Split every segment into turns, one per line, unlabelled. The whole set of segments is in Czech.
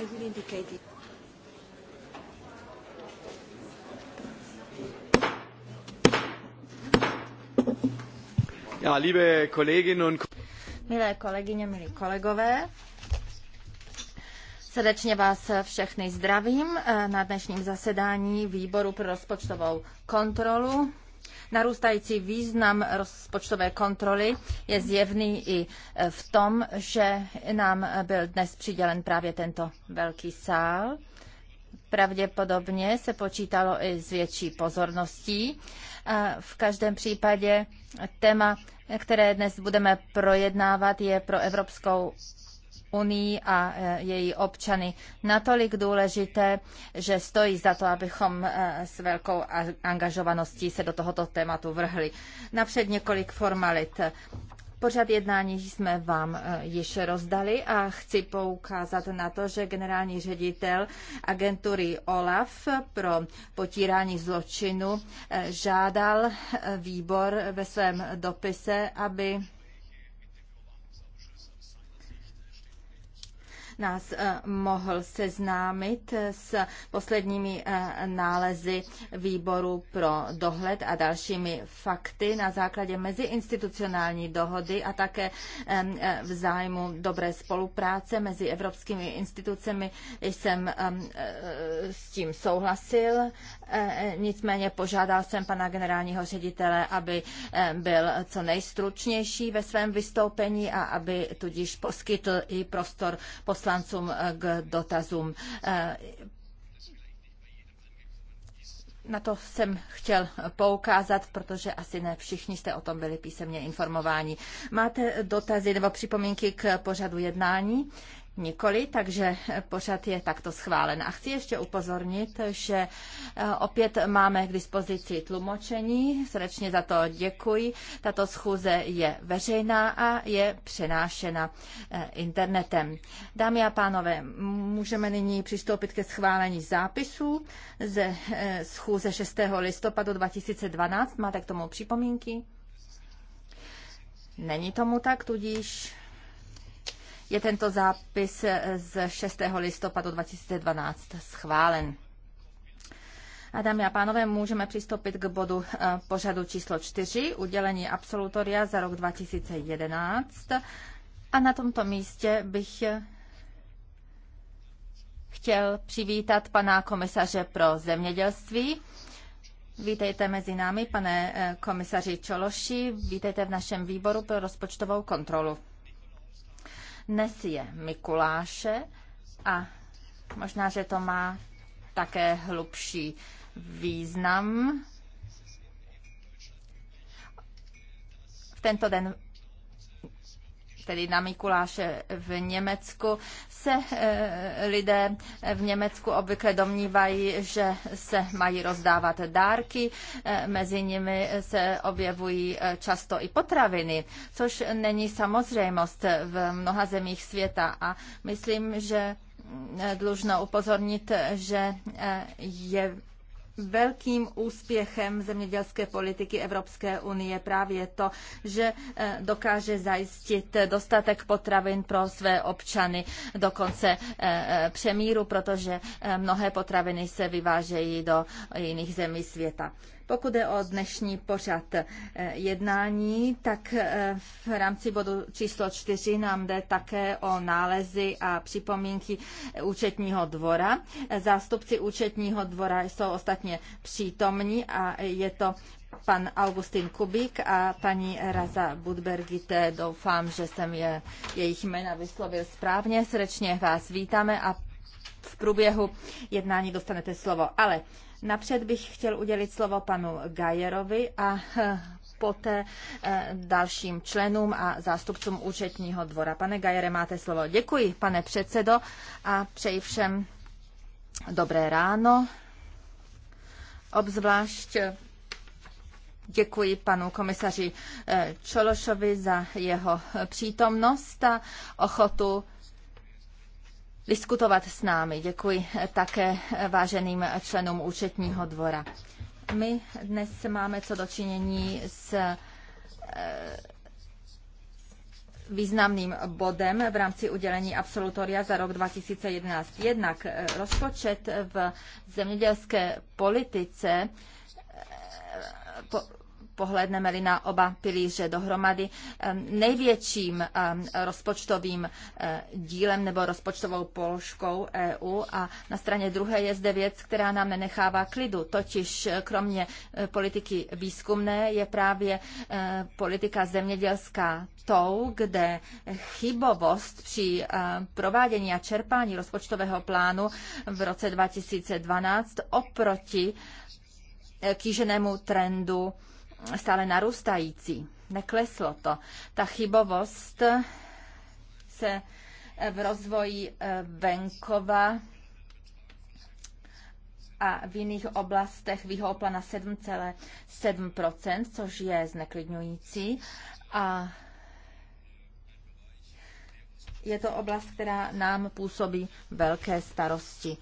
I will indicate it.
Ja, liebe Kolleginnen und
Milé kolegyně, milí kolegové, Srdečně vás všechny zdravím na dnešním zasedání výboru pro rozpočtovou kontrolu. Narůstající význam rozpočtové kontroly je zjevný i e, v tom, že nám byl dnes přidělen právě tento velký sál. Pravděpodobně se počítalo i s větší pozorností. E, v každém případě téma, které dnes budeme projednávat, je pro Evropskou unii a e, její občany natolik důležité, že stojí za to, abychom e, s velkou angažovaností se do tohoto tématu vrhli. Napřed několik formalit. Pořad jednání jsme vám e, již rozdali a chci poukázat na to, že generální ředitel agentury OLAF pro potírání zločinu žádal výbor ve svém dopise, aby nás eh, mohl seznámit s posledními eh, nálezy výboru pro dohled a dalšími fakty na základě meziinstitucionální dohody a také eh, v zájmu dobré spolupráce mezi evropskými institucemi jsem s tím souhlasil Eh, eh, nicméně požádal jsem pana generálního ředitele, aby eh, byl co nejstručnější ve svém vystoupení a aby tudíž poskytl i prostor poslancům k dotazům. Na to jsem chtěl poukázat, protože asi ne všichni jste o tom byli písemně informováni. Máte dotazy nebo připomínky k pořadu jednání? Nikoli, takže pořad je takto schválen. A chci ještě upozornit, že e, opět máme k dispozici tlumočení. Srdečně za to děkuji. Tato schůze je veřejná a je přenášena e, internetem. Dámy a pánové, můžeme nyní přistoupit ke schválení zápisů ze e, schůze 6. listopadu 2012. Máte k tomu připomínky? Není tomu tak, tudíž je tento zápis eh, z 6. listopadu 2012 schválen. A dámy a pánové, můžeme přistoupit k bodu eh, pořadu číslo 4, udělení absolutoria za rok 2011. A na tomto místě bych eh, chtěl přivítat pana komisaře pro zemědělství. Vítejte mezi námi, pane komisaři Čološi, vítejte v našem výboru pro rozpočtovou kontrolu je Mikuláše a možná, že to má také hlubší význam. V tento den tedy na Mikuláše v Německu, se eh, lidé v Německu obvykle domnívají, že se mají rozdávat dárky, eh, mezi nimi se objevují eh, často i potraviny, což není samozřejmost v mnoha zemích světa a myslím, že mm, dlužno upozornit, že je velkým úspěchem zemědělské politiky Evropské unie právě to, že eh, dokáže zajistit dostatek potravin pro své občany, dokonce eh, eh, přemíru, protože mnohé potraviny se vyvážejí do jiných zemí světa. Pokud je o dnešní pořad eh, jednání, tak eh, v rámci bodu číslo čtyři nám jde také o nálezy a připomínky účetního dvora. Zástupci účetního dvora jsou ostatně přítomní a je to pan Augustin Kubík a paní Raza Budbergite. Doufám, že jsem je, jejich jména vyslovil správně. Srdečně vás vítáme a v průběhu jednání dostanete slovo. Ale Napřed bych chtěl udělit slovo panu Gajerovi a eh, poté eh, dalším členům a zástupcům účetního dvora. Pane Gajere, máte slovo. Děkuji, pane předsedo, a přeji všem dobré ráno. Obzvlášť eh, Děkuji panu komisaři Čološovi za jeho přítomnost a ochotu diskutovat s námi. Děkuji také váženým členům účetního dvora. My dnes máme co dočinění s eh, významným bodem v rámci udělení absolutoria za rok 2011. Jednak eh, rozpočet v zemědělské politice eh, po pohledneme-li na oba pilíře dohromady, největším rozpočtovým eh, dílem nebo rozpočtovou položkou EU a na straně druhé je zde věc, která nám nenechává klidu, totiž eh, kromě eh, politiky výzkumné je právě politika zemědělská tou, kde chybovost při provádění a čerpání rozpočtového plánu v roce 2012 oproti kýženému trendu stále narůstající. Nekleslo to. Ta chybovost se v rozvoji eh, venkova a v jiných oblastech vyhoupla na 7,7%, což je zneklidňující. A je to oblast, která nám působí velké starosti.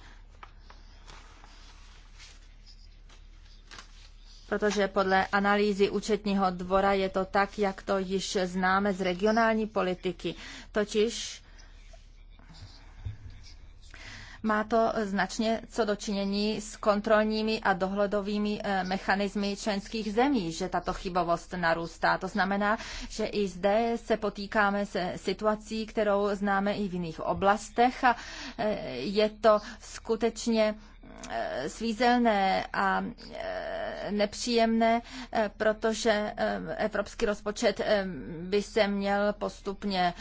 protože podle analýzy účetního dvora je to tak, jak to již známe z regionální politiky. Totiž má to značně co dočinění s kontrolními a dohledovými eh, mechanismy členských zemí, že tato chybovost narůstá. To znamená, že i zde se potýkáme se situací, kterou známe i v jiných oblastech a eh, je to skutečně Eh, svízelné a eh, nepříjemné, eh, protože evropský rozpočet by se měl postupně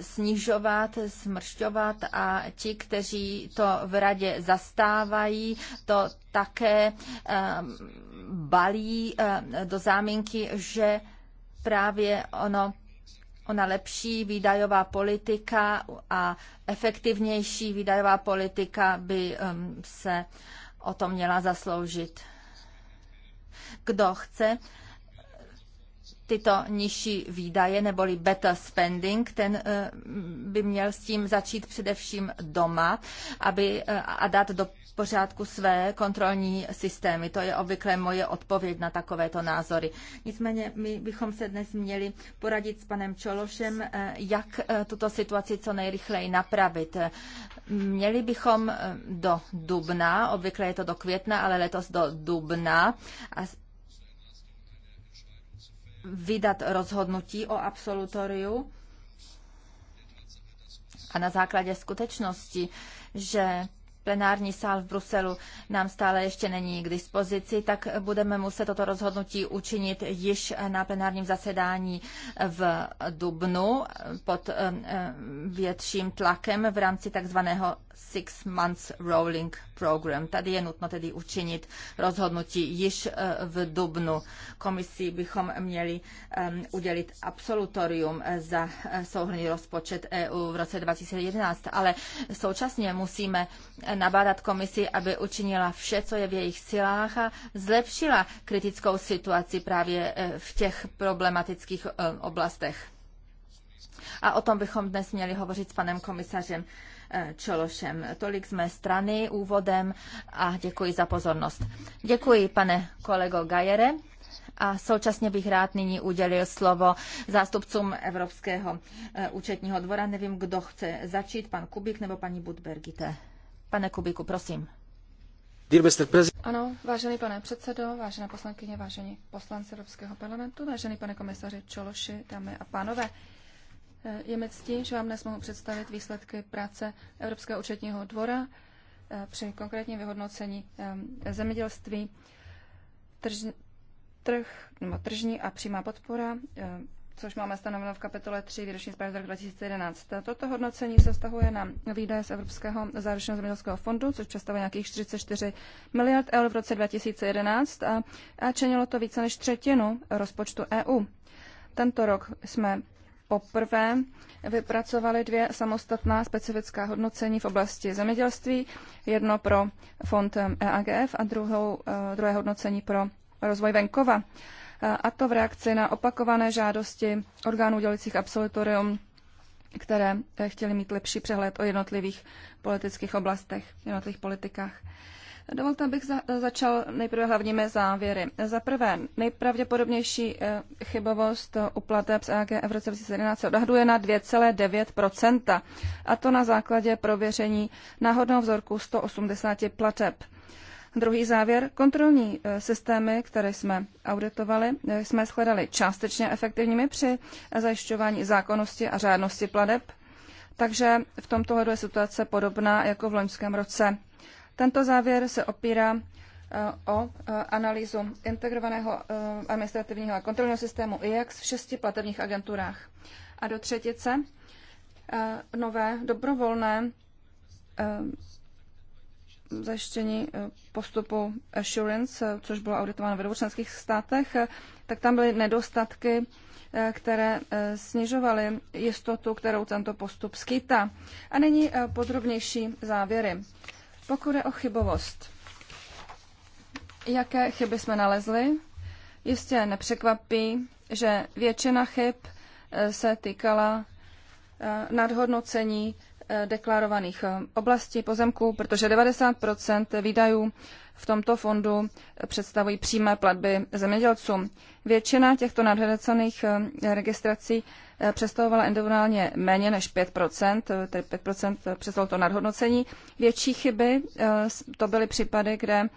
snižovat, smršťovat a ti, kteří to v radě zastávají, to také balí do záminky, že právě ono ona lepší výdajová politika a efektivnější výdajová politika by um, se o to měla zasloužit. Kdo chce tyto nižší výdaje neboli better spending, ten eh, by měl s tím začít především doma aby, eh, a dát do pořádku své kontrolní systémy. To je obvykle moje odpověď na takovéto názory. Nicméně my bychom se dnes měli poradit s panem Čološem, eh, jak tuto situaci co nejrychleji napravit. Měli bychom do dubna, obvykle je to do května, ale letos do dubna, vydat rozhodnutí o absolutoriu a na základě skutečnosti, že plenární sál v Bruselu nám stále ještě není k dispozici, tak budeme muset toto rozhodnutí učinit již na plenárním zasedání v Dubnu pod eh, eh, větším tlakem v rámci takzvaného six months rolling program. Tady je nutno tedy učinit rozhodnutí již eh, v dubnu. Komisí bychom měli ehm, udělit absolutorium eh, za eh, souhrný rozpočet EU v roce 2011, ale současně musíme nabádat komisi, aby učinila vše, co je v jejich silách a zlepšila kritickou situaci právě v těch problematických oblastech. A o tom bychom dnes měli hovořit s panem komisařem Eh, Čološem. Tolik z mé strany úvodem a děkuji za pozornost. Děkuji, pane kolego Gajere. A současně bych rád nyní udělil slovo zástupcům Evropského eh, účetního dvora. Nevím, kdo chce začít, pan Kubik nebo paní Budbergite. Pane Kubiku, prosím.
Ano, vážený pane předsedo, vážená poslankyně, vážení poslanci Evropského parlamentu, vážený pane komisaři Čološi, dámy a pánové. Eh, je mi ctí, že vám dnes mohu představit výsledky práce Evropského účetního dvora eh, při konkrétním vyhodnocení eh, zemědělství, trž, trh, nebo tržní a přímá podpora, což máme stanoveno v kapitole 3 výroční zprávy roku 2011. Toto hodnocení se vztahuje na výdaje z Evropského záručního zemědělského fondu, což představuje nějakých 44 miliard eur v roce 2011 a, a činilo to více než třetinu rozpočtu EU. Tento rok jsme poprvé vypracovali dvě samostatná specifická hodnocení v oblasti zemědělství, jedno pro fond EAGF eh, e a druhou, eh, druhé hodnocení pro rozvoj venkova. Eh, a to v reakci na opakované žádosti orgánů dělících absolutorium, které chtěli mít lepší přehled o jednotlivých politických oblastech, jednotlivých politikách. Dovolte, abych za, začal nejprve hlavními závěry. Za prvé, nejpravděpodobnější eh, chybovost u plateb z AGF e v roce 2017 odhaduje na 2,9 a to na základě prověření náhodného vzorku 180 plateb. Druhý závěr. Kontrolní eh, systémy, které jsme auditovali, eh, jsme shledali částečně efektivními při zajišťování zákonnosti a řádnosti pladeb. Takže v tomto hledu je situace podobná jako v loňském roce. Tento závěr se opírá eh, o eh, analýzu integrovaného eh, administrativního a kontrolního systému IEX v šesti platebních agenturách. A do třetice nové dobrovolné zajištění postupu assurance, což bylo auditováno ve dvou členských státech, tak tam byly nedostatky, které snižovaly jistotu, kterou tento postup skýtá. A nyní podrobnější závěry. Pokud je o chybovost, jaké chyby jsme nalezli? Jistě nepřekvapí, že většina chyb eh, se týkala eh, nadhodnocení eh, deklarovaných oblastí pozemků, protože 90 výdajů v tomto fondu představují přímé platby zemědělcům. Většina těchto nadhodnocených registrací představovala endovinálně méně než 5 tedy 5 představilo to nadhodnocení. Větší chyby eh, to byly případy, kde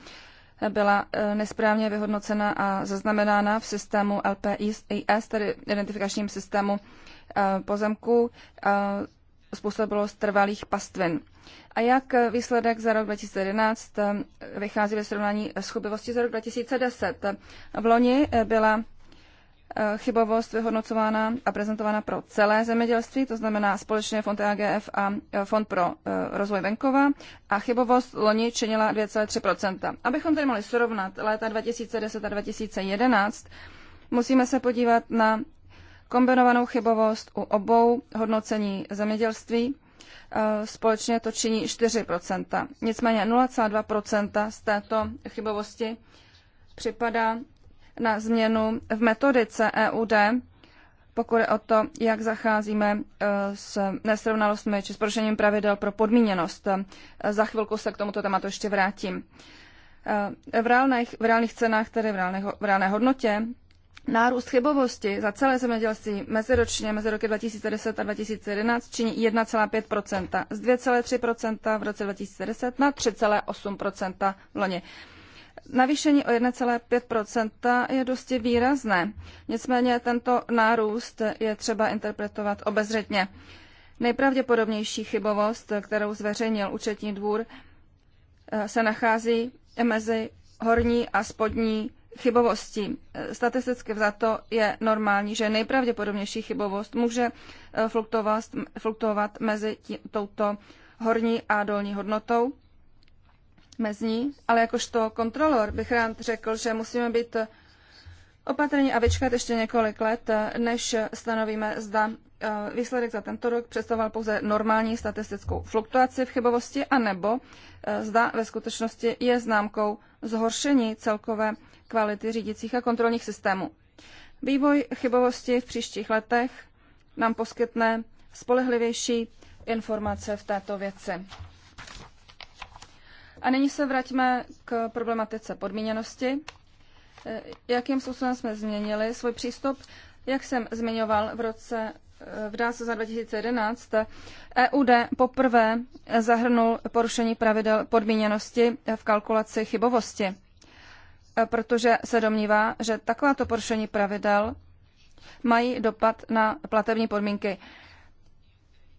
byla eh, nesprávně vyhodnocena a zaznamenána v systému LPIS, tedy identifikačním systému eh, pozemků, způsobilo z trvalých pastvin. A jak výsledek za rok 2011 vychází ve srovnání s chybivostí za rok 2010? V loni byla Eh, chybovost vyhodnocována a prezentována pro celé zemědělství, to znamená společně Fond AGF e a eh, Fond pro eh, rozvoj venkova a chybovost loni činila 2,3%. Abychom tedy mohli srovnat léta 2010 a 2011, musíme se podívat na kombinovanou chybovost u obou hodnocení zemědělství. Společně to činí 4%. Nicméně 0,2% z této chybovosti připadá na změnu v metodice EUD, pokud je o to, jak zacházíme eh, s nesrovnalostmi či s porušením pravidel pro podmíněnost. Eh, za chvilku se k tomuto tématu ještě vrátím. Eh, v reálných, v reálných cenách, tedy v, reálných, v reálné hodnotě, Nárůst chybovosti za celé zemědělství meziročně mezi roky 2010 a 2011 činí 1,5 z 2,3 v roce 2010 na 3,8 v loni. Navýšení o 1,5 je dosti výrazné, nicméně tento nárůst je třeba interpretovat obezřetně. Nejpravděpodobnější chybovost, kterou zveřejnil účetní dvůr, eh, se nachází mezi horní a spodní chybovostí. Eh, statisticky vzato je normální, že nejpravděpodobnější chybovost může eh, fluktuovat, mezi tí, touto horní a dolní hodnotou mezi ní, ale jakožto kontrolor bych rád řekl, že musíme být opatrní a vyčkat ještě několik let, než stanovíme, zda eh, výsledek za tento rok představoval pouze normální statistickou fluktuaci v chybovosti, anebo eh, zda ve skutečnosti je známkou zhoršení celkové kvality řídicích a kontrolních systémů. Vývoj chybovosti v příštích letech nám poskytne spolehlivější informace v této věci. A nyní se vraťme k problematice podmíněnosti. Eh, jakým způsobem jsme změnili svůj přístup? Jak jsem zmiňoval v roce eh, v dáce za 2011 EUD poprvé zahrnul porušení pravidel podmíněnosti v kalkulaci chybovosti, eh, protože se domnívá, že takováto porušení pravidel mají dopad na platební podmínky.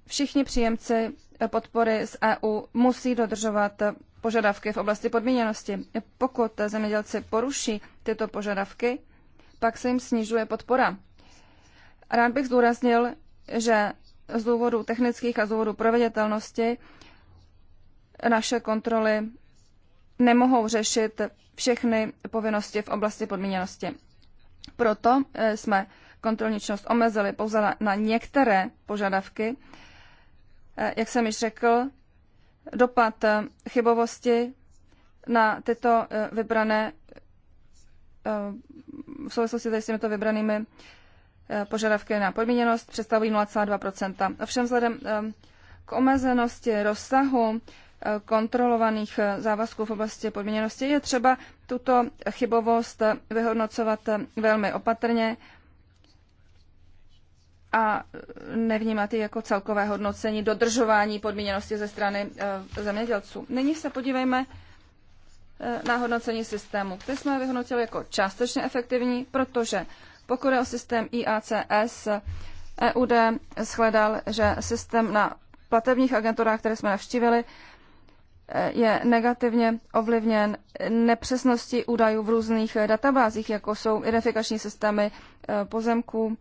Všichni příjemci podpory z EU musí dodržovat požadavky v oblasti podmíněnosti. Pokud zemědělci poruší tyto požadavky, pak se jim snižuje podpora. Rád bych zdůraznil, že z důvodu technických a z důvodu proveditelnosti naše kontroly nemohou řešit všechny povinnosti v oblasti podmíněnosti. Proto eh, jsme kontrolní činnost omezili pouze na, některé požadavky. Eh, jak jsem již řekl, dopad eh, chybovosti na tyto eh, vybrané eh, v souvislosti s těmito vybranými požadavky na podmíněnost představují 0,2 Ovšem vzhledem k omezenosti rozsahu kontrolovaných závazků v oblasti podmíněnosti je třeba tuto chybovost vyhodnocovat velmi opatrně a nevnímat je jako celkové hodnocení dodržování podmíněnosti ze strany eh, zemědělců. Nyní se podívejme eh, na hodnocení systému, který jsme vyhodnotili jako částečně efektivní, protože pokud je o systém IACS, EUD shledal, že systém na platebních agenturách, které jsme navštívili, eh, je negativně ovlivněn nepřesností údajů v různých databázích, jako jsou identifikační systémy pozemků,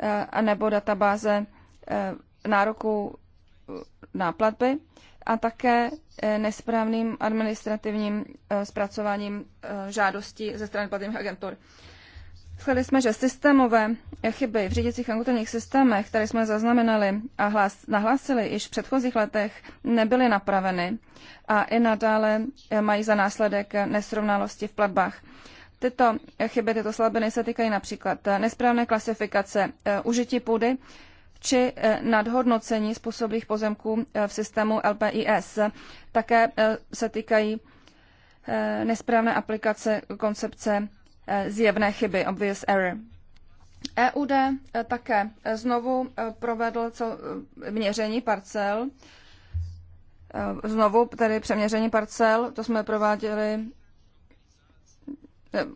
Eh, nebo databáze eh, nároku eh, na platby a také nesprávným administrativním zpracováním žádostí ze strany platebních agentur. Slyšeli jsme, že systémové chyby v řídicích agenturních systémech, které jsme zaznamenali a hlas, nahlásili již v předchozích letech, nebyly napraveny a i nadále mají za následek nesrovnalosti v platbách. Tyto chyby, tyto slabiny se týkají například eh, nesprávné klasifikace eh, užití půdy či eh, nadhodnocení způsobilých pozemků v systému LPIS. Také se týkají nesprávné aplikace koncepce zjevné chyby, obvious error. EUD také znovu provedl měření parcel, znovu tedy přeměření parcel, to jsme prováděli Eh,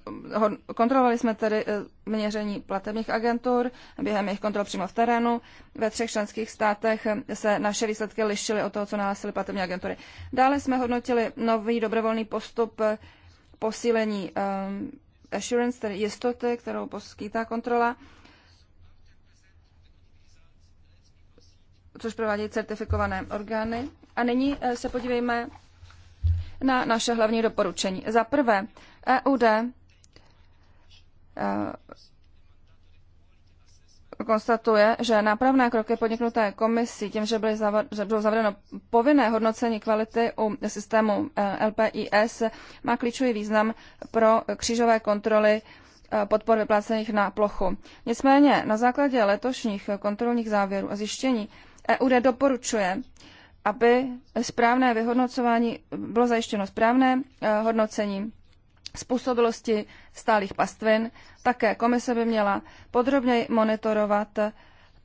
kontrolovali jsme tedy eh, měření platebních agentur během jejich kontrol přímo v terénu. Ve třech členských státech eh, se naše výsledky lišily od toho, co nahlásily platební agentury. Dále jsme hodnotili nový dobrovolný postup posílení assurance, tedy jistoty, kterou poskytá kontrola, což provádějí certifikované orgány. A nyní se podívejme na naše hlavní doporučení. Za prvé, EUD e, konstatuje, že nápravné kroky podniknuté komisí tím, že, byly zavad, že zavedeno povinné hodnocení kvality u systému e, LPIS, má klíčový význam pro křížové kontroly e, podpor vyplácených na plochu. Nicméně na základě letošních kontrolních závěrů a zjištění EUD doporučuje, aby správné vyhodnocování bylo zajištěno správné hodnocení způsobilosti stálých pastvin. Také komise by měla podrobněji monitorovat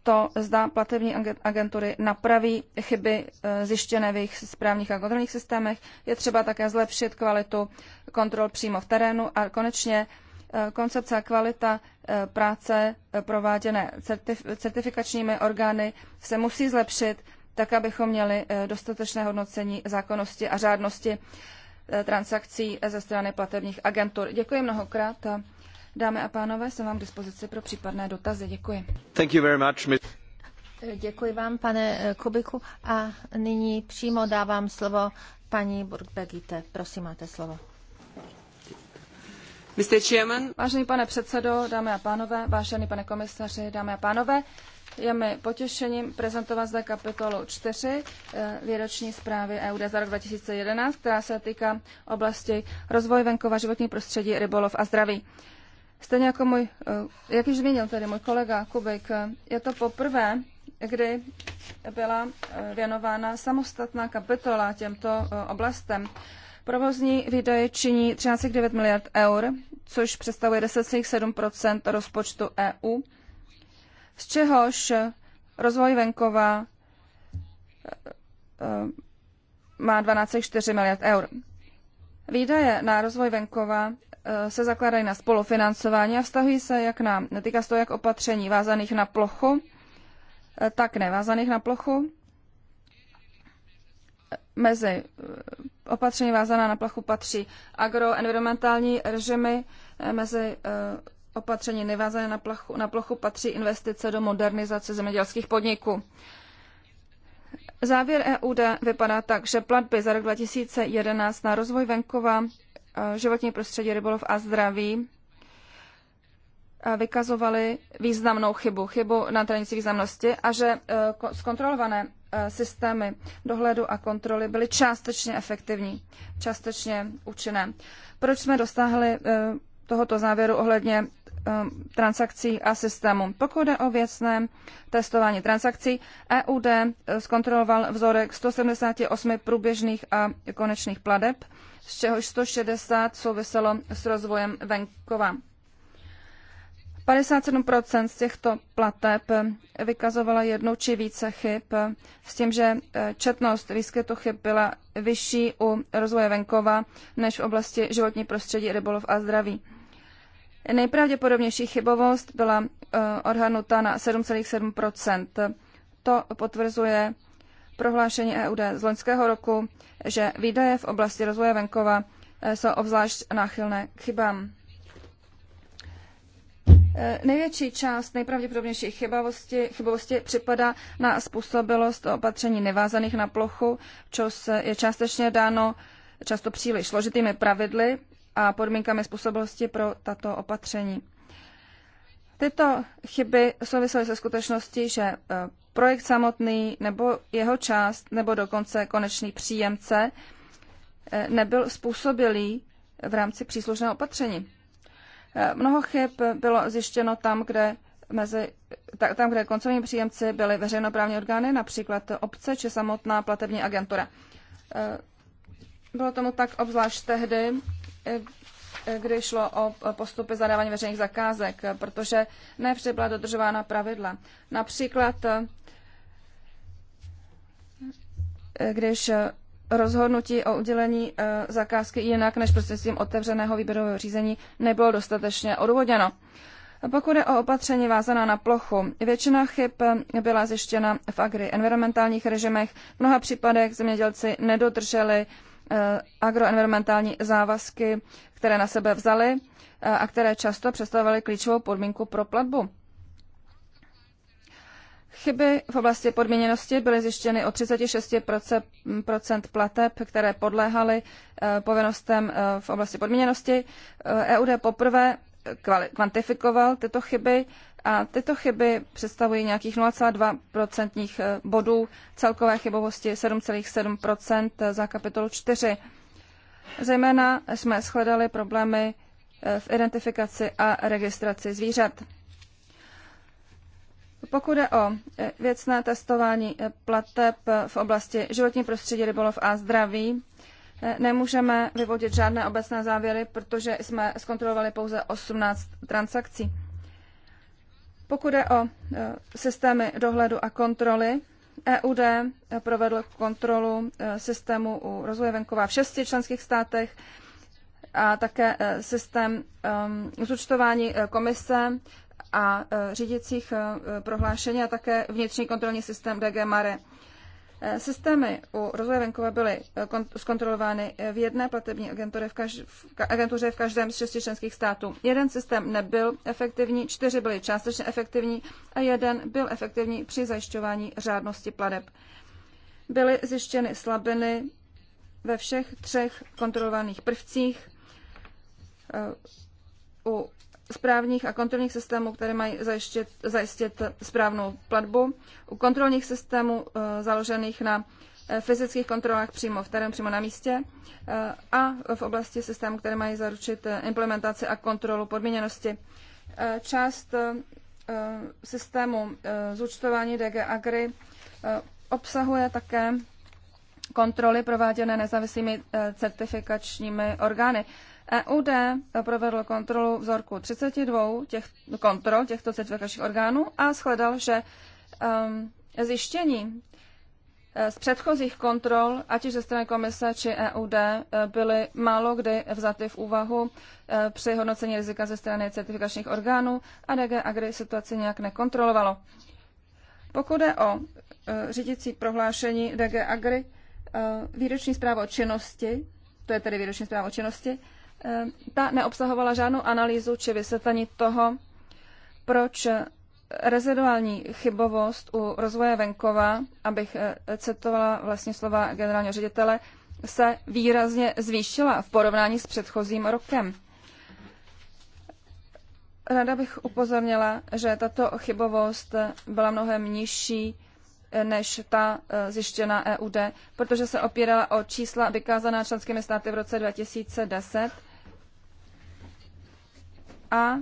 to, zda platební agentury napraví chyby eh, zjištěné v jejich správních a kontrolních systémech. Je třeba také zlepšit kvalitu kontrol přímo v terénu a konečně eh, koncepce a kvalita eh, práce prováděné certifikačními orgány se musí zlepšit, tak abychom měli dostatečné hodnocení zákonnosti a řádnosti Eh, transakcí eh, ze strany platebních agentur. Děkuji mnohokrát. Dámy a pánové, jsem vám k dispozici pro případné dotazy. Děkuji.
Thank you very much, Ms.
Eh, děkuji vám, pane Kubiku. A nyní přímo dávám slovo paní Burgbegite. Prosím, máte slovo. Mr. Chairman. Vážený pane předsedo, dámy a pánové, vážený pane komisaři, dámy a pánové, je mi potěšením prezentovat zde kapitolu 4 eh, výroční zprávy EUD za rok 2011, která se týká oblasti rozvoj venkova, životní prostředí, rybolov a zdraví. Stejně jako můj, eh, jak již zmínil tady můj kolega Kubik, eh, je to poprvé, kdy byla věnována samostatná kapitola těmto oblastem. Provozní výdaje činí 13,9 miliard eur, což představuje 10,7 rozpočtu EU z čehož rozvoj venkova eh, eh, má 12,4 miliard eur. Výdaje na rozvoj venkova eh, se zakládají na spolufinancování a vztahují se jak na, týká se to jak opatření vázaných na plochu, tak nevázaných na plochu. Mezi opatření vázaná na plochu patří agroenvironmentální režimy, mezi opatření nevázané na plochu, na plochu patří investice do modernizace zemědělských podniků. Závěr EUD vypadá tak, že platby za rok 2011 na rozvoj venkova, eh, životní prostředí, rybolov a zdraví eh, vykazovaly významnou chybu, chybu na tranici významnosti a že eh, zkontrolované systémy dohledu a kontroly byly částečně efektivní, částečně účinné. Proč jsme dostáhli tohoto závěru ohledně Um, transakcí a systému. Pokud jde o věcné testování transakcí, EUD eh, zkontroloval vzorek 178 průběžných a konečných pladeb, z čehož 160 souviselo s rozvojem venkova. 57 z těchto plateb eh, vykazovala jednu či více chyb, eh, s tím, že četnost výskytu chyb byla vyšší u rozvoje venkova než v oblasti životní prostředí, rybolov a zdraví. Nejpravděpodobnější chybovost byla eh, odhadnuta na 7,7 To potvrzuje prohlášení EUD z loňského roku, že výdaje v oblasti rozvoje venkova eh, jsou obzvlášť náchylné k chybám. Eh, největší část nejpravděpodobnější chybavosti, chybavosti připadá na způsobilost opatření nevázaných na plochu, což je částečně dáno často příliš složitými pravidly a podmínkami způsobilosti pro tato opatření. Tyto chyby souvisely se skutečností, že e, projekt samotný nebo jeho část nebo dokonce konečný příjemce e, nebyl způsobilý v rámci příslušného opatření. E, mnoho chyb bylo zjištěno tam, kde mezi, tam, kde koncovní příjemci byly veřejnoprávní orgány, například obce či samotná platební agentura. Bylo tomu tak obzvlášť tehdy, kdy šlo o postupy zadávání veřejných zakázek, protože nevždy byla dodržována pravidla. Například, když rozhodnutí o udělení eh, zakázky jinak než prostřednictvím otevřeného výběrového řízení nebylo dostatečně odvoděno. Pokud je o opatření vázaná na plochu, většina chyb byla zjištěna v agri-environmentálních režimech. V mnoha případech zemědělci nedodrželi Eh, agroenvironmentální závazky, které na sebe vzali eh, a které často představovaly klíčovou podmínku pro platbu. Chyby v oblasti podmíněnosti byly zjištěny o 36 plateb, které podléhaly eh, povinnostem v oblasti podmíněnosti. EUD e poprvé kvantifikoval tyto chyby a tyto chyby představují nějakých 0,2% eh, bodů celkové chybovosti 7,7% za kapitolu 4. Zejména jsme shledali problémy eh, v identifikaci a registraci zvířat. Pokud je o eh, věcné testování plateb v oblasti životní prostředí, rybolov a zdraví, nemůžeme vyvodit žádné obecné závěry, protože jsme zkontrolovali pouze 18 transakcí. Pokud je o e, systémy dohledu a kontroly, EUD e, provedl kontrolu e, systému u rozvoje venkova v šesti členských státech a také systém zúčtování komise a řídicích prohlášení a také vnitřní kontrolní systém DG Mare. Eh, systémy u rozvoje venkova byly eh, zkontrolovány eh, v jedné platební agentuře v, v agentuře v každém z šesti členských států. Jeden systém nebyl efektivní, čtyři byly částečně efektivní a jeden byl efektivní při zajišťování řádnosti pladeb. Byly zjištěny slabiny ve všech třech kontrolovaných prvcích u správních a kontrolních systémů, které mají zajistit, zajistit správnou platbu, u kontrolních systémů eh, založených na eh, fyzických kontrolách přímo v terénu, přímo na místě eh, a v oblasti systémů, které mají zaručit implementaci a kontrolu podmíněnosti. Část systému zúčtování DG Agri obsahuje také kontroly prováděné nezávislými certifikačními orgány. EUD provedl kontrolu vzorku 32 těch, kontrol těchto certifikačních orgánů a shledal, že um, zjištění e, z předchozích kontrol, ať už ze strany komise či EUD, e, byly málo kdy vzaty v úvahu e, při hodnocení rizika ze strany certifikačních orgánů a DG Agri situaci nějak nekontrolovalo. Pokud je o řídící prohlášení DG Agri, výroční zpráva o činnosti, to je tedy výroční zpráva o činnosti, Eh, ta neobsahovala žádnou analýzu či vysvětlení toho, proč reziduální chybovost u rozvoje venkova, abych eh, citovala vlastně slova generálního ředitele, se výrazně zvýšila v porovnání s předchozím rokem. Ráda bych upozornila, že tato chybovost byla mnohem nižší než ta e, zjištěna EUD, protože se opírala o čísla vykázaná členskými státy v roce 2010. A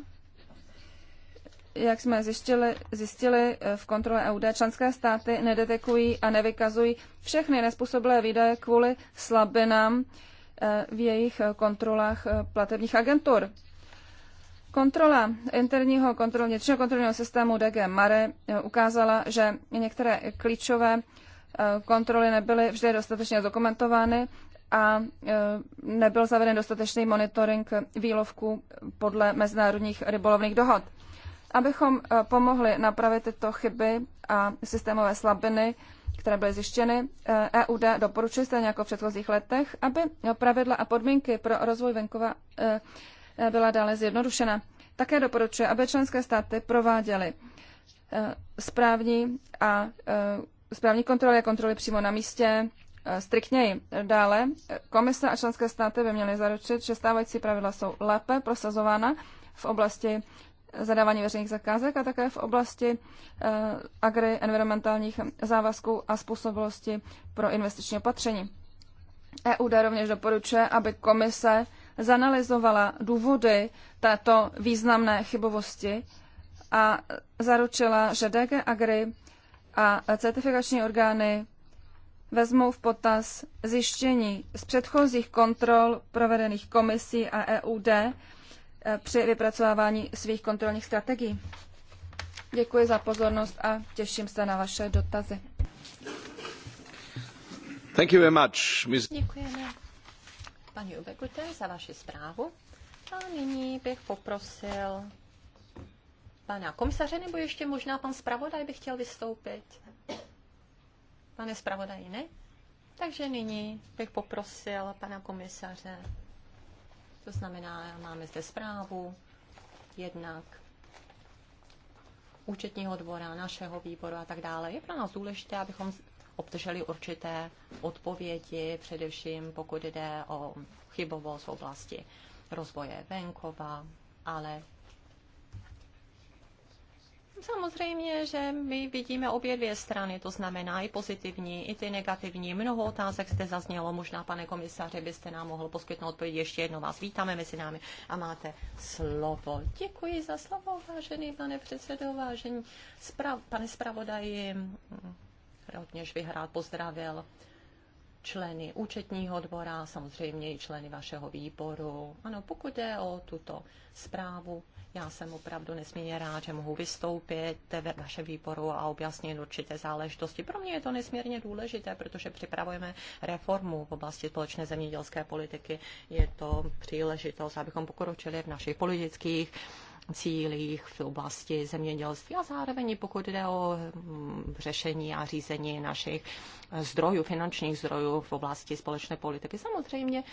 jak jsme zjistili, zjistili e, v kontrole EUD, členské státy nedetekují a nevykazují všechny nespůsobilé výdaje kvůli slabinám e, v jejich kontrolách platebních agentur. Kontrola interního kontrol, vnitřního kontrolního systému DG Mare eh, ukázala, že některé klíčové eh, kontroly nebyly vždy dostatečně dokumentovány a eh, nebyl zaveden dostatečný monitoring výlovků podle mezinárodních rybolovných dohod. Abychom pomohli napravit tyto chyby a systémové slabiny, které byly zjištěny, EUD e doporučuje stejně jako v předchozích letech, aby pravidla a podmínky pro rozvoj venkova Eh, byla dále zjednodušena. Také doporučuje, aby členské státy prováděly eh, správní a eh, správní kontroly a kontroly přímo na místě striktněji. Dále komise a členské státy by měly zaručit, že stávající pravidla jsou lépe prosazována v oblasti zadávání veřejných zakázek a také v oblasti agri environmentálních závazků a způsobilosti pro investiční opatření. EUD rovněž doporučuje, aby komise zanalizovala důvody této významné chybovosti a zaručila, že DG Agri a certifikační orgány vezmou v potaz zjištění z předchozích kontrol provedených komisí a EUD eh, při vypracovávání svých kontrolních strategií. Děkuji za pozornost a těším se na vaše dotazy.
Thank you very much, Ms.
Děkujeme paní Ubekute za vaši zprávu. A nyní bych poprosil pana komisaře, nebo ještě možná pan zpravodaj by chtěl vystoupit. Pane zpravodaj, ne? Takže nyní bych poprosil pana komisaře. To znamená, máme zde zprávu, jednak účetního dvora, našeho výboru a tak dále. Je pro nás důležité, abychom obdrželi určité odpovědi, především pokud jde o chybovost v oblasti rozvoje venkova, ale Samozřejmě, že my vidíme obě dvě strany, to znamená i pozitivní, i ty negativní. Mnoho otázek jste zaznělo, možná, pane komisaři, byste nám mohl poskytnout odpověď. Ještě jednou vás vítáme mezi námi a máte slovo. Děkuji za slovo, vážený pane předsedo, vážený spra- pane zpravodaji, rovněž bych rád pozdravil členy účetního dvora, samozřejmě i členy vašeho výboru. Ano, pokud jde o tuto zprávu, já jsem opravdu nesmírně rád, že mohu vystoupit ve vašem výboru a objasnit určité záležitosti. Pro mě je to nesmírně důležité, protože připravujeme reformu v oblasti společné zemědělské politiky. Je to příležitost, abychom pokročili v našich politických cílích v oblasti zemědělství a zároveň pokud jde o mm, řešení a řízení našich eh, zdrojů, finančních zdrojů v oblasti společné politiky. Samozřejmě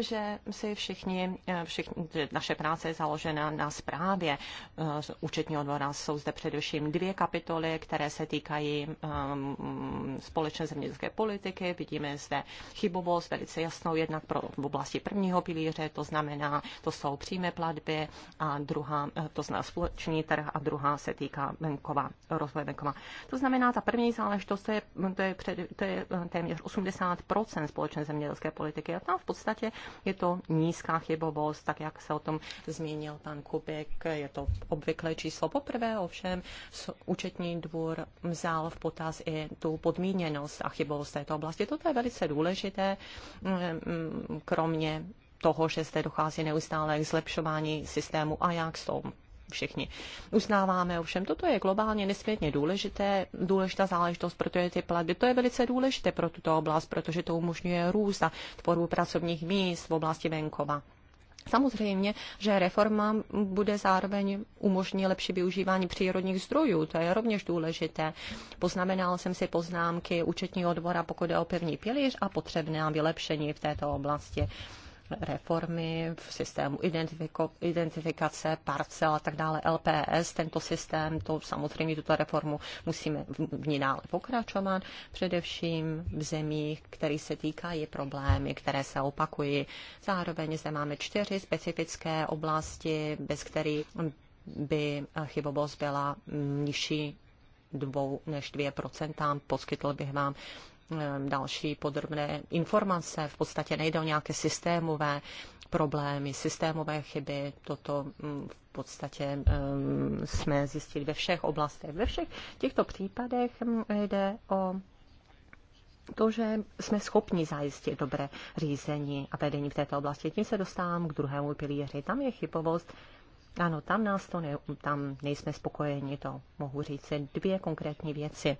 že si všichni, eh, všichni naše práce je založena na zprávě eh, z účetního dvora. Jsou zde především dvě kapitoly, které se týkají ehm, společné zemědělské politiky. Vidíme zde chybovost velice jasnou jednak pro v oblasti prvního pilíře, to znamená, to jsou přímé platby a druhá, eh, to znamená společný trh a druhá se týká venkova, rozvoje venkova. To znamená, ta první záležitost, to je, to je, před, to je téměř 80% společné zemědělské politiky a tam v podstatě je to nízká chybovost, tak jak se o tom zmínil pan Kubik, je to obvyklé číslo. Poprvé ovšem účetní dvůr vzal v potaz i tu podmíněnost a chybovost této oblasti. Toto je velice důležité, mm, mm, kromě toho, že zde dochází neustále k zlepšování systému a jak s tou všichni uznáváme. Ovšem toto je globálně nesmírně důležité, důležitá záležitost, protože ty platby, to je velice důležité pro tuto oblast, protože to umožňuje růst a tvorbu pracovních míst v oblasti venkova. Samozřejmě, že reforma bude zároveň umožní lepší využívání přírodních zdrojů, to je rovněž důležité. Poznamenal jsem si poznámky účetního odbora, pokud je o pevný pilíř a potřebné vylepšení v této oblasti reformy v systému identifikace, parcel a tak dále, LPS, tento systém, to samozřejmě tuto reformu musíme v ní dále pokračovat, především v zemích, který se týkají problémy, které se opakují. Zároveň zde máme čtyři specifické oblasti, bez kterých by chybovost byla nižší dvou než 2%. Poskytl bych vám Ehm, další podrobné informace. V podstatě nejde o nějaké systémové problémy, systémové chyby. Toto mm, v podstatě ehm, jsme zjistili ve všech oblastech. Ve všech těchto případech mm, jde o to, že jsme schopni zajistit dobré řízení a vedení v této oblasti. Tím se dostávám k druhému pilíři. Tam je chybovost. Ano, tam nás to ne, tam nejsme spokojeni, to mohu říct. Dvě konkrétní věci.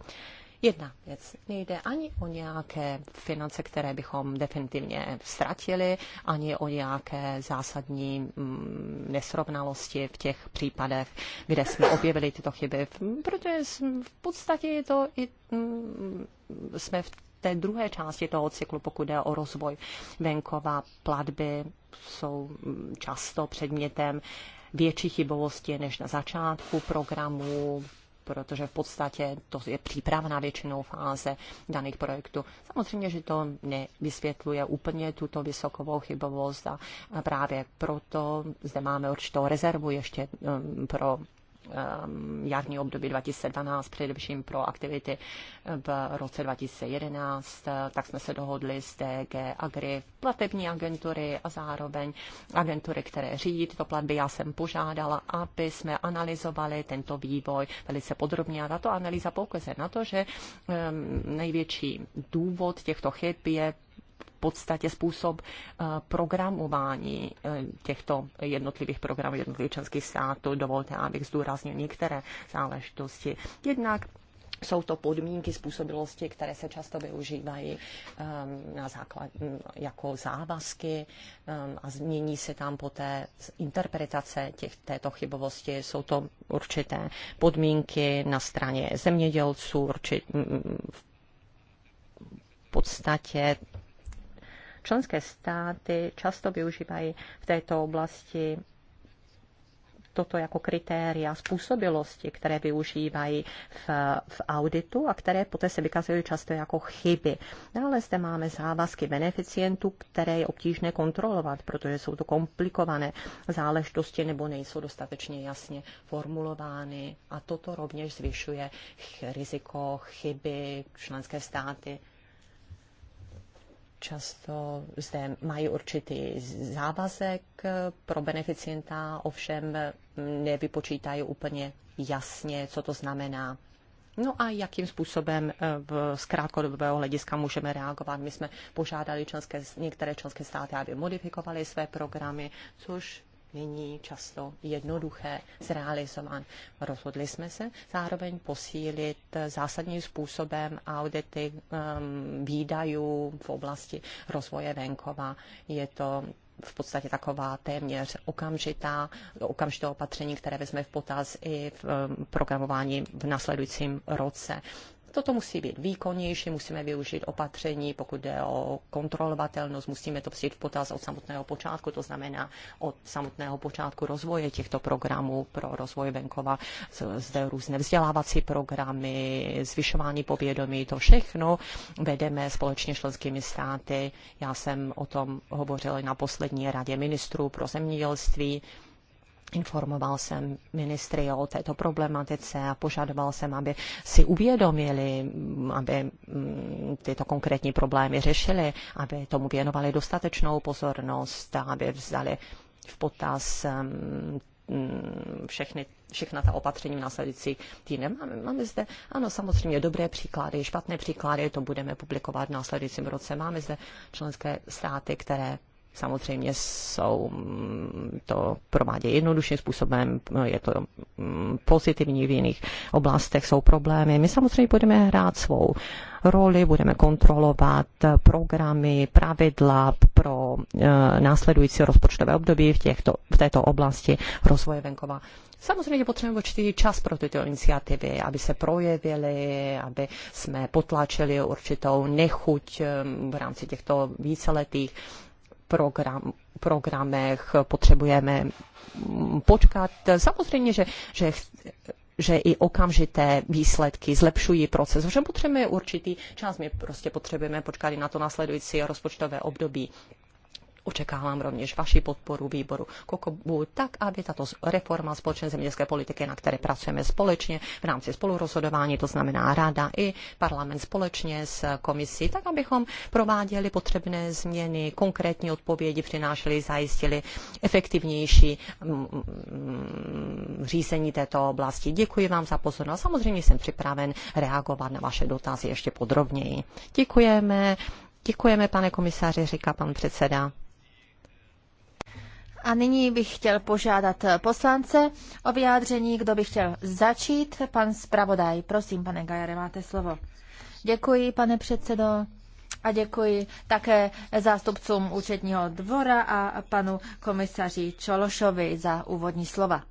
Jedna věc. Nejde ani o nějaké finance, které bychom definitivně ztratili, ani o nějaké zásadní mm, nesrovnalosti v těch případech, kde jsme objevili tyto chyby, protože v podstatě je to i, mm, jsme v té druhé části toho cyklu, pokud jde o rozvoj venkova, platby jsou mm, často předmětem větší chybovosti než na začátku programu, protože v podstatě to je přípravná většinou fáze daných projektů. Samozřejmě, že to nevysvětluje úplně tuto vysokovou chybovost a právě proto zde máme určitou rezervu ještě um, pro Um, jarní období 2012, především pro aktivity eh, v roce 2011, eh, tak jsme se dohodli s DG Agri, platební agentury a zároveň agentury, které řídí tyto platby. Já jsem požádala, aby jsme analyzovali tento vývoj velice podrobně a tato analýza poukazuje na to, že ehm, největší důvod těchto chyb je podstatě způsob eh, programování eh, těchto jednotlivých programů jednotlivých členských států. Dovolte, abych zdůraznil některé záležitosti. Jednak jsou to podmínky způsobilosti, které se často využívají um, na základ, um, jako závazky um, a změní se tam poté interpretace těch, této chybovosti. Jsou to určité podmínky na straně zemědělců, určit, um, v podstatě Členské státy často využívají v této oblasti toto jako kritéria způsobilosti, které využívají v, v auditu a které poté se vykazují často jako chyby. Ale zde máme závazky beneficientů, které je obtížné kontrolovat, protože jsou to komplikované záležitosti nebo nejsou dostatečně jasně formulovány. A toto rovněž zvyšuje ch riziko chyby členské státy často zde mají určitý závazek pro beneficienta, ovšem nevypočítají úplně jasně, co to znamená. No a jakým způsobem eh, z krátkodobého hlediska můžeme reagovat? My jsme požádali členské, některé členské státy, aby modifikovaly své programy, což není často jednoduché zrealizovat. Rozhodli jsme se zároveň posílit zásadním způsobem audity um, výdajů v oblasti rozvoje venkova. Je to v podstatě taková téměř okamžitá, okamžité opatření, které vezme v potaz i v um, programování v následujícím roce. Toto musí být výkonnější, musíme využít opatření, pokud jde o kontrolovatelnost, musíme to přijít v potaz od samotného počátku, to znamená od samotného počátku rozvoje těchto programů pro rozvoj venkova, zde různé vzdělávací programy, zvyšování povědomí, to všechno vedeme společně s členskými státy. Já jsem o tom hovořila na poslední radě ministrů pro zemědělství, Informoval jsem ministry o této problematice a požadoval jsem, aby si uvědomili, aby mm, tyto konkrétní problémy řešili, aby tomu věnovali dostatečnou pozornost a aby vzali v potaz mm, mm, všechny, všechna ta opatření v následující týden. Máme, máme zde, ano, samozřejmě dobré příklady, špatné příklady, to budeme publikovat v následujícím roce. Máme zde členské státy, které Samozřejmě jsou mm, to provádějí jednodušším způsobem, je to mm, pozitivní v jiných oblastech, jsou problémy. My samozřejmě budeme hrát svou roli, budeme kontrolovat programy, pravidla pro e, následující rozpočtové období v, těchto, v této oblasti rozvoje venkova. Samozřejmě potřebujeme určitý čas pro tyto iniciativy, aby se projevily, aby jsme potlačili určitou nechuť e, v rámci těchto víceletých program, programech, potřebujeme počkat. Samozřejmě, že, že že i okamžité výsledky zlepšují proces. Ovšem potřebujeme určitý čas, my prostě potřebujeme počkat i na to následující rozpočtové období. Očekávám rovněž vaši podporu výboru Kokobu, tak aby tato reforma společné zemědělské politiky, na které pracujeme společně v rámci spolurozhodování, to znamená Rada i parlament společně s komisí, tak abychom prováděli potřebné změny, konkrétní odpovědi přinášeli, zajistili efektivnější mm, mm, řízení této oblasti. Děkuji vám za pozornost. Samozřejmě jsem připraven reagovat na vaše dotazy ještě podrobněji. Děkujeme. Děkujeme, pane komisáři, říká pan předseda. A nyní bych chtěl požádat
poslance o vyjádření, kdo by chtěl začít. Pan zpravodaj, prosím, pane Gajare, máte slovo. Děkuji, pane předsedo. A děkuji také zástupcům účetního dvora a panu komisaři Čološovi za úvodní slova.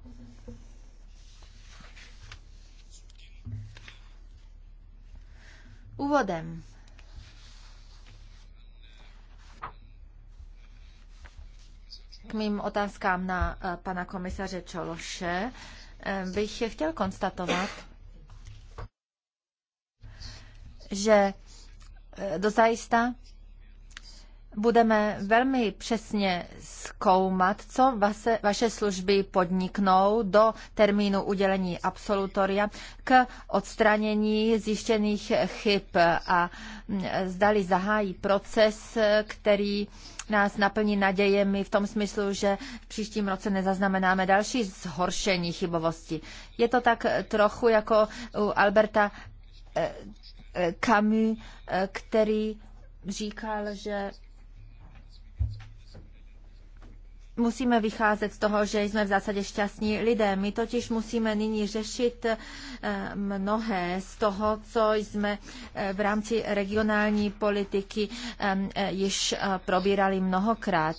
Úvodem mým otázkám na eh, pana komisaře Čološe eh, bych chtěl konstatovat, že eh, dozajista budeme velmi přesně zkoumat, co vaše, vaše služby podniknou do termínu udělení absolutoria k odstranění zjištěných chyb a mm, zdali zahájí proces, který nás naplní nadějemi v tom smyslu, že v příštím roce nezaznamenáme další zhoršení chybovosti. Je to tak trochu jako u Alberta eh, eh, Camus, eh, který říkal, že musíme vycházet z toho, že jsme v zásadě šťastní lidé. My totiž musíme nyní řešit eh, mnohé z toho, co jsme eh, v rámci regionální politiky eh, již probírali mnohokrát.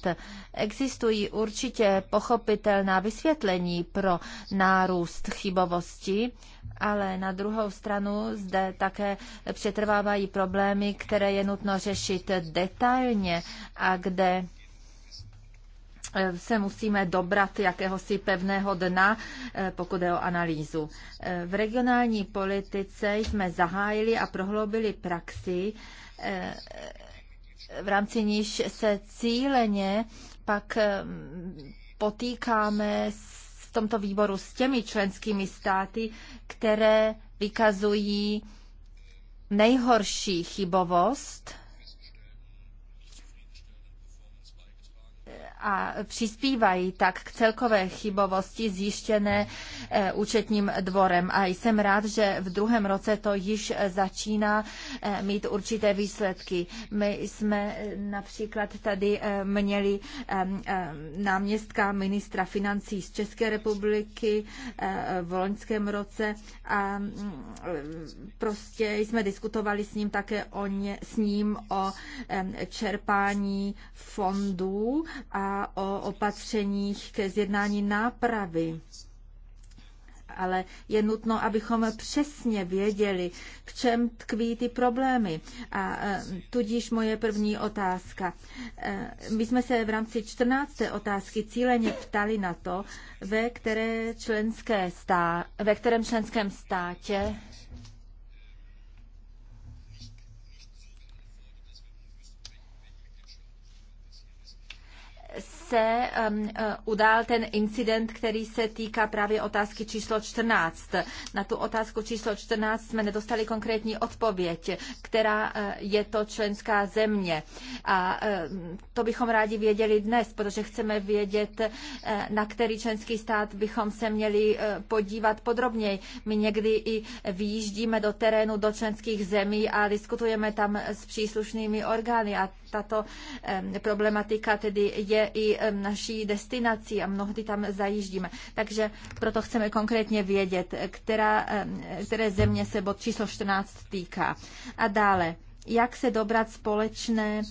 Existují určitě pochopitelná vysvětlení pro nárůst chybovosti, ale na druhou stranu zde také přetrvávají problémy, které je nutno řešit detailně a kde se musíme dobrat jakéhosi pevného dna, eh, pokud je o analýzu. Eh, v regionální politice jsme zahájili a prohloubili praxi, eh, v rámci níž se cíleně pak potýkáme v tomto výboru s těmi členskými státy, které vykazují nejhorší chybovost a přispívají tak k celkové chybovosti zjištěné eh, účetním dvorem. A jsem rád, že v druhém roce to již začíná eh, mít určité výsledky. My jsme eh, například tady měli náměstka ministra financí z České republiky v loňském roce a mm, prostě jsme diskutovali s ním také o ně, s ním o čerpání fondů a o opatřeních ke zjednání nápravy ale je nutno, abychom přesně věděli, v čem tkví ty problémy. A e, tudíž moje první otázka. E, my jsme se v rámci 14. otázky cíleně ptali na to, ve, které členské stá, ve kterém členském státě se um, uh, udál ten incident, který se týká právě otázky číslo 14. Na tu otázku číslo 14 jsme nedostali konkrétní odpověď, která uh, je to členská země. A uh, to bychom rádi věděli dnes, protože chceme vědět, na který členský stát bychom se měli podívat podrobněji. My někdy i výjíždíme do terénu, do členských zemí a diskutujeme tam s příslušnými orgány a tato problematika tedy je i naší destinací a mnohdy tam zajíždíme. Takže proto chceme konkrétně vědět, která, které země se bod číslo 14 týká. A dále, jak se dobrat společné,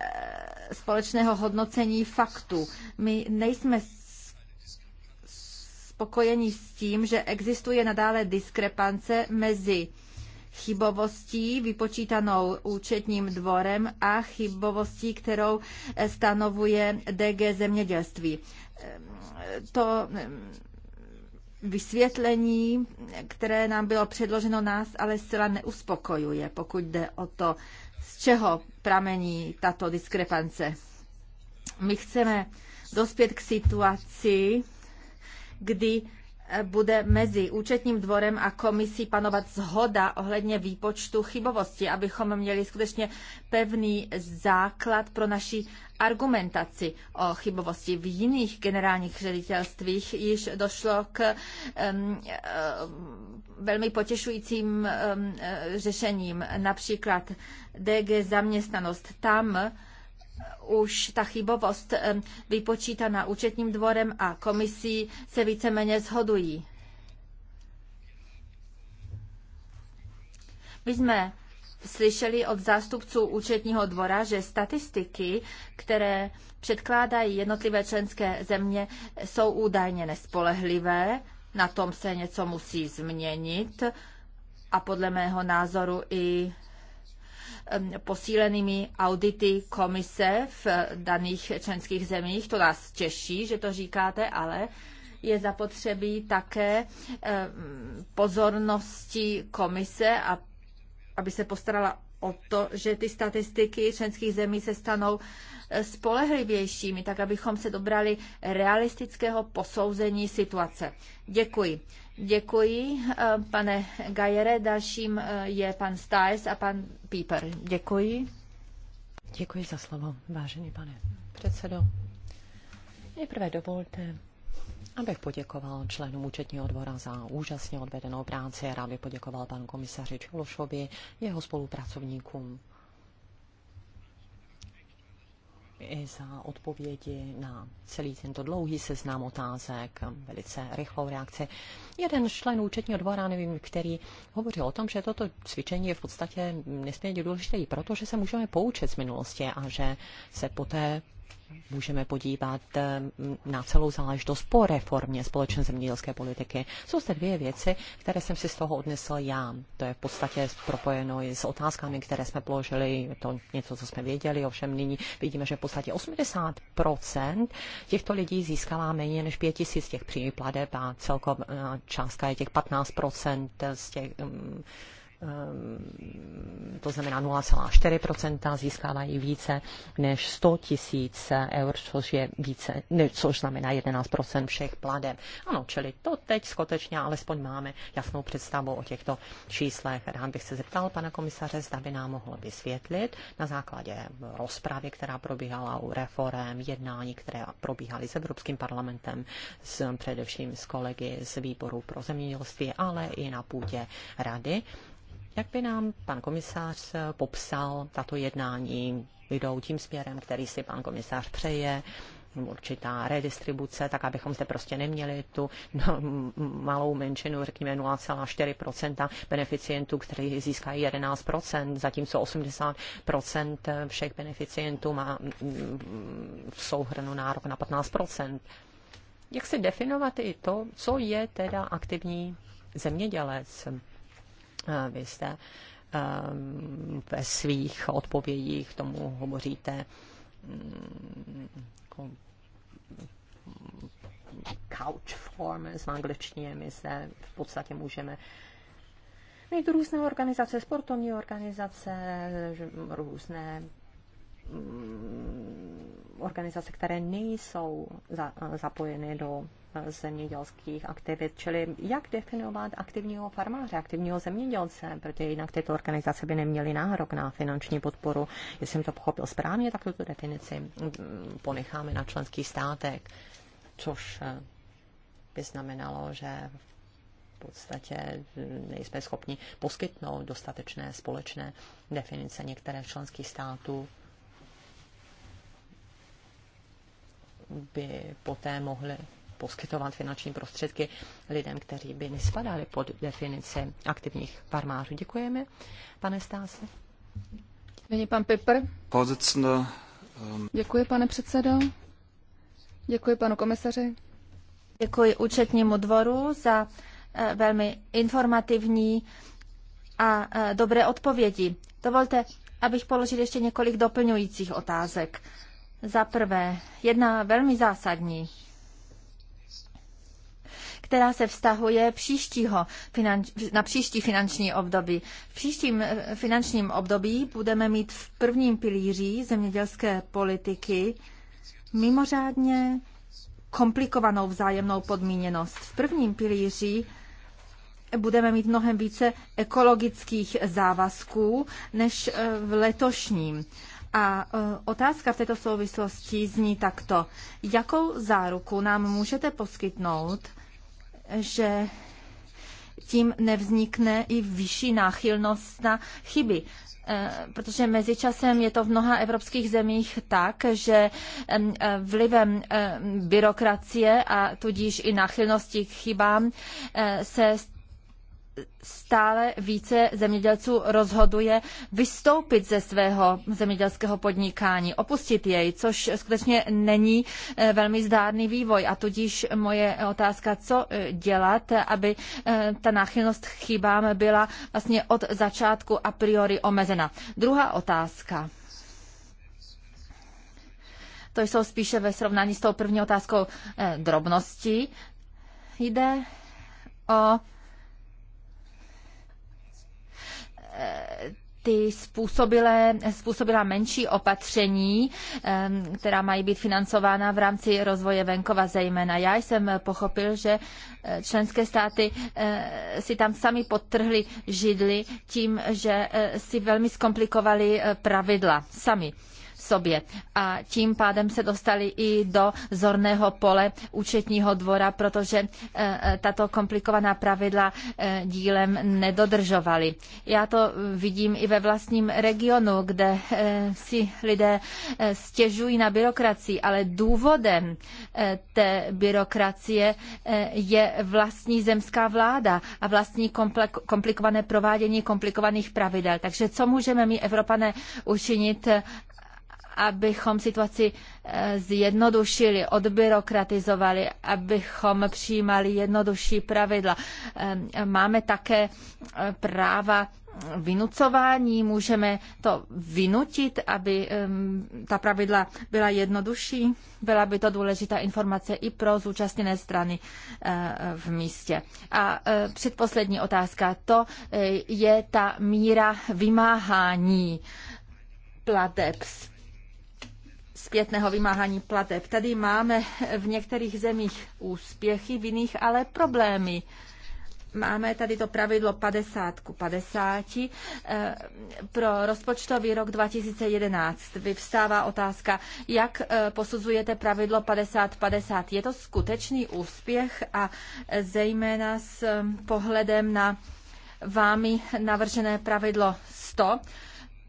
eh, společného hodnocení faktu. My nejsme spokojeni s tím, že existuje nadále diskrepance mezi chybovostí vypočítanou účetním dvorem a chybovostí, kterou stanovuje DG zemědělství. To vysvětlení, které nám bylo předloženo, nás ale zcela neuspokojuje, pokud jde o to, z čeho pramení tato diskrepance. My chceme dospět k situaci, kdy bude mezi účetním dvorem a komisí panovat zhoda ohledně výpočtu chybovosti, abychom měli skutečně pevný základ pro naši argumentaci o chybovosti. V jiných generálních ředitelstvích již došlo k um, um, velmi potěšujícím um, řešením, například DG zaměstnanost. Tam už ta chybovost vypočítaná účetním dvorem a komisí se víceméně shodují. My jsme slyšeli od zástupců účetního dvora, že statistiky, které předkládají jednotlivé členské země, jsou údajně nespolehlivé, na tom se něco musí změnit a podle mého názoru i posílenými audity komise v daných členských zemích. To nás těší, že to říkáte, ale je zapotřebí také pozornosti komise, a aby se postarala o to, že ty statistiky členských zemí se stanou eh, spolehlivějšími, tak abychom se dobrali realistického posouzení situace. Děkuji. Děkuji, eh, pane Gajere. Dalším eh,
je pan Stajs a pan Píper. Děkuji. Děkuji za slovo, vážený pane předsedo. Nejprve dovolte, abych poděkoval členům účetního dvora za úžasně odvedenou práci. Rád bych poděkoval panu komisaři Čulošovi, jeho spolupracovníkům za odpovědi na celý tento dlouhý seznam otázek, velice rychlou reakci. Jeden člen účetního dvora, nevím, který hovořil o tom, že toto cvičení je v podstatě nesmírně důležité protože se můžeme poučit z minulosti a že se poté můžeme podívat eh, na celou záležitost po reformě společné zemědělské politiky. Jsou zde dvě věci, které jsem si z toho odnesl já. To je v podstatě propojeno i s otázkami, které jsme položili, je to něco, co jsme věděli, ovšem nyní vidíme, že v podstatě 80% těchto lidí získala méně než 5 tisíc těch příjmy pladeb a celková částka je těch 15% z těch um, Ehm, to znamená 0,4 získávají více než 100 tisíc eur, což je více, ne, což znamená 11 všech pladeb. Ano, čili to teď skutečně alespoň máme jasnou představu o těchto číslech. Rád bych se zeptal pana komisaře, zda by nám mohl vysvětlit na základě rozpravy, která probíhala u reform, jednání, které probíhaly s Evropským parlamentem, s, především s kolegy z výboru pro zemědělství, ale i na půdě rady jak by nám pan komisář popsal tato jednání? Jdou tím směrem, který si pan komisář přeje, určitá redistribuce, tak abychom zde prostě neměli tu no, malou menšinu, řekněme 0,4% beneficientů, kteří získají 11%, zatímco 80% všech beneficientů má mm, v souhrnu nárok na 15%. Jak si definovat i to, co je teda aktivní zemědělec? Vy jste ehm, ve svých odpovědích tomu hovoříte mm, jako mm, couch form z angličtině. My se v podstatě můžeme mít různé organizace, sportovní organizace, různé Mm, organizace, které nejsou za, zapojeny do eh, zemědělských aktivit, čili jak definovat aktivního farmáře, aktivního zemědělce, protože jinak tyto organizace by neměly nárok na finanční podporu. Jestli jsem to pochopil správně, tak tuto definici mm, ponecháme na členský státek, což eh, by znamenalo, že v podstatě nejsme schopni poskytnout dostatečné společné definice některé členských států by poté mohly poskytovat finanční prostředky lidem, kteří by nespadali pod definici aktivních farmářů. Děkujeme, pane Stáse. Není pan Piper?
Eh, Děkuji, pane předsedo. Děkuji panu komisaři. Děkuji účetnímu
dvoru za eh, velmi informativní a eh, dobré odpovědi. Dovolte, abych položil ještě několik doplňujících otázek. Za prvé, jedna velmi zásadní, která se vztahuje příštího na příští finanční období. V příštím eh, finančním období budeme mít v prvním pilíři zemědělské politiky mimořádně komplikovanou vzájemnou podmíněnost. V prvním pilíři budeme mít mnohem více ekologických závazků než eh, v letošním. A e, otázka v této souvislosti zní takto. Jakou záruku nám můžete poskytnout, že tím nevznikne i vyšší náchylnost na chyby? E, protože mezičasem je to v mnoha evropských zemích tak, že e, vlivem byrokracie a tudíž i náchylnosti k chybám se stále více zemědělců rozhoduje vystoupit ze svého zemědělského podnikání, opustit jej, což skutečně není eh, velmi zdárný vývoj. A tudíž moje otázka, co eh, dělat, aby eh, ta náchylnost chybám byla vlastně od začátku a priori omezena. Druhá otázka. To jsou spíše ve srovnání s tou první otázkou drobnosti. Jde o ty způsobilé, způsobila menší opatření, která mají být financována v rámci rozvoje venkova zejména. Já jsem pochopil, že eh, členské státy eh, si tam sami podtrhli židly tím, že eh, si velmi zkomplikovali pravidla sami sobě. A tím pádem se dostali i do zorného pole účetního dvora, protože eh, eh, tato komplikovaná pravidla eh, dílem nedodržovali. Já to vidím i ve vlastním regionu, kde si lidé stěžují na byrokracii, ale důvodem té byrokracie je vlastní zemská vláda a vlastní komplikované provádění komplikovaných pravidel. Takže co můžeme my, Evropané, učinit, abychom situaci eh, zjednodušili, odbyrokratizovali, abychom přijímali jednodušší pravidla. Eh, máme také eh, práva vynucování, můžeme to vynutit, aby ta pravidla byla jednodušší. Byla by to důležitá informace i pro zúčastněné strany v místě. A předposlední otázka, to je ta míra vymáhání plateb zpětného vymáhání plateb. Tady máme v některých zemích úspěchy, v jiných ale problémy. Máme tady to pravidlo 50 ku 50. Eh, pro rozpočtový rok 2011 vyvstává otázka, jak eh, posuzujete pravidlo 50-50. Je to skutečný úspěch a zejména s eh, pohledem na vámi navržené pravidlo 100,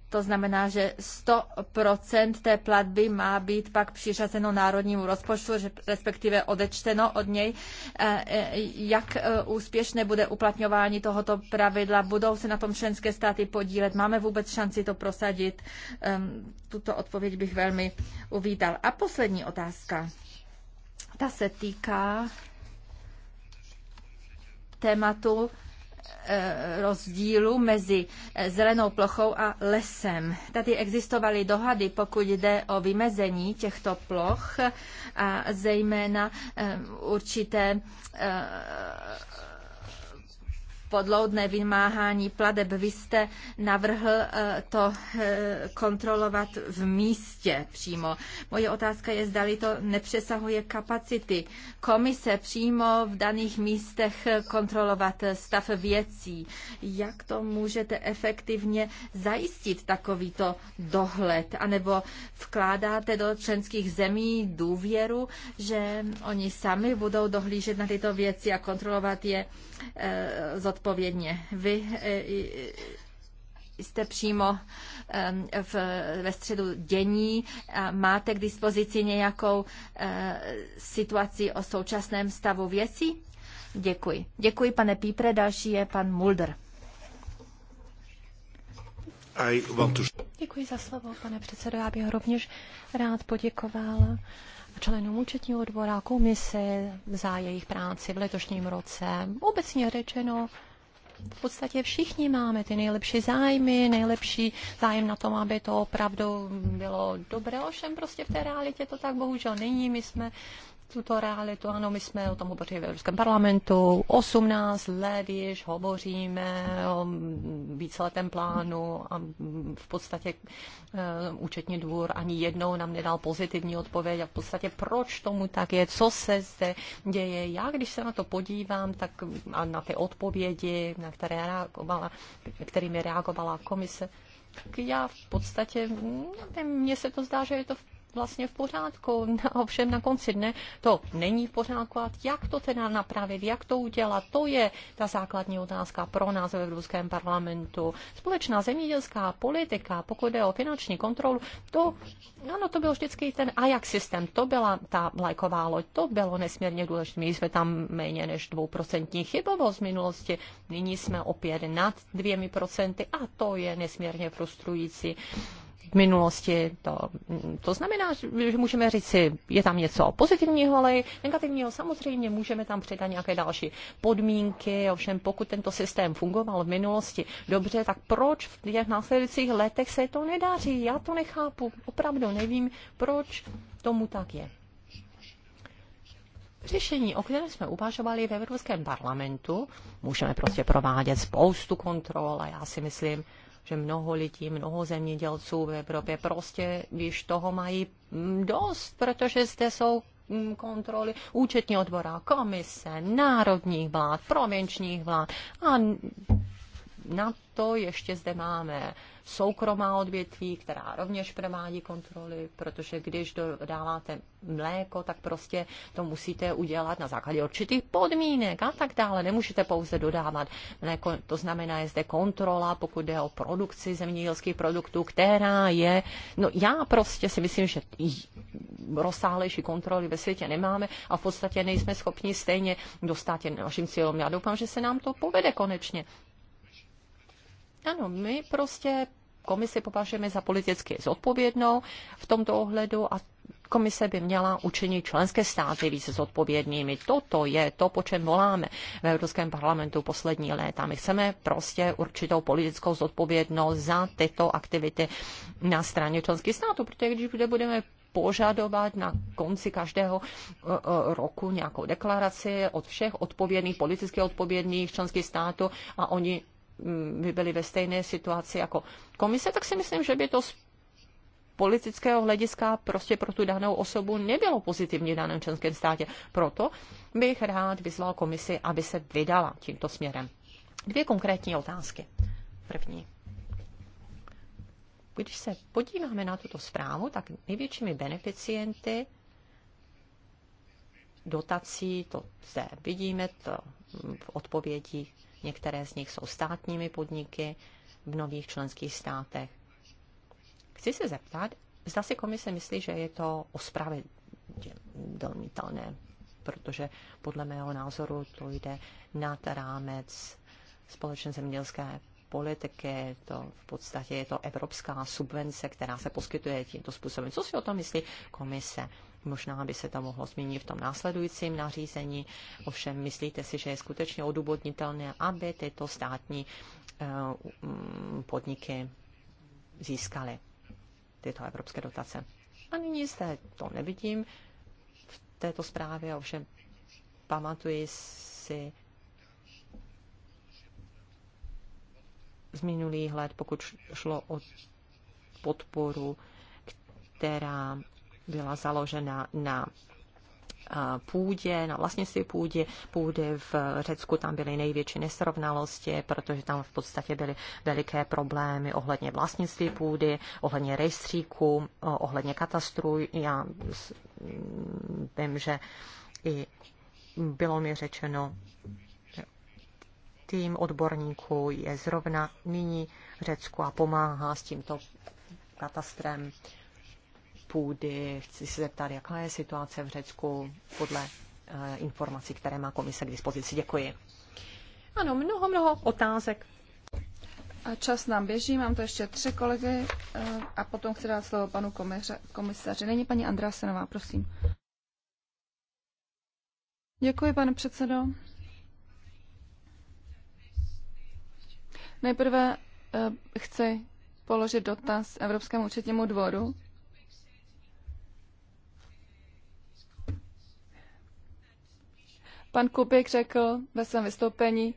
to znamená, že 100% té platby má být pak přiřazeno národnímu rozpočtu, respektive odečteno od něj. E, e, jak e, úspěšné bude uplatňování tohoto pravidla? Budou se na tom členské státy podílet? Máme vůbec šanci to prosadit? Tuto odpověď bych velmi uvítal. A poslední otázka. Ta se týká tématu Eh, rozdílu mezi eh, zelenou plochou a lesem. Tady existovaly dohady, pokud jde o vymezení těchto ploch a zejména eh, určité podloudné vymáhání pladeb. Vy jste navrhl eh, to eh, kontrolovat v místě přímo. Moje otázka je, zdali to nepřesahuje kapacity komise přímo v daných místech eh, kontrolovat stav věcí. Jak to můžete efektivně zajistit takovýto dohled? A nebo vkládáte do členských zemí důvěru, že oni sami budou dohlížet na tyto věci a kontrolovat je z odpovědně. Vy eh, jste přímo v, ve středu dění, máte k dispozici nějakou eh, situaci o současném stavu věcí? Děkuji. Děkuji, pane Pípre. Další je pan Mulder.
Děkuji za slovo, pane předsedo. Já bych rovněž rád poděkoval členům účetního dvora, komise za jejich práci v letošním roce. Obecně řečeno, v podstatě všichni máme ty nejlepší zájmy, nejlepší zájem na tom, aby to opravdu bylo dobré, ovšem prostě v té realitě to tak bohužel není. My jsme tuto realitu. Ano, my jsme o tom hovořili v Evropském parlamentu. 18 let již hovoříme o víceletém plánu a v podstatě uh, účetní dvůr ani jednou nám nedal pozitivní odpověď a v podstatě proč tomu tak je, co se zde děje. Já, když se na to podívám, tak a na ty odpovědi, na které reagovala, kterými reagovala komise, tak já v podstatě, nevím, mně se to zdá, že je to v vlastně v pořádku. Ovšem na konci dne to není v pořádku. A jak to teda napravit, jak to udělat, to je ta základní otázka pro nás ve Evropském parlamentu. Společná zemědělská politika, pokud jde o finanční kontrolu, to, ano, to byl vždycky ten Ajax systém, to byla ta vlajková loď, to bylo nesmírně důležité. My jsme tam méně než dvouprocentní chybovost v minulosti, nyní jsme opět nad dvěmi procenty a to je nesmírně frustrující v minulosti. To, to znamená, že můžeme říct si, je tam něco pozitivního, ale negativního samozřejmě můžeme tam přidat nějaké další podmínky. Ovšem, pokud tento systém fungoval v minulosti dobře, tak proč v těch následujících letech se to nedaří? Já to nechápu. Opravdu nevím, proč tomu tak je. Řešení, o kterém jsme uvažovali v Evropském parlamentu, můžeme prostě provádět spoustu kontrol a já si myslím, že mnoho lidí, mnoho zemědělců v Evropě prostě víš toho mají mm, dost, protože zde jsou mm, kontroly účetní odbora, komise, národních vlád, provinčních vlád a na to ještě zde máme soukromá odvětví, která rovněž provádí kontroly, protože když dodáváte mléko, tak prostě to musíte udělat na základě určitých podmínek a tak dále. Nemůžete pouze dodávat mléko, to znamená, je zde kontrola, pokud jde o produkci zemědělských produktů, která je, no já prostě si myslím, že rozsáhlejší kontroly ve světě nemáme a v podstatě nejsme schopni stejně dostat je našim cílům. Já doufám, že se nám to povede konečně. Ano, my prostě komisi považujeme za politicky zodpovědnou v tomto ohledu a komise by měla učinit členské státy více zodpovědnými. Toto je to, po čem voláme v Evropském parlamentu poslední léta. My chceme prostě určitou politickou zodpovědnost za tyto aktivity na straně členských států, protože když budeme požadovat na konci každého eh, eh, roku nějakou deklaraci od všech odpovědných, politicky odpovědných členských států a oni by mm, byli ve stejné situaci jako komise, tak si myslím, že by to z politického hlediska prostě pro tu danou osobu nebylo pozitivní v daném členském státě. Proto bych rád vyzval komisi, aby se vydala tímto směrem. Dvě konkrétní otázky. První. Když se podíváme na tuto zprávu, tak největšími beneficienty dotací, to zde vidíme to v odpovědích Některé z nich jsou státními podniky v nových členských státech. Chci se zeptat, zda si komise myslí, že je to ospravedlnitelné, protože podle mého názoru to jde nad rámec společné zemědělské politiky, to v podstatě je to evropská subvence, která se poskytuje tímto způsobem. Co si o tom myslí komise? Možná by se to mohlo zmínit v tom následujícím nařízení. Ovšem, myslíte si, že je skutečně odůvodnitelné, aby tyto státní eh, mm, podniky získaly tyto evropské dotace. A nyní se to nevidím v této zprávě, ovšem pamatuji si z minulých let, pokud šlo o podporu, která byla založena na eh, půdě, na vlastnictví půdě, půdy v Řecku tam byly největší nesrovnalosti, protože tam v podstatě byly veliké problémy ohledně vlastnictví půdy, ohledně rejstříku, eh, ohledně katastru. Já mm, vím, že i bylo mi řečeno, tým odborníků je zrovna nyní v Řecku a pomáhá s tímto katastrem půdy. Chci se zeptat, jaká je situace v Řecku podle eh, informací, které má komise k dispozici. Děkuji.
Ano, mnoho, mnoho otázek. A čas nám běží, mám to ještě tři kolegy eh, a potom chci dát slovo panu komisaři. komisaři. Není paní Andrásenová, prosím. Děkuji, pane předsedo. Nejprve eh, chci položit dotaz Evropskému účetnímu dvoru Pan Kubik řekl ve svém vystoupení,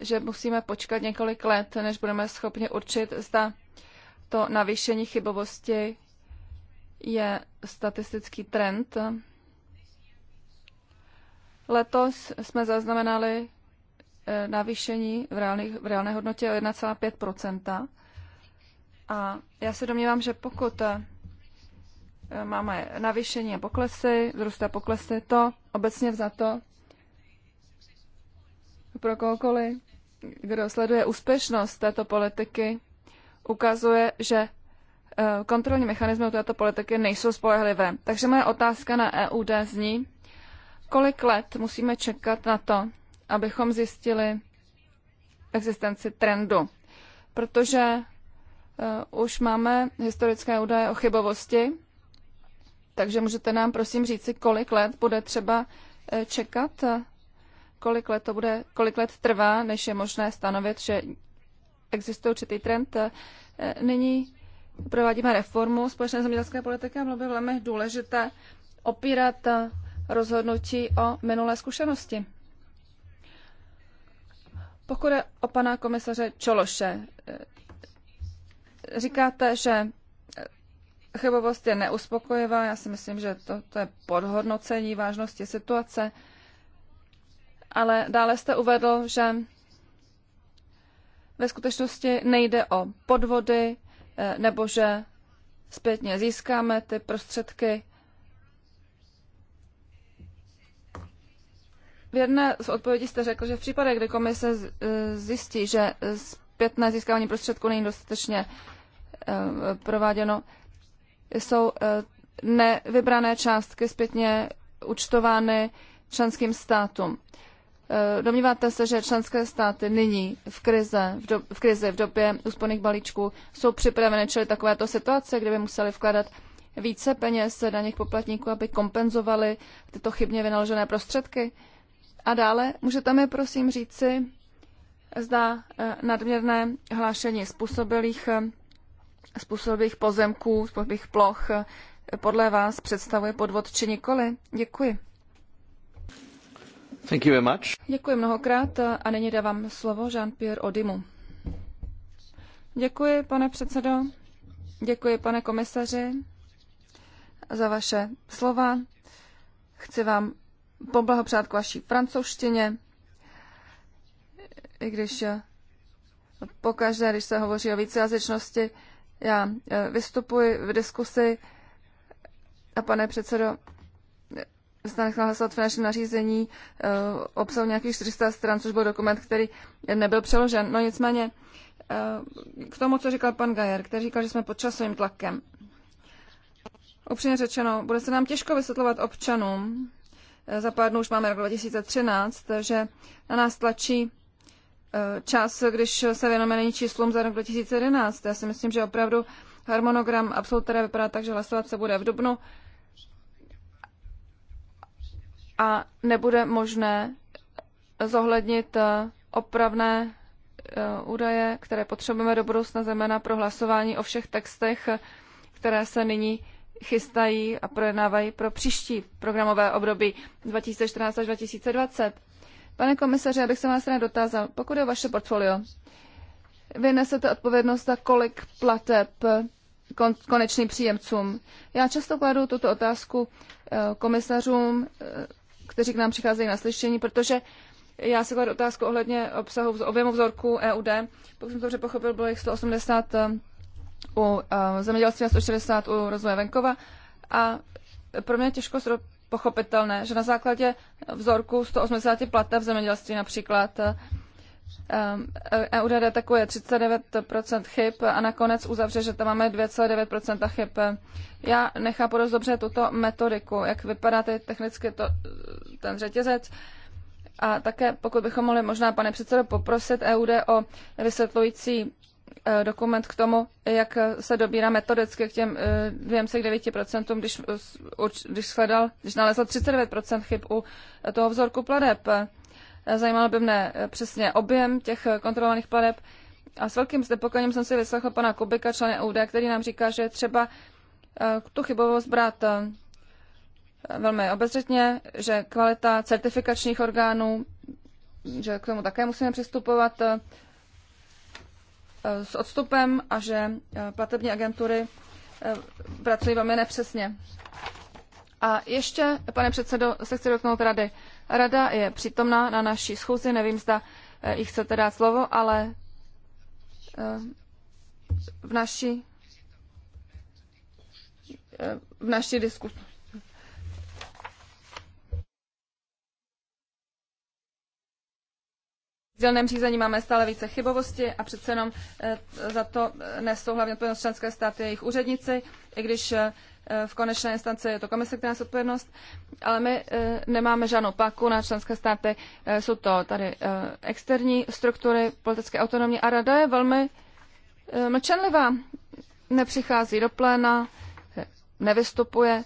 že musíme počkat několik let, než budeme schopni určit, zda to navýšení chybovosti je statistický trend. Letos jsme zaznamenali eh, navýšení v, reálných, v reálné hodnotě o 1,5 A já se domnívám, že pokud eh, Eh, máme navýšení a poklesy, vzrůst a poklesy, to obecně to pro kohokoliv, kdo sleduje úspěšnost této politiky, ukazuje, že eh, kontrolní mechanismy této politiky nejsou spolehlivé. Takže moje otázka na EUD zní, kolik let musíme čekat na to, abychom zjistili existenci trendu. Protože eh, už máme historické údaje o chybovosti, takže můžete nám prosím říci, kolik let bude třeba eh, čekat, kolik let, to bude, kolik let trvá, než je možné stanovit, že existuje určitý trend. Eh, nyní provádíme reformu společné zemědělské politiky a bylo by velmi důležité opírat eh, rozhodnutí o minulé zkušenosti. Pokud je o pana komisaře Čološe, říkáte, že chybovost je neuspokojivá. Já si myslím, že to, to je podhodnocení vážnosti situace. Ale dále jste uvedl, že ve skutečnosti nejde o podvody, eh, nebo že zpětně získáme ty prostředky. V jedné z odpovědí jste řekl, že v případě, kdy komise eh, zjistí, že zpětné získávání prostředků není dostatečně eh, prováděno, jsou eh, nevybrané částky zpětně účtovány členským státům. Eh, domníváte se, že členské státy nyní v, krize, v, do, v krizi, v době úsporných balíčků jsou připraveny čili takovéto situace, kde by museli vkládat více peněz nich poplatníků, aby kompenzovali tyto chybně vynaložené prostředky? A dále, můžete mi prosím říci, zda eh, nadměrné hlášení způsobilých způsobých pozemků, způsobých ploch eh, podle vás představuje podvod či nikoli? Děkuji. Thank you very much. Děkuji mnohokrát eh, a nyní dávám slovo Jean-Pierre Odimu. Děkuji, pane předsedo. Děkuji, pane komisaři, za vaše slova. Chci vám poblahopřát k vaší francouzštině, i když eh, pokaždé, když se hovoří o vícejazyčnosti, já eh, vystupuji v diskusi a pane předsedo, jste nechal hlasovat finanční nařízení, eh, obsahu nějakých 400 stran, což byl dokument, který nebyl přeložen. No nicméně eh, k tomu, co říkal pan Gajer, který říkal, že jsme pod časovým tlakem. Upřímně řečeno, bude se nám těžko vysvětlovat občanům, za pár dnů už máme rok 2013, že na nás tlačí čas, když se věnujeme není číslům za rok 2011. Já si myslím, že opravdu harmonogram absolutoria vypadá tak, že hlasovat se bude v dubnu a nebude možné zohlednit eh, opravné eh, údaje, které potřebujeme do budoucna, zejména pro hlasování o všech textech, které se nyní chystají a projednávají pro příští programové období 2014 až 2020. Pane komisaře, abych se vás rád dotázal, pokud je vaše portfolio, vy nesete odpovědnost za kolik plateb kon, konečným příjemcům. Já často kladu tuto otázku eh, komisařům, eh, kteří k nám přicházejí na slyšení, protože já si kladu otázku ohledně obsahu, objemu vzorku EUD. Pokud jsem to dobře pochopil, bylo jich 180 eh, u zemědělství a 160 u rozvoje venkova. A pro mě je těžko pochopitelné, že na základě vzorku 180 plateb v zemědělství například EUD detekuje 39% chyb a nakonec uzavře, že tam máme 2,9% chyb. Já nechápu dost dobře tuto metodiku, jak vypadá ty technicky to, ten řetězec. A také, pokud bychom mohli možná, pane předsedo, poprosit EUD o vysvětlující Eh, dokument k tomu, jak se dobírá metodicky k těm 2,9%, eh, když, eh, když, shledal, když nalezl 39% chyb u toho vzorku pladeb. Zajímalo by mne přesně objem těch kontrolovaných pladeb. A s velkým znepokojením jsem si vyslechl pana Kubika, člena UD, který nám říká, že třeba tu chybovost brát velmi obezřetně, že kvalita certifikačních orgánů, že k tomu také musíme přistupovat Eh, s odstupem a že eh, platební agentury eh, pracují velmi nepřesně. A ještě, pane předsedo, se chci dotknout rady. Rada je přítomná na naší schůzi, nevím, zda jí chcete dát slovo, ale v naší v naší diskusi sdělném řízení máme stále více chybovosti a přece jenom eh, za to eh, nesou hlavně odpovědnost členské státy jejich úředníci, i když eh, v konečné instanci je to komise, která je odpovědnost, ale my nemáme žádnou páku na členské státy. Jsou to tady externí struktury, politické autonomie a rada je velmi mlčenlivá. Nepřichází do pléna, nevystupuje.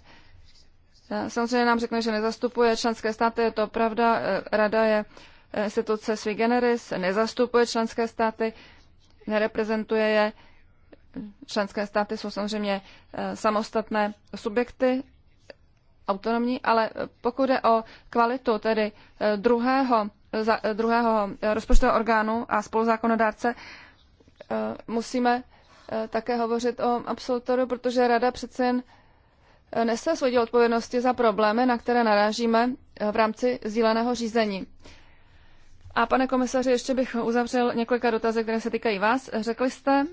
Samozřejmě nám řekne, že nezastupuje členské státy, je to pravda, rada je instituce eh, sui generis, nezastupuje členské státy, nereprezentuje je. Členské státy jsou samozřejmě eh, samostatné subjekty, autonomní, ale eh, pokud je o kvalitu tedy druhého, druhého rozpočtového orgánu a spoluzákonodárce, musíme také hovořit o absolutoru, protože rada přece jen nese svoji odpovědnosti za problémy, na které narážíme v rámci sdíleného řízení. A pane komisaři, ještě bych uzavřel několika dotazů, které se týkají vás. Řekli jste,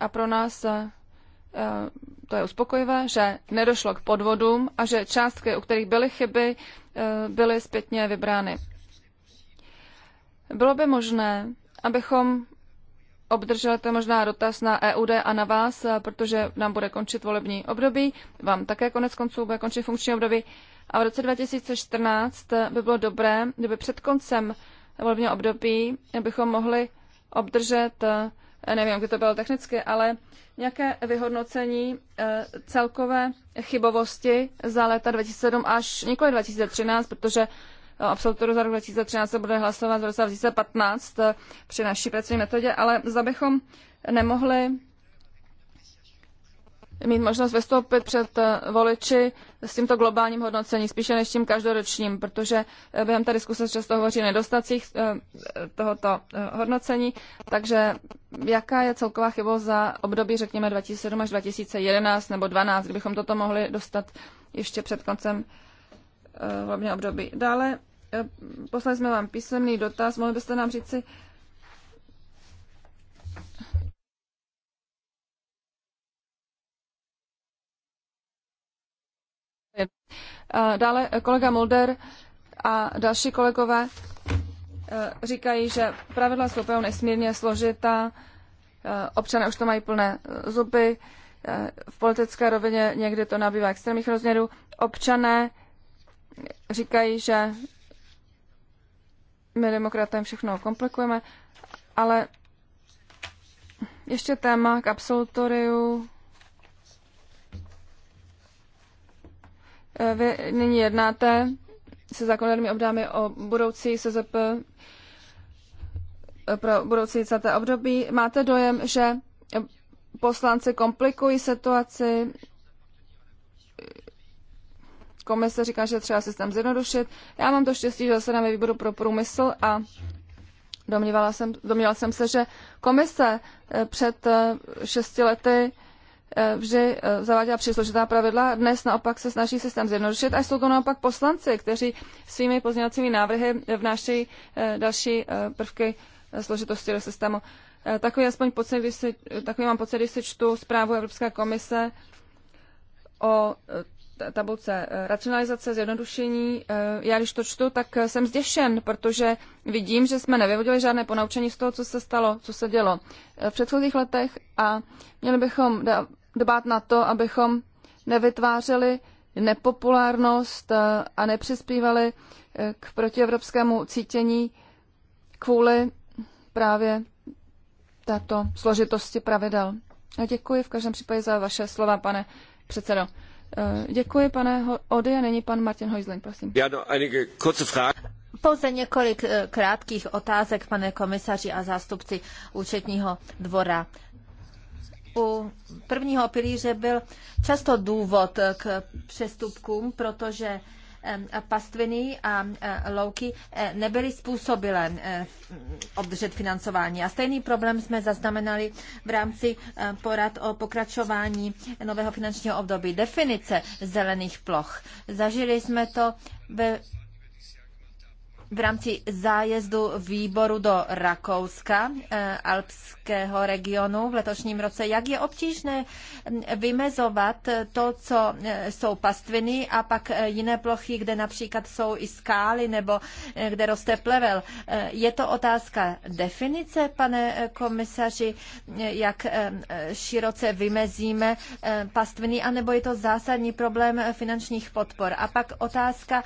a pro nás eh, to je uspokojivé, že nedošlo k podvodům a že částky, u kterých byly chyby, eh, byly zpětně vybrány. Bylo by možné, abychom obdrželi to možná dotaz na EUD a na vás, eh, protože nám bude končit volební období, vám také konec konců bude končit funkční období. A v roce 2014 by bylo dobré, kdyby před koncem volebního období abychom mohli obdržet, eh, nevím, jak to bylo technicky, ale nějaké vyhodnocení eh, celkové chybovosti za léta 2007 až nikoli 2013, protože eh, absolutoru za rok 2013 se bude hlasovat v roce 2015 při naší pracovní metodě, ale zda bychom nemohli mít možnost vystoupit před eh, voliči s tímto globálním hodnocením, spíše než tím každoročním, protože eh, během té diskuse často hovoří o nedostacích eh, tohoto hodnocení. Takže jaká je celková chyba za období, řekněme, 2007 až 2011 nebo 2012, kdybychom toto mohli dostat ještě před koncem hlavně období. Dále poslali jsme vám písemný dotaz, mohli byste nám říci, Eh, dále eh, kolega Mulder a další kolegové eh, říkají, že pravidla jsou opravdu nesmírně složitá, občané už to mají plné zuby, v politické rovině někdy to nabývá extrémních rozměrů. Občané říkají, že my demokratem všechno komplikujeme, ale ještě téma k absolutoriu Eh, vy nyní jednáte se zákonodárnými obdámy o budoucí SZP eh, pro budoucí celé období. Máte dojem, že poslanci komplikují situaci? Komise říká, že třeba systém zjednodušit. Já mám to štěstí, že na výboru pro průmysl a domnívala jsem, domnívala jsem se, že komise eh, před šesti lety Eh, vždy eh, zaváděla příslušná pravidla, dnes naopak se snaží systém zjednodušit a jsou to naopak poslanci, kteří svými pozměňovacími návrhy vnášejí eh, další prvky složitosti do systému. Takový, aspoň pocit, když si, takový mám pocit, když si čtu zprávu Evropské komise o tabulce eh, racionalizace, zjednodušení. Eh, já když to čtu, tak eh, jsem zděšen, protože vidím, že jsme nevyvodili žádné ponaučení z toho, co se stalo, co se dělo v předchozích letech a měli bychom dbát na to, abychom nevytvářeli nepopulárnost a nepřispívali k protievropskému cítění kvůli právě této složitosti pravidel. A děkuji v každém případě za vaše slova, pane předsedo. Eh, děkuji, pane Ody, a nyní pan Martin Hojzling, prosím.
Já no, einige kurze Fragen.
Pouze několik
eh, krátkých otázek, pane komisaři a zástupci účetního dvora. U prvního pilíře byl často důvod eh, k přestupkům, protože pastviny a louky eh, nebyly způsobilé obdržet financování. A stejný problém jsme zaznamenali v rámci porad o pokračování nového finančního období. Definice zelených ploch. Zažili jsme to ve v rámci zájezdu výboru do Rakouska, eh, alpského regionu v letošním roce, jak je obtížné mm, vymezovat eh, to, co eh, jsou pastviny a pak jiné plochy, kde například jsou i skály nebo kde roste plevel. Je to otázka definice, pane komisaři, jak široce vymezíme pastviny, anebo je to zásadní problém finančních podpor. A pak otázka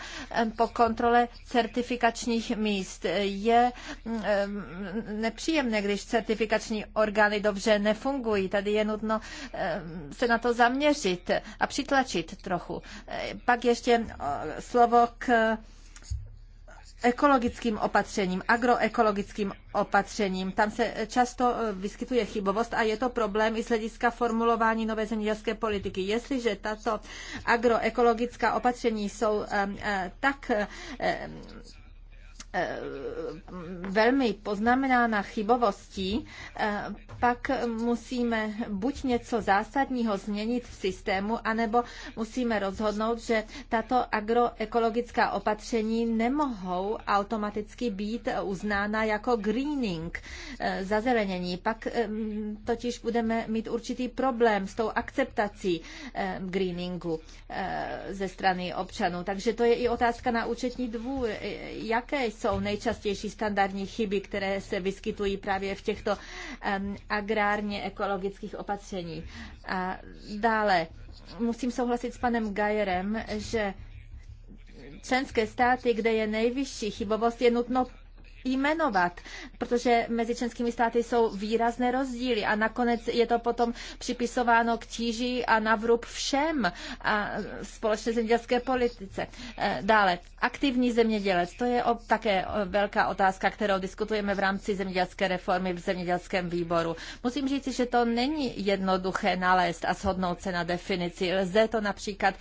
po kontrole certifikace certifikačních míst. Je mm, mm, nepříjemné, když certifikační orgány dobře nefungují. Tady je nutno eh, se na to zaměřit a přitlačit trochu. Eh, pak ještě eh, slovo k ekologickým opatřením, agroekologickým opatřením. Tam se často vyskytuje chybovost a je to problém i z hlediska formulování nové zemědělské politiky. Jestliže tato agroekologická opatření jsou tak Eh, velmi poznamenána chybovostí, eh, pak musíme buď něco zásadního změnit v systému, anebo musíme rozhodnout, že tato agroekologická opatření nemohou automaticky být uznána jako greening, eh, zazelenění. Pak totiž budeme mít určitý problém s tou akceptací greeningu ze strany občanů. Takže to je i otázka na účetní dvůr. Jaké jsou nejčastější standardní chyby, které se vyskytují právě v těchto um, agrárně ekologických opatření. A dále musím souhlasit s panem Gajerem, že členské státy, kde je nejvyšší chybovost, je nutno jmenovat, protože mezi členskými státy jsou výrazné rozdíly a nakonec je to potom připisováno k tíži a navrub všem a společné zemědělské politice. E, dále, aktivní zemědělec, to je také velká otázka, kterou diskutujeme v rámci zemědělské reformy v zemědělském výboru. Musím říct, že to není jednoduché nalézt a shodnout se na definici. Lze to například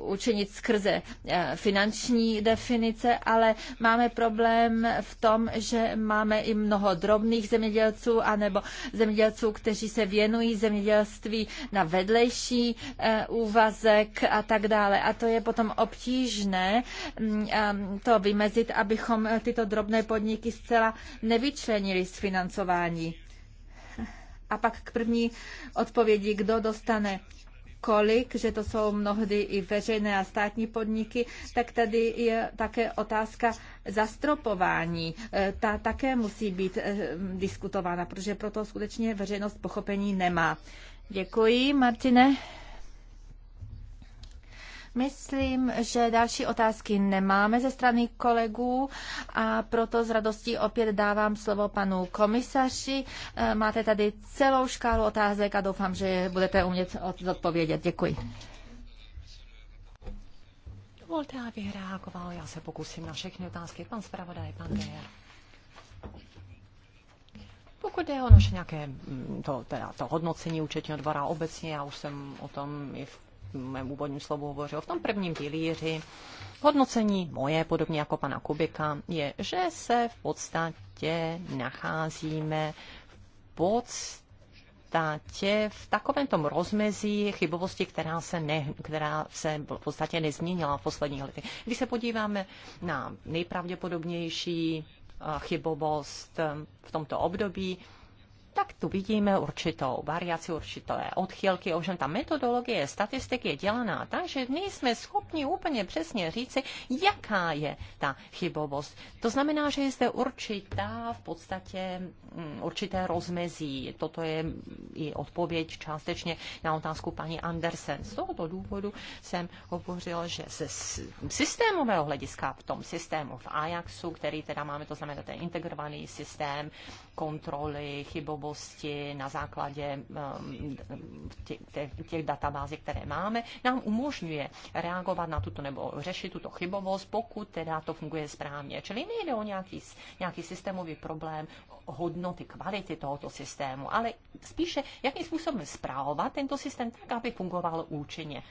učinit skrze e, finanční definice, ale máme problém v tom, tom, že máme i mnoho drobných zemědělců anebo zemědělců, kteří se věnují zemědělství na vedlejší eh, úvazek a tak dále. A to je potom obtížné mm, ehm, to vymezit, abychom eh, tyto drobné podniky zcela nevyčlenili z financování. A pak k první odpovědi, kdo dostane kolik, že to jsou mnohdy i veřejné a státní podniky, tak tady je také otázka zastropování. E, ta také musí být e, diskutována, protože proto skutečně veřejnost pochopení nemá. Děkuji, Martine. Myslím, že další otázky nemáme ze strany kolegů a proto s radostí opět dávám slovo panu komisaři. Eh, máte tady celou škálu otázek a doufám, že je budete umět odpovědět. Děkuji.
Dovolte, abych reagoval. Já se pokusím na všechny otázky. Pan zpravodaj, pan Dejer. Pokud je o naše nějaké mm, to, teda to hodnocení účetního dvora obecně, já už jsem o tom i v mém úvodním slovu hovořil, v tom prvním pilíři hodnocení moje, podobně jako pana Kubika, je, že se v podstatě nacházíme v podstatě podstatě v takovém tom rozmezí chybovosti, která se, ne, která se v podstatě nezměnila v posledních letech. Když se podíváme na nejpravděpodobnější eh, chybovost eh, v tomto období, tak tu vidíme určitou variaci, určité odchylky. Ovšem ta metodologie statistiky je dělaná tak, že nejsme schopni úplně přesně říci, jaká je ta chybovost. To znamená, že je zde určitá v podstatě mm, určité rozmezí. Toto je i odpověď částečně na otázku paní Andersen. Z tohoto důvodu jsem hovořil, že ze systémového hlediska v tom systému v Ajaxu, který teda máme, to znamená ten integrovaný systém kontroly, chybovosti, slabosti na základě um, těch, těch databází, které máme, nám umožňuje reagovat na tuto nebo řešit tuto chybovost, pokud teda to funguje správně. Čili nejde o nějaký, nějaký systémový problém hodnoty kvality tohoto systému, ale spíše, jakým způsobem zprávovat tento systém tak, aby fungoval účinně.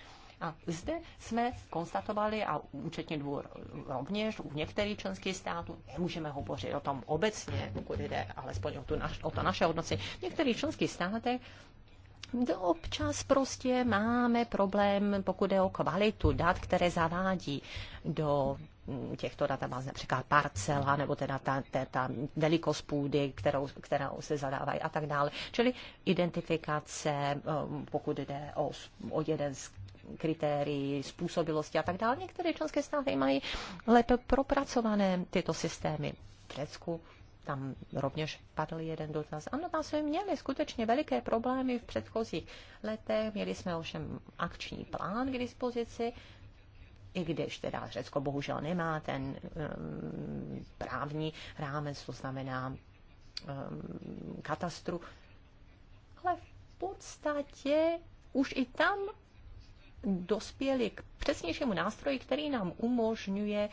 A zde jsme konstatovali, a účetní dvůr rovněž u některých členských států, nemůžeme hovořit o tom obecně, pokud jde alespoň o, tu naš, o to naše hodnoci, v některých členských státech no, občas prostě máme problém, pokud je o kvalitu dat, které zavádí do těchto databáz, například parcela, nebo teda ta, ta, ta velikost půdy, kterou, kterou se zadávají a tak dále. Čili identifikace, eh, pokud jde o, o jeden z kritérií, způsobilosti a tak dále. Některé členské státy mají lépe propracované tyto systémy. V Řecku tam rovněž padl jeden dotaz. Ano, tam jsme měli skutečně veliké problémy v předchozích letech. Měli jsme ovšem akční plán k dispozici, i když teda Řecko bohužel nemá ten um, právní rámec, to znamená um, katastru. Ale v podstatě už i tam dospěli k přesnějšímu nástroji, který nám umožňuje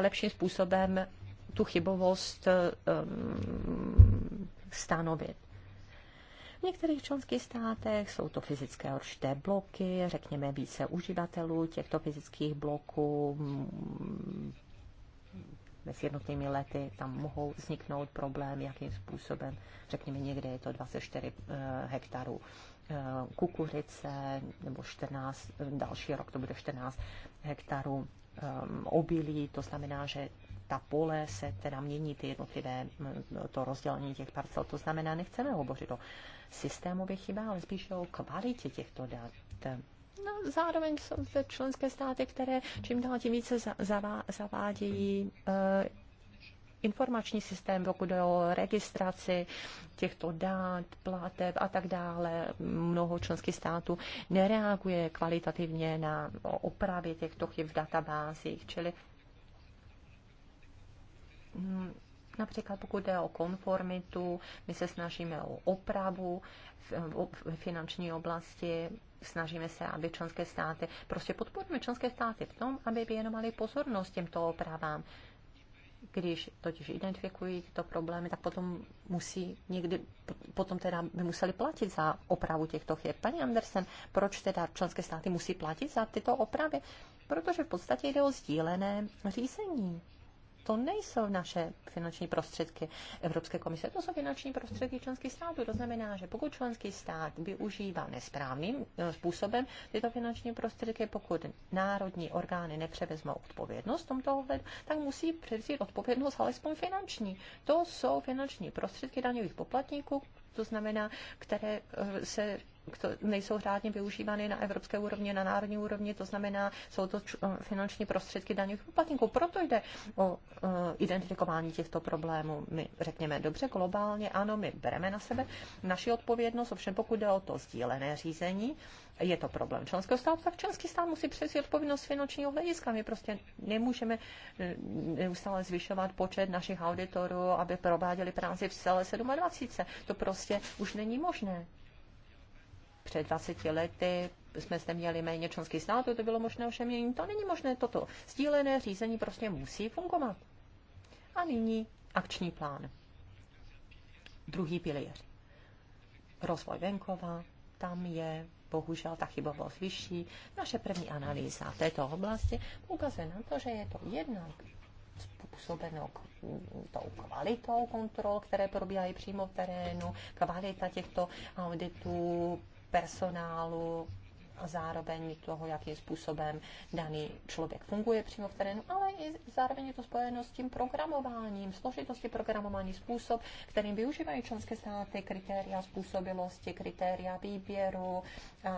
lepším způsobem tu chybovost um, stanovit. V některých členských státech jsou to fyzické určité bloky, řekněme více uživatelů těchto fyzických bloků. Mezi mm, jednotnými lety tam mohou vzniknout problém, jakým způsobem, řekněme někde je to 24 eh, hektarů Eh, kukuřice nebo 14, eh, další rok to bude 14 hektarů eh, obilí, to znamená, že ta pole se teda mění ty jednotlivé, mm, to rozdělení těch parcel. To znamená, nechceme hovořit o systémově chybách, ale spíše o kvalitě těchto dat. No, zároveň jsou členské státy, které čím dál tím více zavá, zavádějí informační systém, pokud jde o registraci těchto dát, plateb a tak dále. Mnoho členských států nereaguje kvalitativně na opravy těchto chyb v databázích, čili mm, Například pokud jde o konformitu, my se snažíme o opravu v finanční oblasti, snažíme se, aby členské státy, prostě podporujeme členské státy v tom, aby věnovali pozornost těmto opravám když totiž identifikují tyto problémy, tak potom musí někdy, potom teda by museli platit za opravu těchto chyb. Pani Andersen, proč teda členské státy musí platit za tyto opravy? Protože v podstatě jde o sdílené řízení to nejsou naše finanční prostředky Evropské komise, to jsou finanční prostředky členských států. To znamená, že pokud členský stát využívá nesprávným eh, způsobem tyto finanční prostředky, pokud národní orgány nepřevezmou odpovědnost v tomto ohledu, tak musí převzít odpovědnost alespoň finanční. To jsou finanční prostředky daňových poplatníků, to znamená, které eh, se nejsou řádně využívány na evropské úrovni, na národní úrovni, to znamená, jsou to eh, finanční prostředky daných poplatníků. Proto jde o eh, identifikování těchto problémů. My řekněme dobře, globálně ano, my bereme na sebe naši odpovědnost, ovšem pokud jde o to sdílené řízení, je to problém členského státu, tak členský stát musí přesvědčit odpovědnost finančního hlediska. My prostě nemůžeme eh, neustále zvyšovat počet našich auditorů, aby prováděli práci v celé 27. To prostě už není možné před 20 lety jsme zde měli méně členský stát, to bylo možné ovšem měnit. To není možné toto. Sdílené řízení prostě musí fungovat. A nyní akční plán. Druhý pilíř. Rozvoj venkova, tam je bohužel ta chybovost vyšší. Naše první analýza této oblasti ukazuje na to, že je to jednak způsobeno tou kvalitou kontrol, které probíhají přímo v terénu, kvalita těchto auditů, personálu, zároveň toho, jakým způsobem daný člověk funguje přímo v terénu, ale i zároveň je to spojeno s tím programováním, složitosti programování, způsob, kterým využívají členské státy, kritéria způsobilosti, kritéria výběru,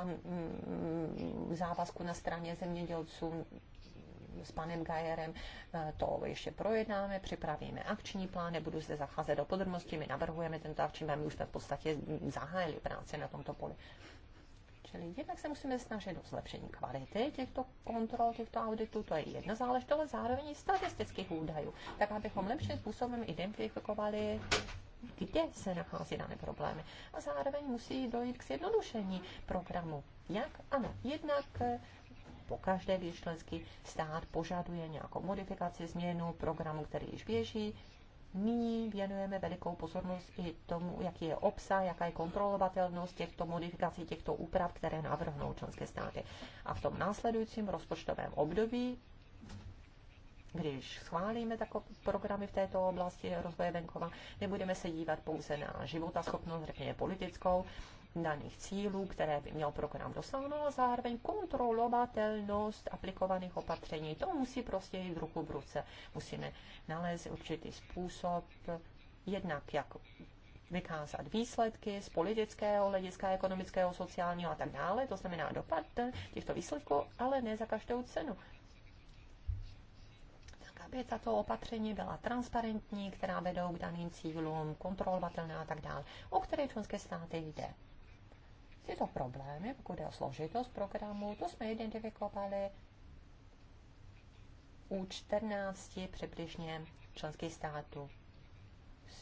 mm, mm, závazku na straně zemědělců, s panem Gajerem eh, to ještě projednáme, připravíme akční plán, nebudu zde zacházet do podrobností, my navrhujeme tento akční plán, my už jsme v podstatě zahájili práci na tomto poli. Čili jednak se musíme snažit o zlepšení kvality těchto kontrol, těchto auditů, to je jedna záležitost, ale zároveň i statistických údajů, tak abychom lepším způsobem identifikovali kde se nachází dané problémy. A zároveň musí dojít k zjednodušení programu. Jak? Ano, jednak eh, pokaždé, když členský stát požaduje nějakou modifikaci, změnu programu, který již běží, Nyní věnujeme velikou pozornost i tomu, jaký je obsah, jaká je kontrolovatelnost těchto modifikací, těchto úprav, které navrhnou členské státy. A v tom následujícím rozpočtovém období, když schválíme takové programy v této oblasti rozvoje venkova, nebudeme se dívat pouze na životaschopnost, řekněme politickou daných cílů, které by měl program dosáhnout a zároveň kontrolovatelnost aplikovaných opatření. To musí prostě jít ruku v ruce. Musíme nalézt určitý způsob, jednak jak vykázat výsledky z politického, hlediska ekonomického, sociálního a tak dále, to znamená dopad těchto výsledků, ale ne za každou cenu aby tato opatření byla transparentní, která vedou k daným cílům, kontrolovatelná a tak dále, o které členské státy jde. Tyto problémy, pokud je o složitost programu, to jsme identifikovali u 14 přibližně členských států.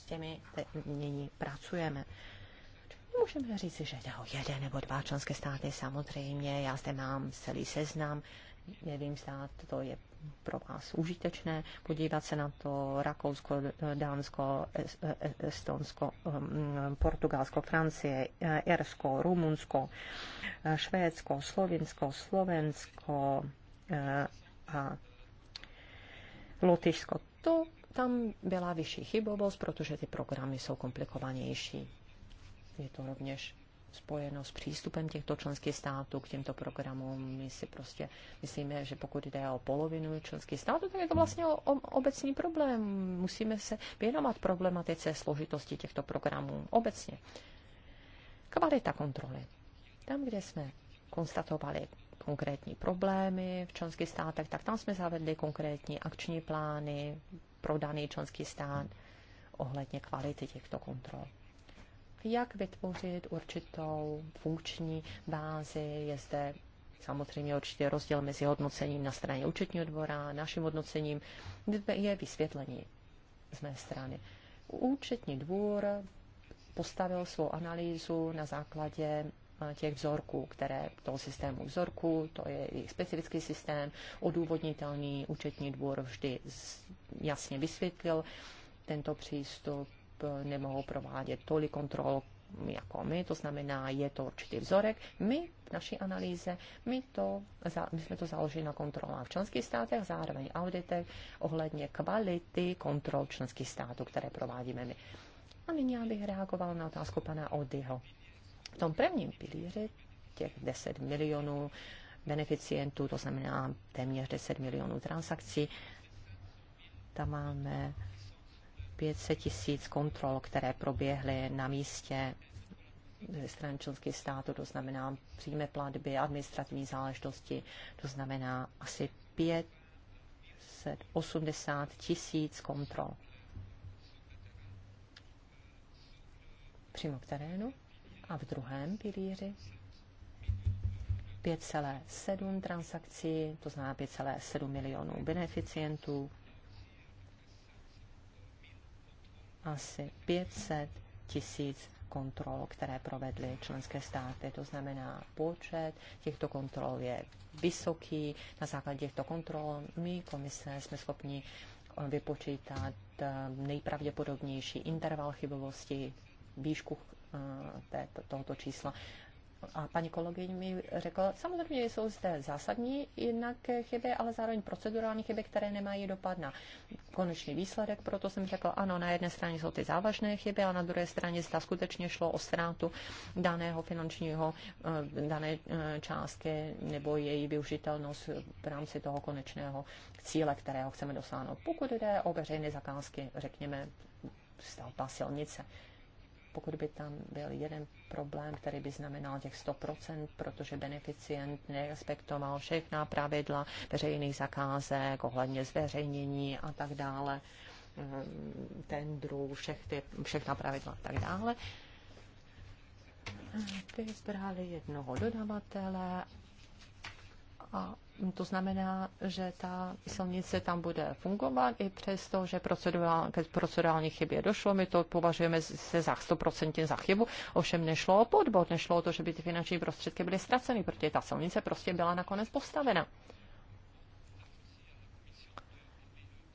S těmi nyní pracujeme. Můžeme říct, že jde o jeden nebo dva členské státy, samozřejmě. Já zde mám celý seznam. Nevím, zda to je pro vás užitečné podívat se na to Rakousko, Dánsko, Estonsko, um, Portugalsko, Francie, Irsko, Rumunsko, Švédsko, Slovinsko, Slovensko eh, a Lotyšsko. To tam byla vyšší chybovost, protože ty programy jsou komplikovanější. Je to rovněž spojeno s přístupem těchto členských států k těmto programům. My si prostě myslíme, že pokud jde o polovinu členských států, tak je to vlastně o, o, obecný problém. Musíme se věnovat problematice složitosti těchto programů obecně. Kvalita kontroly. Tam, kde jsme konstatovali konkrétní problémy v členských státech, tak tam jsme zavedli konkrétní akční plány pro daný členský stát ohledně kvality těchto kontrol jak vytvořit určitou funkční bázi. Je zde samozřejmě určitě rozdíl mezi hodnocením na straně účetního dvora a naším hodnocením. Je vysvětlení z mé strany. Účetní dvůr postavil svou analýzu na základě eh, těch vzorků, které toho systému vzorku, to je i specifický systém, odůvodnitelný účetní dvůr vždy jasně vysvětlil tento přístup nemohou provádět tolik kontrol jako my, to znamená, je to určitý vzorek. My v naší analýze, my, to, my jsme to založili na kontrolách v členských státech, zároveň auditech ohledně kvality kontrol členských států, které provádíme my. A nyní bych reagoval na otázku pana Odyho. V tom prvním pilíři těch 10 milionů beneficientů, to znamená téměř 10 milionů transakcí, tam máme 500 tisíc kontrol, které proběhly na místě ze strany členských států, to znamená přímé platby, administrativní záležitosti, to znamená asi 580 tisíc kontrol. Přímo v terénu a v druhém pilíři 5,7 transakcí, to znamená 5,7 milionů beneficientů, asi 500 tisíc kontrol, které provedly členské státy. To znamená, počet těchto kontrol je vysoký. Na základě těchto kontrol my, komise, jsme schopni eh, vypočítat eh, nejpravděpodobnější interval chybovosti, výšku eh, tohoto čísla a paní kolegyně mi řekla, samozřejmě jsou zde zásadní jinak chyby, ale zároveň procedurální chyby, které nemají dopad na konečný výsledek, proto jsem řekla, ano, na jedné straně jsou ty závažné chyby a na druhé straně zda skutečně šlo o ztrátu daného finančního, eh, dané eh, částky nebo její využitelnost v rámci toho konečného cíle, kterého chceme dosáhnout. Pokud jde o veřejné zakázky, řekněme, stavba silnice pokud by tam byl jeden problém, který by znamenal těch 100%, protože beneficient nerespektoval všechna pravidla veřejných zakázek ohledně zveřejnění a tak dále, mm, tendrů, všech ty, všechna pravidla a tak dále. Ty zbrali jednoho dodavatele a to znamená, že ta silnice tam bude fungovat i přesto, že procedurál, ke procedurální chybě došlo. My to považujeme se za 100% za chybu. Ovšem nešlo o podbod, nešlo o to, že by ty finanční prostředky byly ztraceny, protože ta silnice prostě byla nakonec postavena.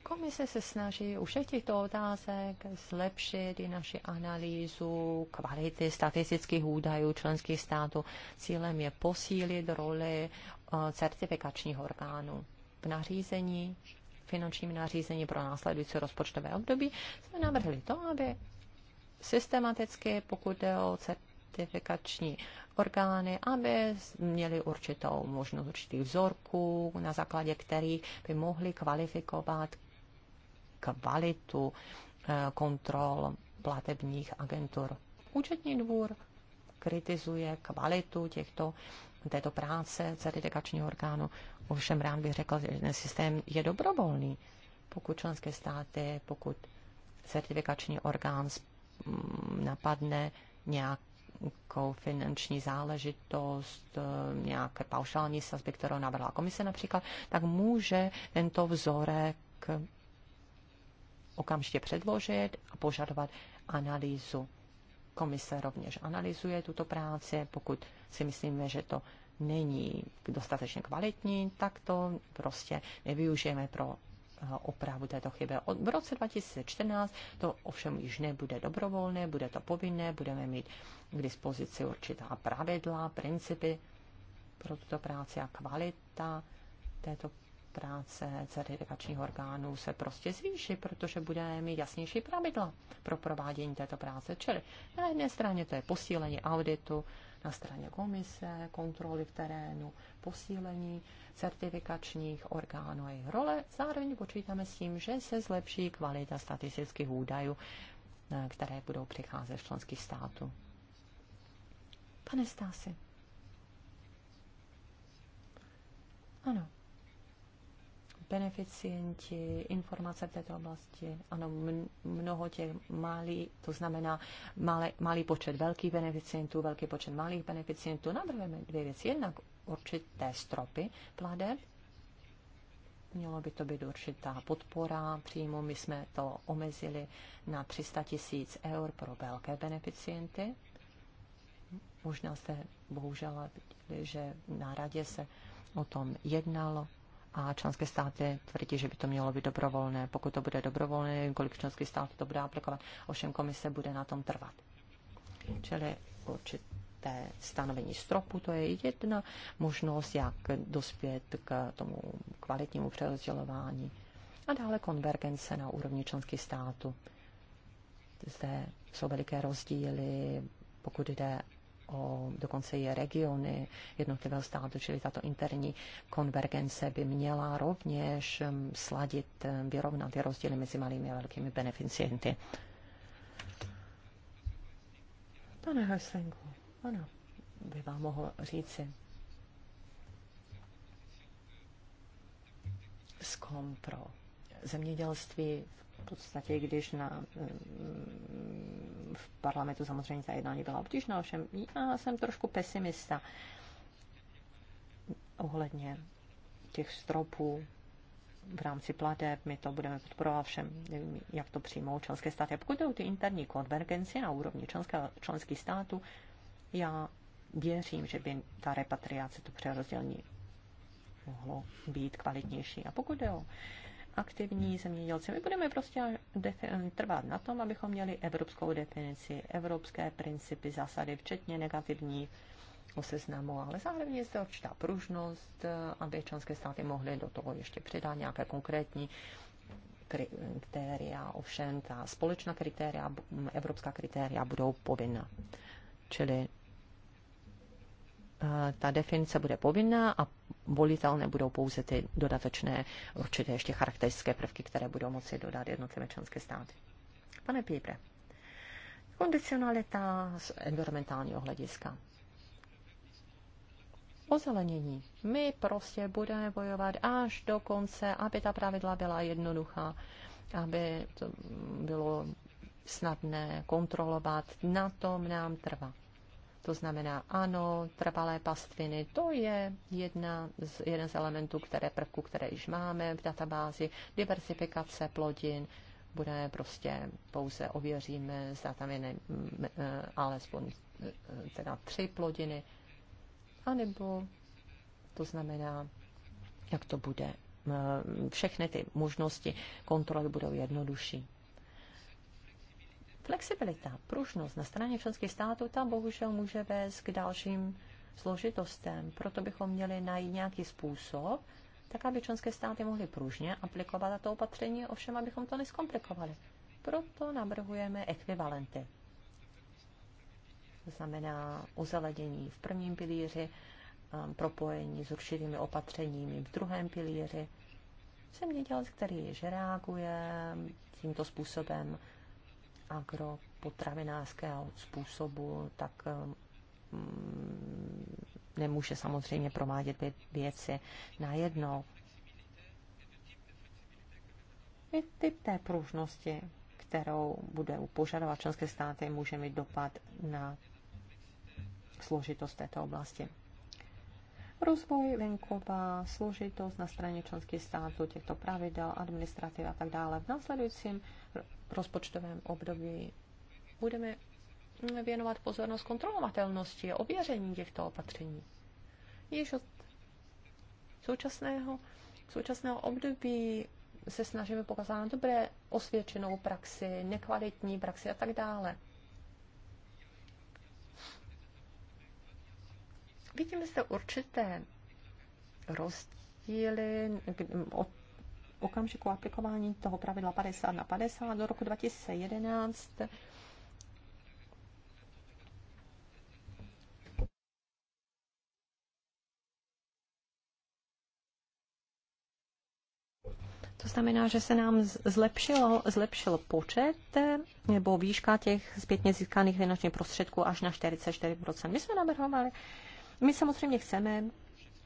Komise se snaží u všech těchto otázek zlepšit i naši analýzu kvality statistických údajů členských států. Cílem je posílit roli Eh, certifikačních orgánů. V nařízení, finančním nařízení pro následující rozpočtové období jsme navrhli to, aby systematicky, pokud jde o certifikační orgány, aby měli určitou možnost určitých vzorků, na základě kterých by mohli kvalifikovat kvalitu eh, kontrol platebních agentur. Účetní dvůr kritizuje kvalitu těchto této práce certifikačního orgánu. Ovšem rád bych řekl, že ten systém je dobrovolný. Pokud členské státy, pokud certifikační orgán mm, napadne nějakou finanční záležitost, eh, nějaké paušální sazby, kterou navrhla komise například, tak může tento vzorek okamžitě předložit a požadovat analýzu Komise rovněž analyzuje tuto práci. Pokud si myslíme, že to není dostatečně kvalitní, tak to prostě nevyužijeme pro eh, opravu této chyby. V roce 2014 to ovšem již nebude dobrovolné, bude to povinné, budeme mít k dispozici určitá pravidla, principy pro tuto práci a kvalita této práce certifikačních orgánů se prostě zvýší, protože budeme mít jasnější pravidla pro provádění této práce. Čili na jedné straně to je posílení auditu, na straně komise, kontroly v terénu, posílení certifikačních orgánů a jejich role. Zároveň počítáme s tím, že se zlepší kvalita statistických údajů, eh, které budou přicházet z členských států. Pane Stasi. Ano beneficienti, informace v této oblasti, ano, mnoho těch malých, to znamená malé, malý počet velkých beneficientů, velký počet malých beneficientů. Navrhujeme dvě věci. Jednak určité stropy pladeb, mělo by to být určitá podpora příjmu. My jsme to omezili na 300 tisíc eur pro velké beneficienty. Možná jste bohužel viděli, že na radě se o tom jednalo a členské státy tvrdí, že by to mělo být dobrovolné. Pokud to bude dobrovolné, nevím, kolik členský stát to bude aplikovat, ovšem komise bude na tom trvat. Čili určité stanovení stropu, to je jedna možnost, jak dospět k tomu kvalitnímu přerozdělování. A dále konvergence na úrovni členských států. Zde jsou veliké rozdíly, pokud jde o dokonce je regiony jednotlivého státu, čili tato interní konvergence by měla rovněž sladit, vyrovnat ty rozdíly mezi malými a velkými beneficienty. Pane Heslingu, ano, by vám mohl říci. Skom pro zemědělství v podstatě, když na v parlamentu samozřejmě ta jednání byla obtížná, ovšem já jsem trošku pesimista ohledně těch stropů v rámci plateb, my to budeme podporovat všem, nevím, jak to přijmou členské státy. A pokud jdou ty interní konvergenci na úrovni členské, členských států, já věřím, že by ta repatriace, to přerozdělení mohlo být kvalitnější. A pokud jde o aktivní zemědělci. My budeme prostě trvat na tom, abychom měli evropskou definici, evropské principy, zásady, včetně negativní, o seznamu, ale zároveň je zde určitá pružnost, aby členské státy mohly do toho ještě přidat nějaké konkrétní kritéria, ovšem ta společná kritéria, evropská kritéria budou povinna. Čili Eh, ta definice bude povinná a volitelné budou pouze ty dodatečné určité ještě charakteristické prvky, které budou moci dodat jednotlivé členské státy. Pane Pípre, kondicionalita z environmentálního hlediska. Ozelenění. My prostě budeme bojovat až do konce, aby ta pravidla byla jednoduchá, aby to bylo snadné kontrolovat. Na tom nám trvá. To znamená, ano, trvalé pastviny, to je jedna z, jeden z elementů, které prvku, které již máme v databázi, diversifikace plodin, budeme prostě pouze ověříme, zda tam je ne, e, alespoň e, teda tři plodiny, anebo to znamená, jak to bude. E, všechny ty možnosti kontroly budou jednodušší. Flexibilita, pružnost na straně členských států, ta bohužel může vést k dalším složitostem. Proto bychom měli najít nějaký způsob, tak aby členské státy mohly pružně aplikovat to opatření, ovšem abychom to neskomplikovali. Proto navrhujeme ekvivalenty. To znamená uzeledění v prvním pilíři, um, propojení s určitými opatřeními v druhém pilíři. Zemědělec, který již reaguje tímto způsobem agropotravinářského způsobu, tak um, nemůže samozřejmě provádět věci najednou. I typ té pružnosti, kterou bude upožadovat členské státy, může mít dopad na složitost této oblasti. Rozvoj venkova, složitost na straně členských států těchto pravidel, administrativ a tak dále. V následujícím rozpočtovém období budeme věnovat pozornost kontrolovatelnosti a ověření těchto opatření. Již od současného, současného období se snažíme pokazat na dobré osvědčenou praxi, nekvalitní praxi a tak dále. Vidíme zde určité rozdíly, okamžiku aplikování toho pravidla 50 na 50 do roku 2011 To znamená, že se nám zlepšilo, zlepšil počet nebo výška těch zpětně získaných finančních prostředků až na 44%. My jsme navrhovali, my samozřejmě chceme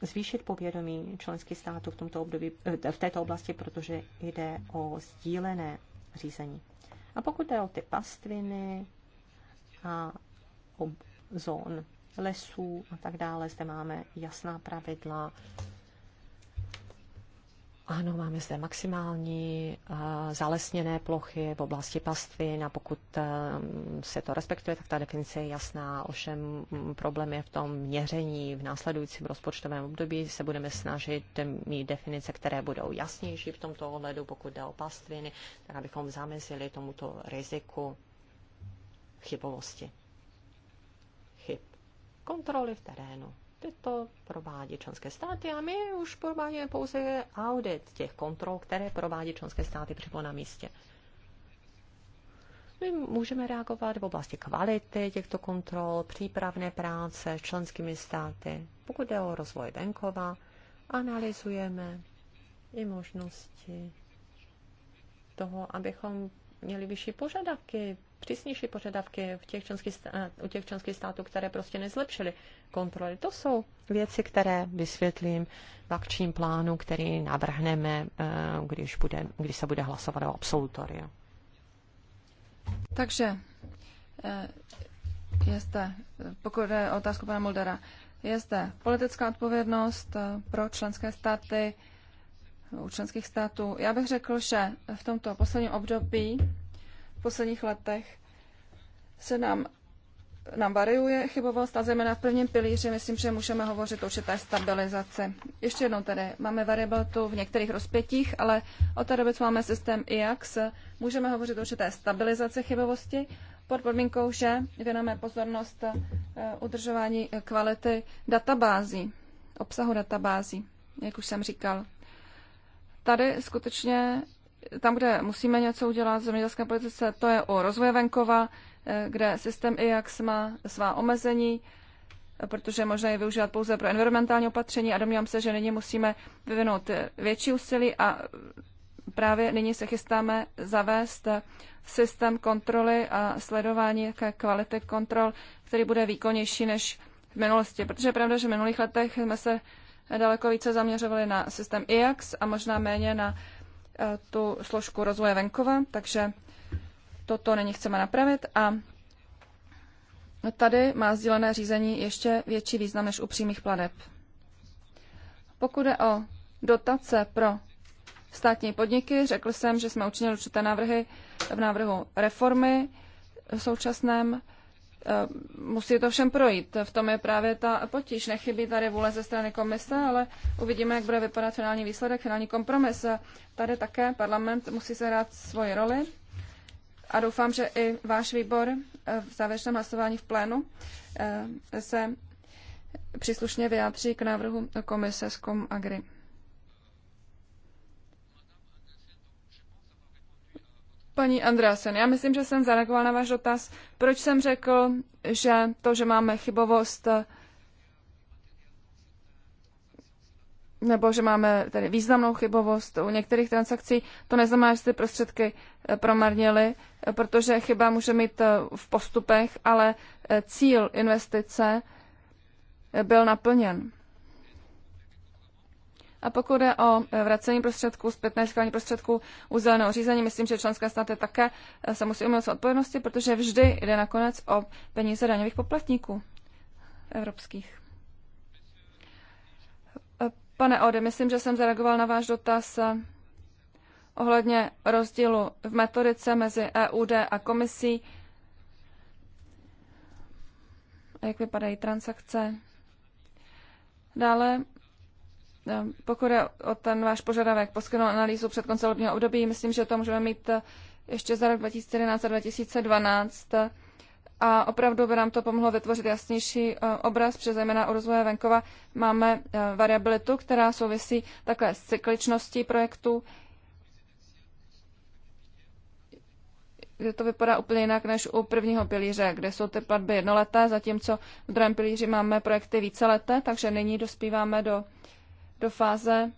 zvýšit povědomí členských států v, tomto období, eh, v této oblasti, protože jde o sdílené řízení. A pokud jde o ty pastviny a o zón lesů a tak dále, zde máme jasná pravidla, ano, máme zde maximální eh, zalesněné plochy v oblasti pastvin a pokud eh, se to respektuje, tak ta definice je jasná. Ovšem mm, problém je v tom měření. V následujícím rozpočtovém období se budeme snažit mít definice, které budou jasnější v tomto ohledu, pokud jde o pastviny, tak abychom zamezili tomuto riziku chybovosti. Chyb. Kontroly v terénu to provádí členské státy a my už provádíme pouze audit těch kontrol, které provádí členské státy přímo na místě. My můžeme reagovat v oblasti kvality těchto kontrol, přípravné práce s členskými státy. Pokud jde o rozvoj venkova, analyzujeme i možnosti toho, abychom měli vyšší požadavky přísnější požadavky v těch členských, u těch členských států, které prostě nezlepšily kontroly. To jsou věci, které vysvětlím v akčním plánu, který navrhneme, eh, když, bude, když se bude hlasovat o absolutoriu.
Takže eh, je zde, pokud je otázku pana Muldera, je zde politická odpovědnost eh, pro členské státy, u členských států. Já bych řekl, že v tomto posledním období v posledních letech se nám, nám variuje chybovost a zejména v prvním pilíři myslím, že můžeme hovořit o určité stabilizaci. Ještě jednou tady máme variabilitu v některých rozpětích, ale od té doby, co máme systém IAX, můžeme hovořit o určité stabilizaci chybovosti pod podmínkou, že věnujeme pozornost eh, udržování kvality databází, obsahu databází, jak už jsem říkal. Tady skutečně tam, kde musíme něco udělat v zemědělské politice, to je o rozvoje venkova, eh, kde systém IAX má svá omezení, protože možná je využívat pouze pro environmentální opatření a domnívám se, že nyní musíme vyvinout větší úsilí a právě nyní se chystáme zavést systém kontroly a sledování jaké kvality kontrol, který bude výkonnější než v minulosti. Protože je pravda, že v minulých letech jsme se daleko více zaměřovali na systém IAX a možná méně na Eh, tu složku rozvoje venkova, takže toto není chceme napravit a tady má sdílené řízení ještě větší význam než u přímých pladeb. Pokud je o dotace pro státní podniky, řekl jsem, že jsme učinili určité návrhy v návrhu reformy v současném Eh, musí to všem projít. V tom je právě ta potíž. Nechybí tady vůle ze strany komise, ale uvidíme, jak bude vypadat finální výsledek, finální kompromis. Tady také parlament musí se hrát svoji roli a doufám, že i váš výbor eh, v závěrečném hlasování v plénu eh, se příslušně vyjádří k návrhu komise z Agri. Paní Andrásen, já myslím, že jsem zareagoval na váš dotaz. Proč jsem řekl, že to, že máme chybovost nebo že máme tedy významnou chybovost u některých transakcí, to neznamená, že ty prostředky eh, promarnily, eh, protože chyba může mít eh, v postupech, ale cíl investice byl naplněn. A pokud jde o e, vracení prostředků, zpětné schválení prostředků u zeleného řízení, myslím, že členské státy také e, se musí umět odpovědnosti, protože vždy jde nakonec o peníze daňových poplatníků evropských. E, pane Ode, myslím, že jsem zareagoval na váš dotaz ohledně rozdílu v metodice mezi EUD a komisí. Jak vypadají transakce? Dále Ehm, pokud je o ten váš požadavek poskytnout analýzu před koncem volebního období, myslím, že to můžeme mít eh, ještě za rok 2011 a 2012. A opravdu by nám to pomohlo vytvořit jasnější eh, obraz, protože zejména u rozvoje venkova máme eh, variabilitu, která souvisí také s cykličností projektu, kde to vypadá úplně jinak než u prvního pilíře, kde jsou ty platby jednoleté, zatímco v druhém pilíři máme projekty víceleté, takže nyní dospíváme do do fáze,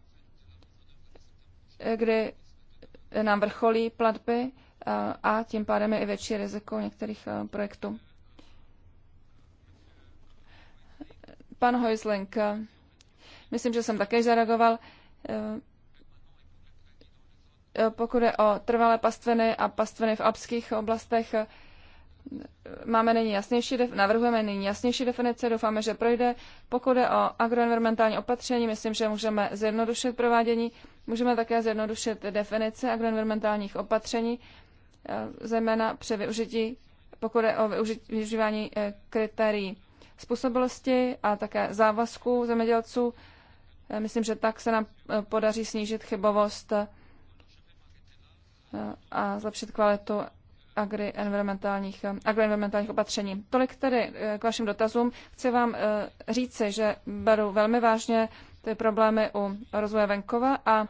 eh, kdy nám vrcholí platby eh, a tím pádem je i větší riziko některých eh, projektů. Pan Hojzling, myslím, že jsem také zareagoval. Pokud je o trvalé pastviny a pastviny v alpských oblastech, máme nyní jasnější, navrhujeme nyní jasnější definice, doufáme, že projde. Pokud je o agroenvironmentální opatření, myslím, že můžeme zjednodušit provádění, můžeme také zjednodušit definice agroenvironmentálních opatření, eh, zejména při využití, pokud je o využívání eh, kritérií způsobilosti a také závazků zemědělců. Eh, myslím, že tak se nám podaří snížit chybovost a zlepšit kvalitu agri-environmentálních, eh, agri-environmentálních opatření. Tolik tedy eh, k vašim dotazům. Chci vám eh, říci, že beru velmi vážně ty problémy u rozvoje venkova a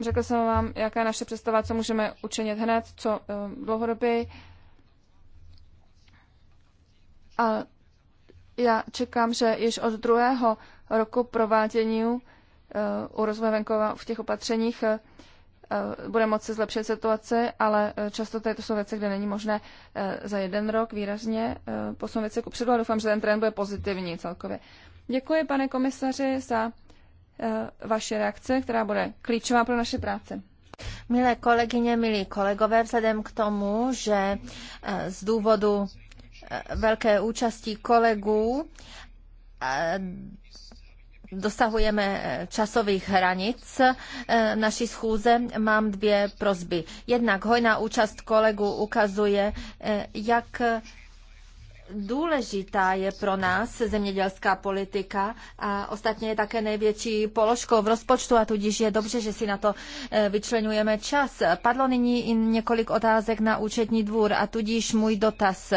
řekl jsem vám, jaká je naše představa, co můžeme učinit hned, co dlouhodobě. A já čekám, že již od druhého roku provádění u rozvoje venkova v těch opatřeních Eh, bude moci zlepšit situaci, ale eh, často tady to jsou věci, kde není možné eh, za jeden rok výrazně posunout věci kupředu a doufám, že ten trend bude pozitivní celkově. Děkuji, pane komisaři, za vaše reakce, která bude klíčová pro naše práce. Milé kolegyně, milí kolegové,
vzhledem k tomu, že z důvodu velké účasti kolegů dosahujeme eh, časových hranic eh, naší schůze, mám dvě prozby. Jednak hojná účast kolegů ukazuje, eh, jak důležitá je pro nás zemědělská politika a ostatně je také největší položkou v rozpočtu a tudíž je dobře, že si na to eh, vyčlenujeme čas. Padlo nyní i několik otázek na účetní dvůr a tudíž můj dotaz.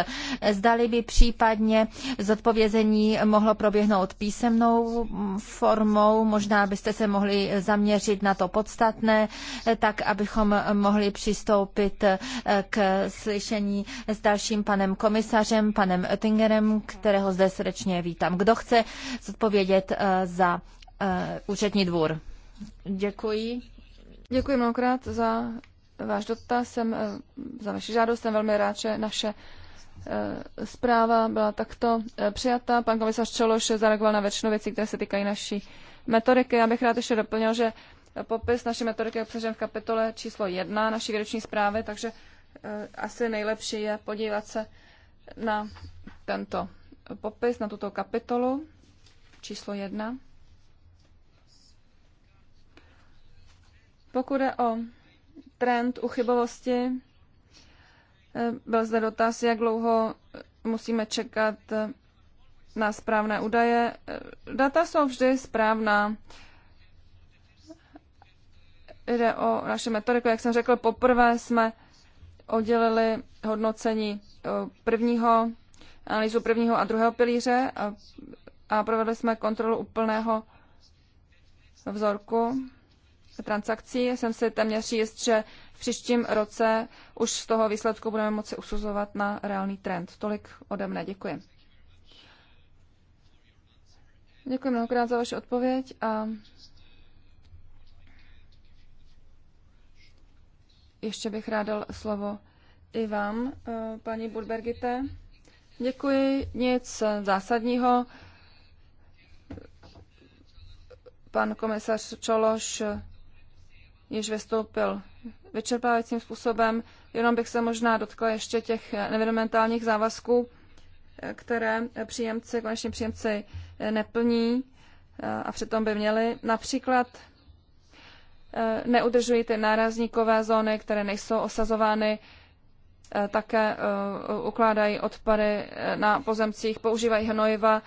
Zdali by případně zodpovězení mohlo proběhnout písemnou formou, možná byste se mohli zaměřit na to podstatné, eh, tak abychom mohli přistoupit eh, k slyšení s dalším panem komisařem, panem panem Oettingerem, kterého zde srdečně vítám. Kdo chce zodpovědět eh, za eh, účetní dvůr?
Děkuji. Děkuji mnohokrát za váš dotaz, jsem, eh, za vaši žádost. Jsem velmi rád, že naše zpráva byla takto přijata. Pan komisař Čološ zareagoval na většinu věcí, které se týkají naší metodiky. Já bych rád ještě doplnil, že popis naší metodiky je obsažen v kapitole číslo 1 naší výroční zprávy, takže asi nejlepší je podívat se na tento popis, na tuto kapitolu číslo jedna. Pokud je o trend uchybovosti, eh, byl zde dotaz, jak dlouho musíme čekat eh, na správné údaje. Eh, data jsou vždy správná. Jde o naše metodiku. Jak jsem řekl, poprvé jsme oddělili hodnocení prvního, analýzu prvního a druhého pilíře a, a provedli jsme kontrolu úplného vzorku transakcí. Jsem si téměř jist, že v příštím roce už z toho výsledku budeme moci usuzovat na reálný trend. Tolik ode mne. Děkuji. Děkuji mnohokrát za vaši odpověď a ještě bych rád dal slovo i vám, eh, paní Burbergite. Děkuji, nic zásadního. Pan komisař Čološ již vystoupil vyčerpávajícím způsobem. Jenom bych se možná dotkla ještě těch environmentálních závazků, které příjemci, koneční příjemci neplní eh, a přitom by měli. Například eh, neudržují ty nárazníkové zóny, které nejsou osazovány Eh, také eh, ukládají odpady eh, na pozemcích, používají hnojiva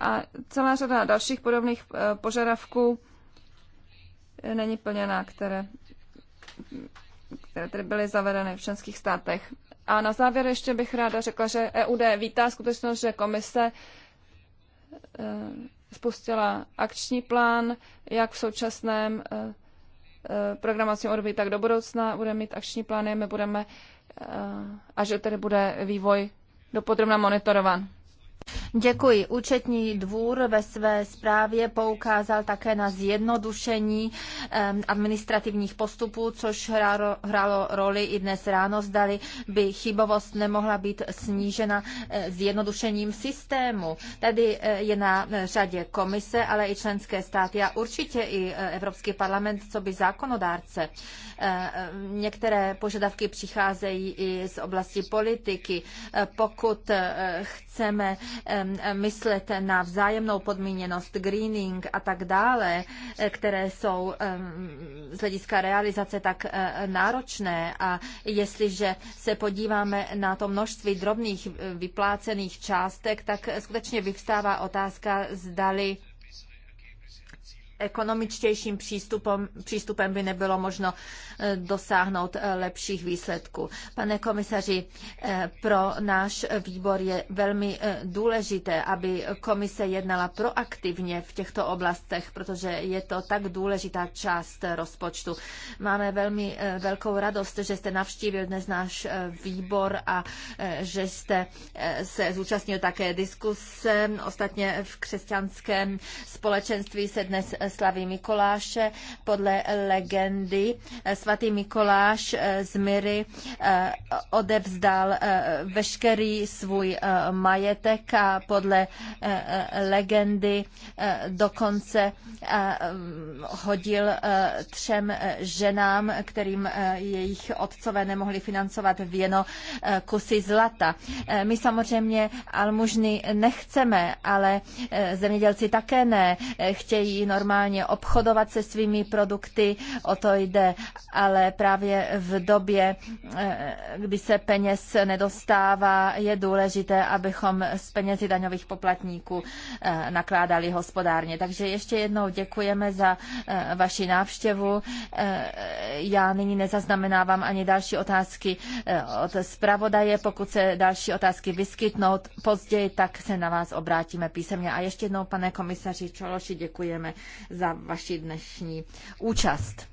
a celá řada dalších podobných požadavků není plněná, které, které tedy byly zavedeny v členských státech. A na závěr ještě bych ráda řekla, že EUD vítá skutečnost, že komise spustila akční plán, jak v současném programovacím období, tak do budoucna bude mít akční plány. My budeme a že tedy bude vývoj dopodrobna monitorovan.
Děkuji. Účetní dvůr ve své zprávě poukázal také na zjednodušení ehm, administrativních postupů, což hrálo, hrálo roli i dnes ráno. Zdali by chybovost nemohla být snížena eh, zjednodušením systému. Tady eh, je na řadě komise, ale i členské státy a určitě i eh, Evropský parlament, co by zákonodárce. Eh, některé požadavky přicházejí i z oblasti politiky. Eh, pokud eh, chceme myslet na vzájemnou podmíněnost, greening a tak dále, které jsou z hlediska realizace tak náročné a jestliže se podíváme na to množství drobných vyplácených částek, tak skutečně vyvstává otázka, zdali ekonomičtějším přístupem, přístupem by nebylo možno eh, dosáhnout eh, lepších výsledků. Pane komisaři, eh, pro náš výbor je velmi důležité, aby komise jednala proaktivně v těchto oblastech, protože je to tak důležitá část rozpočtu. Máme velmi velkou radost, že jste navštívil dnes náš výbor a že jste se zúčastnil také diskuse. Ostatně v křesťanském společenství se dnes slaví Mikoláše. Podle legendy svatý Mikoláš eh, z Myry eh, odevzdal eh, veškerý svůj majetek a podle legendy dokonce mm, hodil třem ženám, kterým jejich otcové nemohli financovat věno kusy zlata. My samozřejmě almužny nechceme, ale zemědělci také ne. Chtějí normálně normálně obchodovat se svými produkty, o to jde, ale právě v době, eh, kdy se peněz nedostává, je důležité, abychom s penězi daňových poplatníků eh, nakládali hospodárně. Takže ještě jednou děkujeme za eh, vaši návštěvu. Já nyní nezaznamenávám ani další otázky od zpravodaje. Pokud se další otázky vyskytnou později, tak se na vás obrátíme písemně. A ještě jednou, pane komisaři Čološi, děkujeme za vaši dnešní
účast.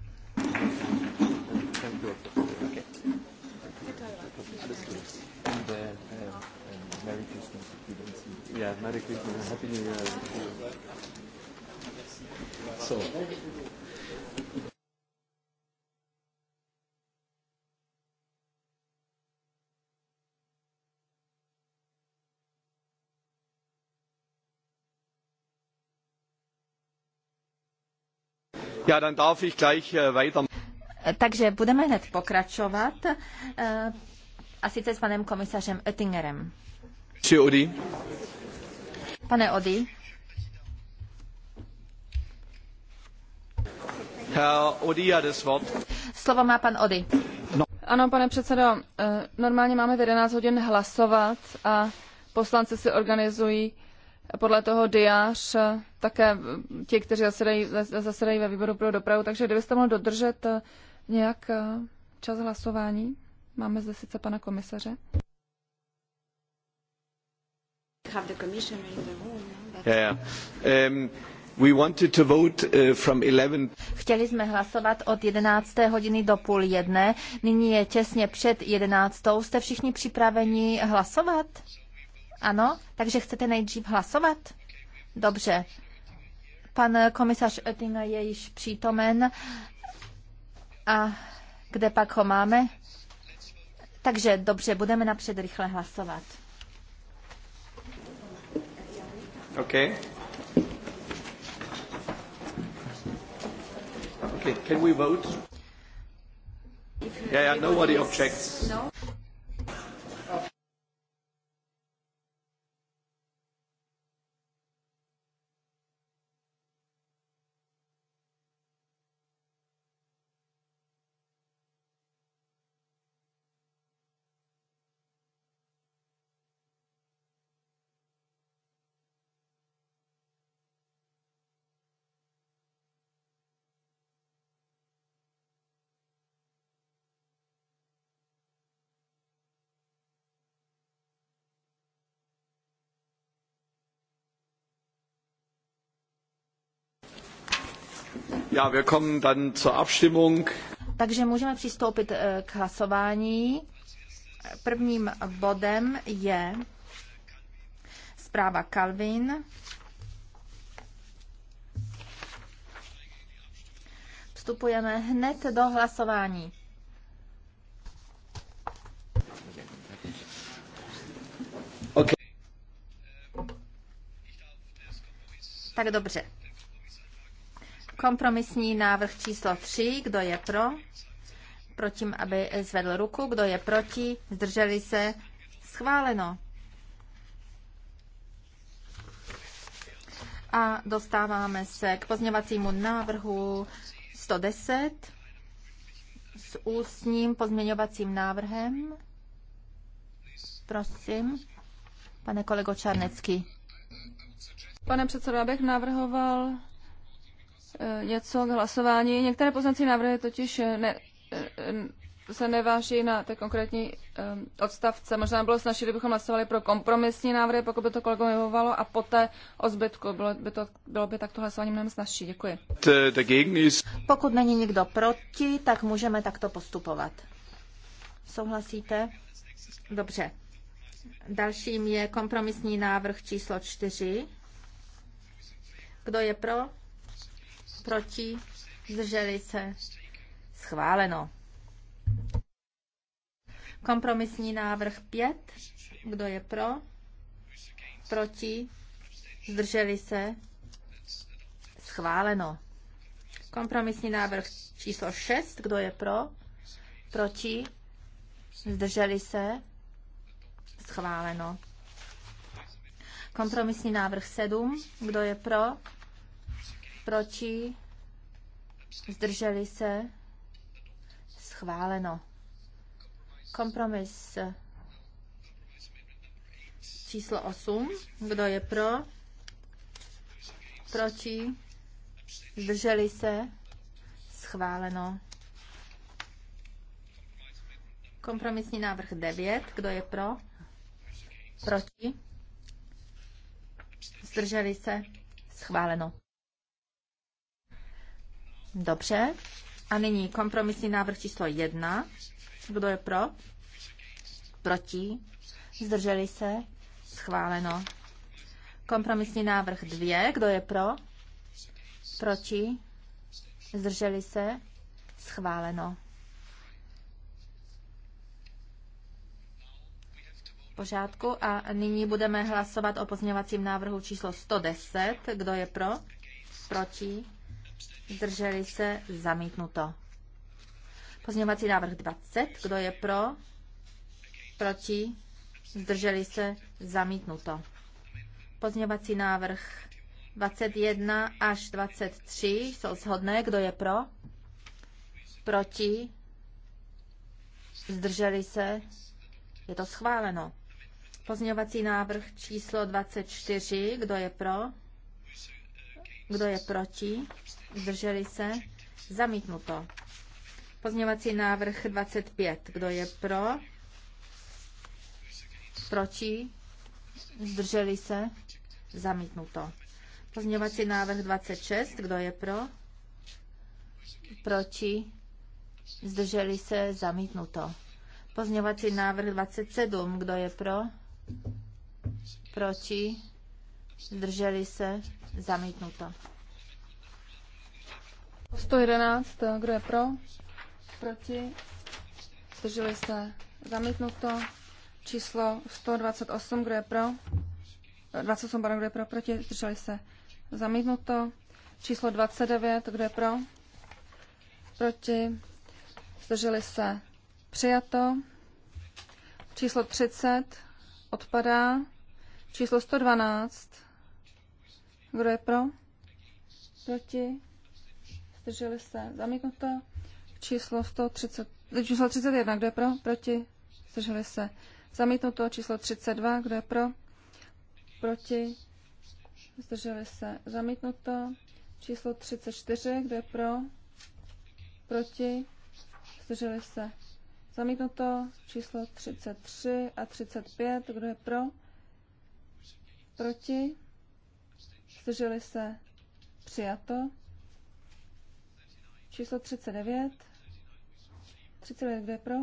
So. darf ich gleich äh,
Takže budeme hned pokračovat äh, a sice s panem komisařem Oettingerem. Odi. Pane Odi.
Herr Odi hat das Wort.
Slovo má pan Odi. No. Ano, pane předsedo, eh, normálně máme v 11 hodin hlasovat a poslanci si organizují podle toho diář eh, také ti, kteří zasedají, zasedají ve výboru pro dopravu, takže kdybyste mohl dodržet eh, nějak eh, čas hlasování. Máme zde sice pana komisaře. No?
yeah, yeah. Um... We wanted to vote uh, from 11.
Chtěli jsme hlasovat od 11. hodiny do půl jedné. Nyní je těsně před 11. Jste všichni připraveni hlasovat? Ano, takže chcete nejdřív hlasovat? Dobře. Pan komisař Oettinger je již přítomen. A kde pak ho máme? Takže dobře, budeme napřed rychle hlasovat.
Okay. Okay, can we vote? Yeah, yeah, nobody objects. No. Ja, wir kommen dann zur Abstimmung.
Takže můžeme přistoupit eh, k hlasování. Prvním bodem je zpráva Calvin. Vstupujeme hned do hlasování. Okay. Tak dobře. Kompromisní návrh číslo 3, kdo je pro? Protím, aby zvedl ruku. Kdo je proti? Zdrželi se? Schváleno. A dostáváme se k pozměvacímu návrhu 110 s ústním pozměňovacím návrhem. Prosím, pane kolego Čarnecký.
Pane předsedo, já bych navrhoval Eh, něco k hlasování. Některé poznací návrhy totiž eh, ne, eh, se neváží na ty konkrétní um, odstavce. Možná bylo snažší, kdybychom hlasovali pro kompromisní návrhy, pokud by to kolegům vyhovovalo, a poté o zbytku. Bylo by, to, bylo by takto hlasování mnohem snažší. Děkuji.
Pokud není nikdo proti, tak můžeme takto postupovat. Souhlasíte? Dobře. Dalším je kompromisní návrh číslo čtyři. Kdo je pro? proti, zdrželi se, schváleno. Kompromisní návrh 5, kdo je pro, proti, zdrželi se, schváleno. Kompromisní návrh číslo 6, kdo je pro, proti, zdrželi se, schváleno. Kompromisní návrh 7, kdo je pro, proti, zdrželi se, schváleno. Kompromis číslo 8. Kdo je pro? Proti? Zdrželi se? Schváleno. Kompromisní návrh 9. Kdo je pro? Proti? Zdrželi se? Schváleno. Dobře. A nyní kompromisní návrh číslo jedna. Kdo je pro? Proti? Zdrželi se? Schváleno. Kompromisní návrh dvě. Kdo je pro? Proti? Zdrželi se? Schváleno. pořádku a nyní budeme hlasovat o pozměňovacím návrhu číslo 110. Kdo je pro? Proti? zdrželi se, zamítnuto. Pozměňovací návrh 20, kdo je pro, proti, zdrželi se, zamítnuto. Pozměňovací návrh 21 až 23 jsou shodné, kdo je pro, proti, zdrželi se, je to schváleno. Pozměňovací návrh číslo 24, kdo je pro, kdo je proti, zdrželi se, zamítnuto. Pozměňovací návrh 25. Kdo je pro? Proti? Zdrželi se? Zamítnuto. Pozměňovací návrh 26. Kdo je pro? Proti? Zdrželi se? Zamítnuto. Pozměňovací návrh 27. Kdo je pro? Proti? Zdrželi se? Zamítnuto. 111,
kdo je pro? Proti? Zdrželi se zamítnuto. Číslo 128, kdo je pro? 28, pardon, kdo je pro? Proti? Zdrželi se zamítnuto. Číslo 29, kdo je pro? Proti? Zdrželi se přijato. Číslo 30 odpadá. Číslo 112. Kdo je pro? Proti? zdrželi se, zamítnuto. Číslo 130, číslo 31, kdo je pro, proti, zdrželi se, zamítnuto. Číslo 32, kdo je pro, proti, zdrželi se, zamítnuto. Číslo 34, kdo je pro, proti, zdrželi se, zamítnuto. Číslo 33 a 35, kdo je pro, proti, zdrželi se, přijato. Číslo 39. 39, pro?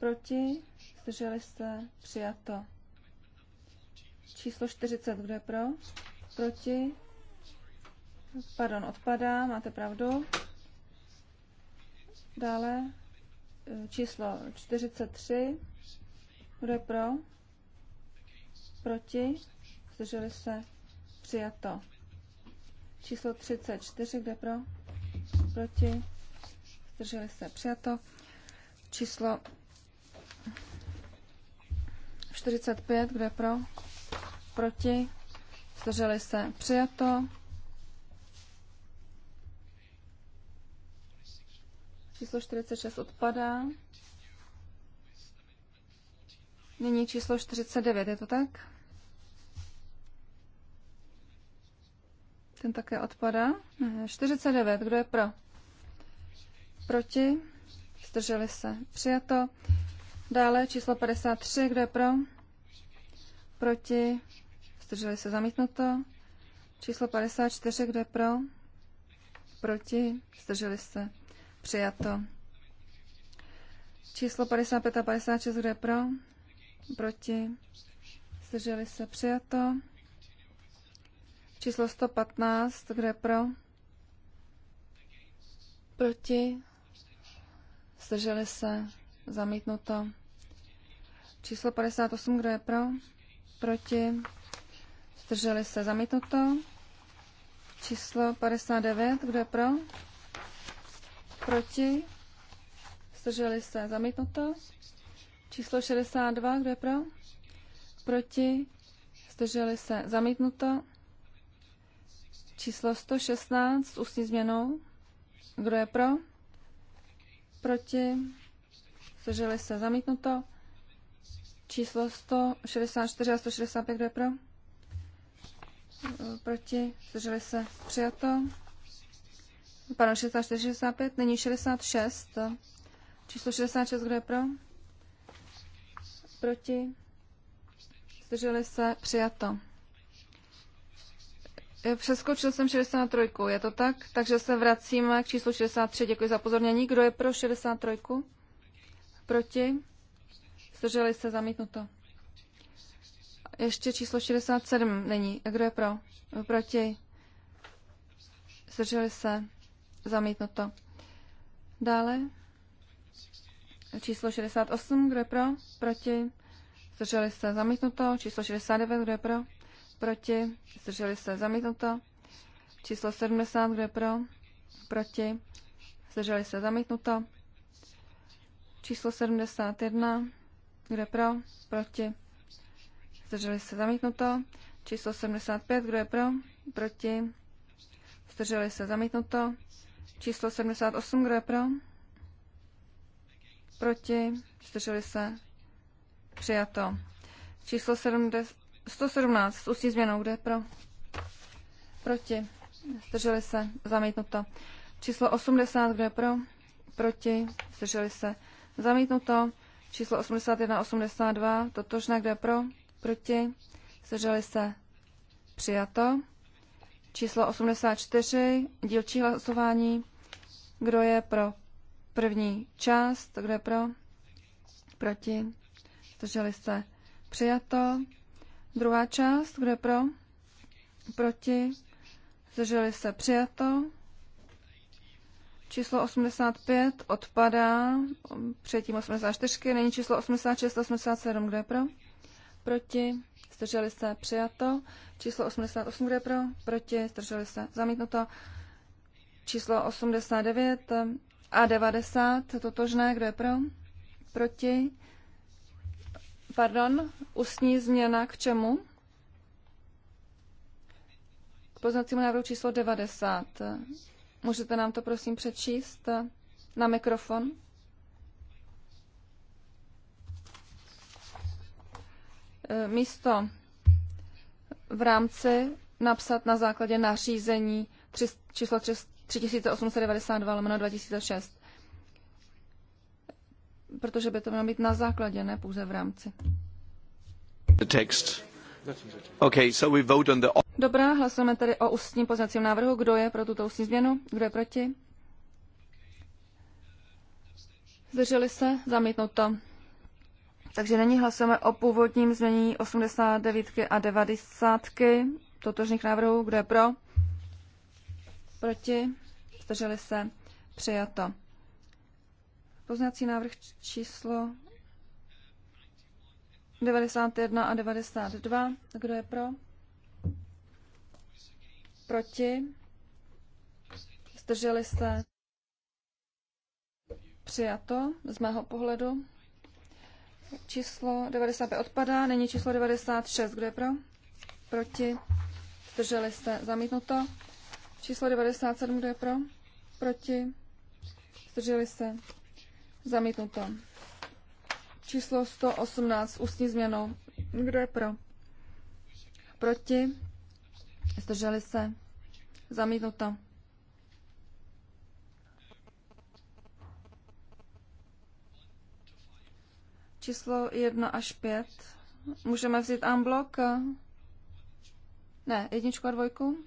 Proti? Zdrželi se? Přijato. Číslo 40, kde pro? Proti? Pardon, odpadá, máte pravdu. Dále číslo 43. Kdo je pro? Proti? Zdrželi se? Přijato. Číslo 34. Kde pro? proti, zdrželi se přijato. Číslo 45, je pro, proti, zdrželi se přijato. Číslo 46 odpadá. Nyní číslo 49, je to tak? Ten také odpadá. Ne, 49, kdo je pro? Proti? Zdrželi se. Přijato. Dále číslo 53. Kdo je pro? Proti? Zdrželi se. Zamítnuto. Číslo 54. Kdo je pro? Proti? Zdrželi se. Přijato. Číslo 55 a 56. Kdo je pro? Proti? Zdrželi se. Přijato. Číslo 115. Kdo je pro? Proti? Zdrželi se? Zamítnuto. Číslo 58, kdo je pro? Proti? Zdrželi se? Zamítnuto. Číslo 59, kdo je pro? Proti? Zdrželi se? Zamítnuto. Číslo 62, kdo je pro? Proti? Zdrželi se? Zamítnuto. Číslo 116 s ústní změnou. Kdo je pro? proti, zdrželi se zamítnuto. Číslo 164 a 165, kdo je pro? Proti, zdrželi se přijato. Pardon, 64, 65, není 66. Číslo 66, kdo je pro? Proti, zdrželi se přijato. Přeskočil jsem 63, je to tak? Takže se vracíme k číslu 63. Děkuji za pozornění. Kdo je pro 63? Proti? Zdrželi se zamítnuto. Ještě číslo 67 není. Kdo je pro? Proti? Zdrželi se zamítnuto. Dále číslo 68. Kdo je pro? Proti? Zdrželi se zamítnuto. Číslo 69. Kdo je pro? proti, zdrželi se zamítnuto. Číslo 70, kdo je pro, proti, zdrželi se zamítnuto. Číslo 71, kdo je pro, proti, zdrželi se zamítnuto. Číslo 75, kdo je pro, proti, zdrželi se zamítnuto. Číslo 78, kdo je pro, proti, zdrželi se přijato. Číslo 70, 117 s ústní změnou, kde pro? Proti. Zdrželi se. Zamítnuto. Číslo 80, kde pro? Proti. Zdrželi se. Zamítnuto. Číslo 81, 82, totožné, kde pro? Proti. Zdrželi se. Přijato. Číslo 84, dílčí hlasování. Kdo je pro první část? Kdo je pro? Proti. Zdrželi se. Přijato. Druhá část, kdo je pro? Proti? Zdrželi se přijato. Číslo 85 odpadá, předtím 84, není číslo 86, 87, kdo je pro? Proti, zdrželi se, přijato. Číslo 88, kdo je pro? Proti, zdrželi se, zamítnuto. Číslo 89 a 90, totožné, kdo je pro? Proti, Pardon, ústní změna k čemu? K poznacímu návrhu číslo 90. Můžete nám to prosím přečíst na mikrofon? E, místo v rámci napsat na základě nařízení 3, číslo 3892 lomeno 2006 protože by to mělo být na základě, ne pouze v rámci.
Text. Okay, so we vote on the...
Dobrá, hlasujeme tedy o ústním poznacím návrhu. Kdo je pro tuto ústní změnu? Kdo je proti? Zdrželi se? Zamítnuto. Takže nyní hlasujeme o původním změní 89 a 90 totožných návrhů. Kdo je pro? Proti? Zdrželi se? Přijato. Poznací návrh číslo 91 a 92. Kdo je pro? Proti? Zdrželi se? Přijato z mého pohledu. Číslo 95 odpadá, není číslo 96. Kdo je pro? Proti? Zdrželi se? Zamítnuto. Číslo 97. Kdo je pro? Proti? Zdrželi se? Zamítnuto. Číslo 118 ústní změnou. Kdo je pro? Proti? Zdrželi se? Zamítnuto. Číslo 1 až 5. Můžeme vzít unblock? Ne, jedničku a dvojku.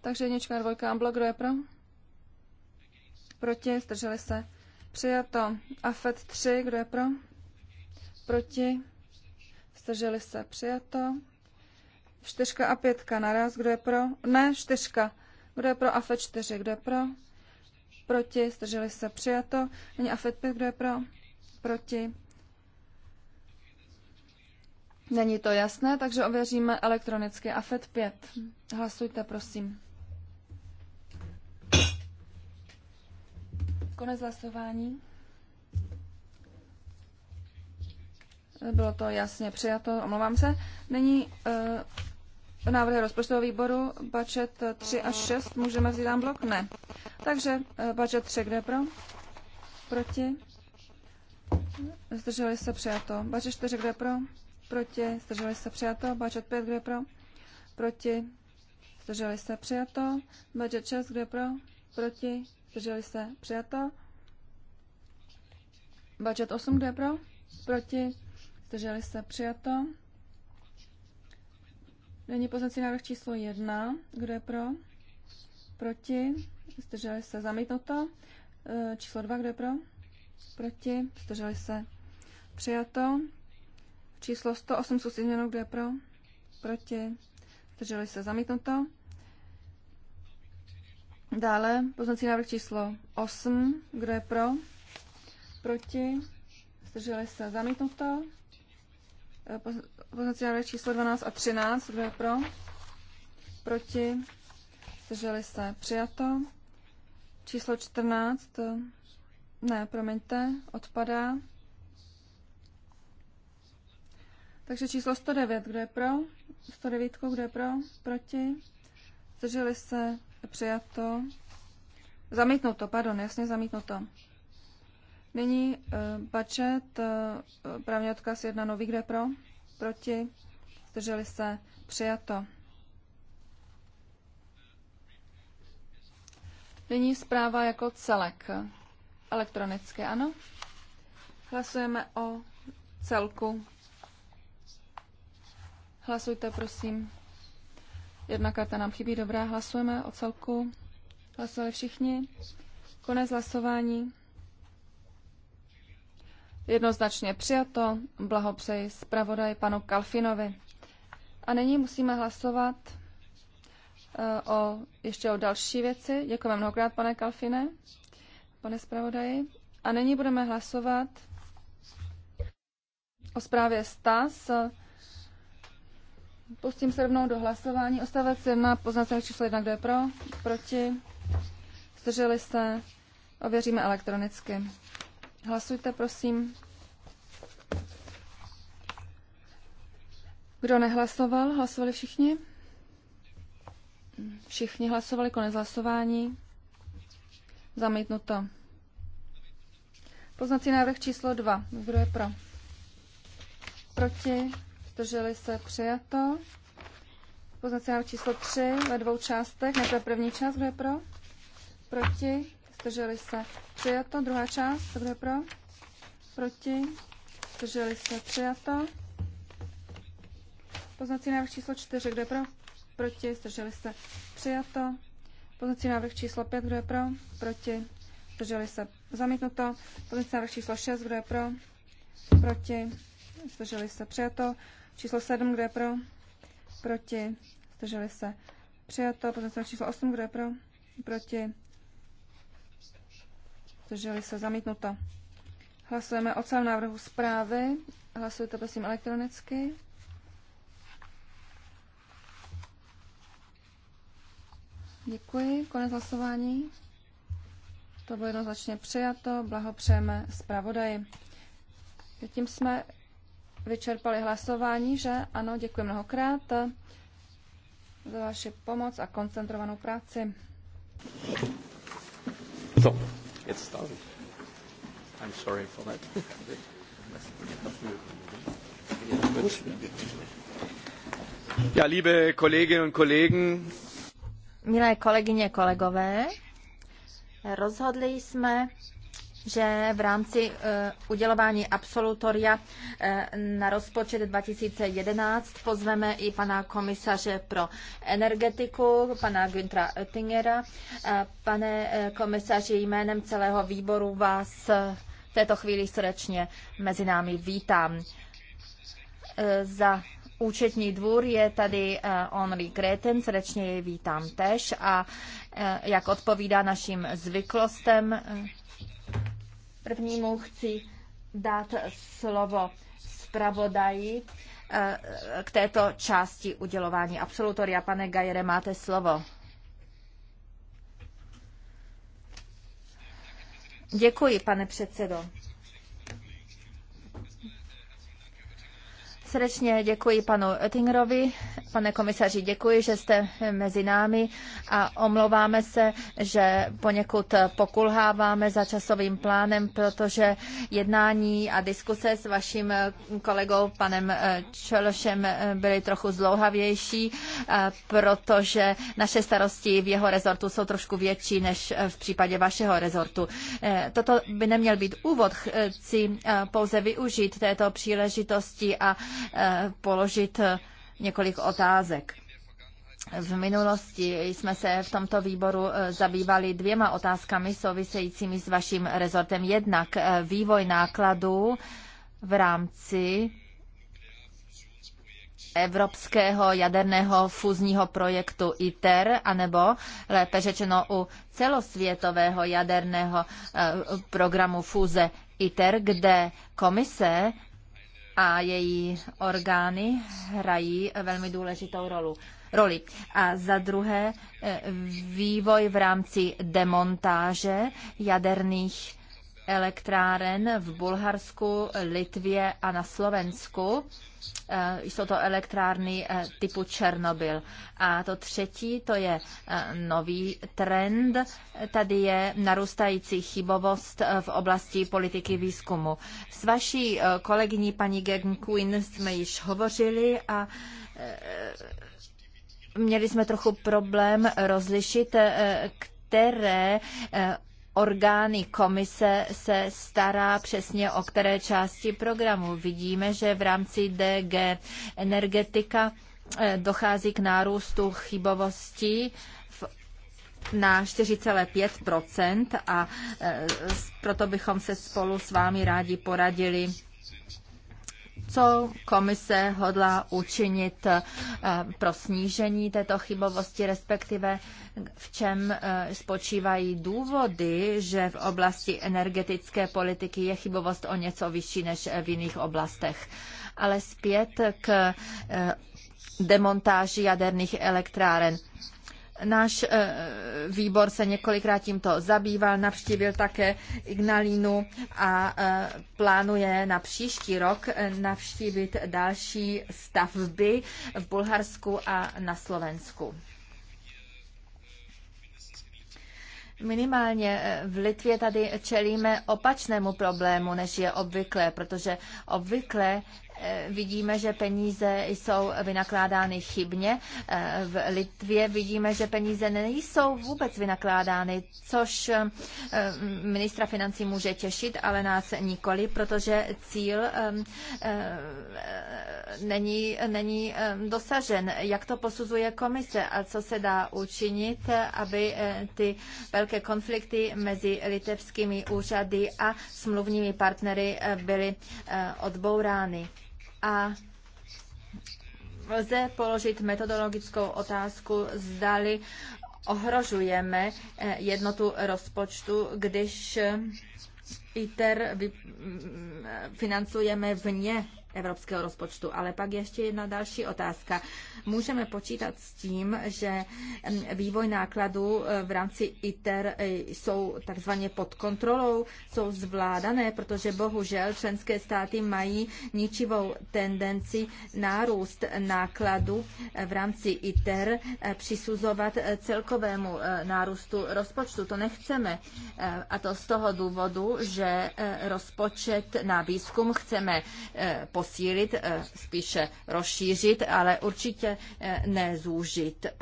Takže jednička a dvojka unblock, kdo je pro? Proti? Zdrželi se? Přijato AFET 3, kdo je pro? Proti? Zdrželi se, přijato. Čtyřka a pětka naraz, kdo je pro? Ne, čtyřka. Kdo je pro AFET 4, kdo je pro? Proti, zdrželi se, přijato. Není AFET 5, kdo je pro? Proti. Není to jasné, takže ověříme elektronicky AFET 5. Hlasujte, prosím. Konec hlasování. Bylo to jasně přijato, omlouvám se. Nyní e, eh, návrh rozpočtového výboru, budget 3 až 6, můžeme vzít tam blok? Ne. Takže e, budget 3, kde pro? Proti? Zdrželi se přijato. Budget 4, kde pro? Proti? Zdrželi se přijato. Budget 5, kde pro? Proti? Zdrželi se přijato. Budget 6, kde pro? Proti? Zdrželi se? Přijato. Budget 8, kdo je pro? Proti? Zdrželi se? Přijato. Není pozici návrh číslo 1. Kdo je pro? Proti? Zdrželi se? Zamítnuto. E, číslo 2, kdo je pro? Proti? Zdrželi se? Přijato. Číslo 108 jsou sjedněno, kdo je pro? Proti? Zdrželi se? Zamítnuto. Dále poznací návrh číslo 8. Kdo je pro? Proti? Zdrželi se zamítnuto. Eh, poznací návrh číslo 12 a 13. Kdo je pro? Proti? Zdrželi se přijato. Číslo 14. Eh, ne, promiňte, odpadá. Takže číslo 109, kdo je pro? 109, kdo je pro? Proti? Zdrželi se Přijato. Zamítnuto, pardon, jasně zamítnuto. Nyní eh, budget, eh, právní odkaz 1 nový, kde pro, proti, zdrželi se, přijato. Nyní zpráva jako celek. Elektronicky, ano. Hlasujeme o celku. Hlasujte, prosím. Jedna karta nám chybí, dobrá, hlasujeme o celku. Hlasovali všichni. Konec hlasování. Jednoznačně přijato. Blahopřeji zpravodaj panu Kalfinovi. A nyní musíme hlasovat e, o, ještě o další věci. Děkujeme mnohokrát, pane Kalfine, pane zpravodaji. A nyní budeme hlasovat o zprávě STAS Pustím se rovnou do hlasování. Ostavec 1, poznatel číslo 1, kdo je pro, proti, zdrželi se, ověříme elektronicky. Hlasujte, prosím. Kdo nehlasoval? Hlasovali všichni? Všichni hlasovali, konec hlasování. Zamítnuto. Poznací návrh číslo 2. Kdo je pro? Proti? zdrželi se přijato. Poznací číslo 3 ve dvou částech. Nejprve první část, kdo je pro? Proti? Zdrželi se přijato. Druhá část, kdo je pro? Proti? Zdrželi se přijato. Poznací návrh číslo 4, kdo je pro? Proti? Zdrželi se přijato. Poznací návrh číslo 5, kdo je pro? Proti? Zdrželi se zamítnuto. Poznací návrh číslo 6, kdo je pro? Proti? Zdrželi se přijato. Číslo 7, kdo je pro? Proti. Zdrželi se. Přijato. Pozměňovací číslo 8, kdo je pro? Proti. Zdrželi se. Zamítnuto. Hlasujeme o celém návrhu zprávy. Hlasujte prosím elektronicky. Děkuji. Konec hlasování. To bylo jednoznačně přijato. Blahopřejeme zpravodaji. Tím jsme vyčerpali hlasování, že? Ano, děkuji mnohokrát za vaši pomoc a koncentrovanou práci.
So, jetzt starten. I'm sorry for that. Ja, liebe Kolleginnen und Kollegen.
Milé kolegyně, kolegové, rozhodli jsme že v rámci eh, udělování absolutoria eh, na rozpočet 2011 pozveme i pana komisaře pro energetiku, pana Güntra Oettingera. Eh, pane komisaři, jménem celého výboru vás v této chvíli srdečně mezi námi vítám. Za účetní dvůr je tady Henri Greten, srdečně jej vítám tež a jak odpovídá našim zvyklostem, Prvnímu chci dát slovo zpravodaji eh, k této části udělování absolutoria. Pane Gajere, máte slovo. Děkuji, pane předsedo. Srdečně děkuji panu Oettingerovi. Pane komisaři, děkuji, že jste mezi námi a omlouváme se, že poněkud pokulháváme za časovým plánem, protože jednání a diskuse s vaším kolegou panem Čelošem byly trochu zdlouhavější, protože naše starosti v jeho rezortu jsou trošku větší než v případě vašeho rezortu. E, toto by neměl být úvod, chci e, pouze využít této příležitosti a Eh, položit eh, několik otázek. V minulosti jsme se v tomto výboru eh, zabývali dvěma otázkami souvisejícími s vaším rezortem. Jednak vývoj nákladů v rámci evropského jaderného fúzního projektu ITER, anebo lépe řečeno u celosvětového jaderného programu fúze ITER, kde komise a její orgány hrají velmi důležitou rolu, roli. A za druhé e, vývoj v rámci demontáže jaderných elektráren v Bulharsku, Litvě a na Slovensku. Eh, jsou to elektrárny eh, typu Černobyl. A to třetí, to je eh, nový trend. Tady je narůstající chybovost v oblasti politiky výzkumu. S vaší kolegyní paní Gegen jsme již hovořili a měli jsme trochu problém rozlišit, které orgány komise se stará přesně o které části programu. Vidíme, že v rámci DG energetika eh, dochází k nárůstu chybovosti na 4,5 a eh, proto bychom se spolu s vámi rádi poradili co komise hodlá učinit eh, pro snížení této chybovosti, respektive v čem eh, spočívají důvody, že v oblasti energetické politiky je chybovost o něco vyšší než v jiných oblastech. Ale zpět k eh, demontáži jaderných elektráren. Náš eh, výbor se několikrát tímto zabýval, navštívil také Ignalínu a eh, plánuje na příští rok eh, navštívit další stavby v Bulharsku a na Slovensku. Minimálně v Litvě tady čelíme opačnému problému, než je obvykle, protože obvykle Eh, vidíme, že peníze jsou vynakládány chybně. Eh, v Litvě vidíme, že peníze nejsou vůbec vynakládány, což eh, ministra financí může těšit, ale nás nikoli, protože cíl není, není dosažen. Jak to posuzuje komise a co se dá učinit, aby ty velké konflikty mezi litevskými úřady a smluvními partnery byly odbourány? A lze položit metodologickou otázku, zdali ohrožujeme eh, jednotu rozpočtu, když ITER financujeme vně evropského rozpočtu. Ale pak ještě jedna další otázka. Můžeme počítat s tím, že vývoj nákladů e, v rámci ITER e, jsou takzvaně pod kontrolou, jsou zvládané, protože bohužel členské státy mají ničivou tendenci nárůst nákladů e, v rámci ITER přisuzovat celkovému nárůstu rozpočtu. To nechceme. A to z toho důvodu, že rozpočet na výzkum chceme posílit, eh, spíše rozšířit, ale určitě eh, ne zúžit. Eh,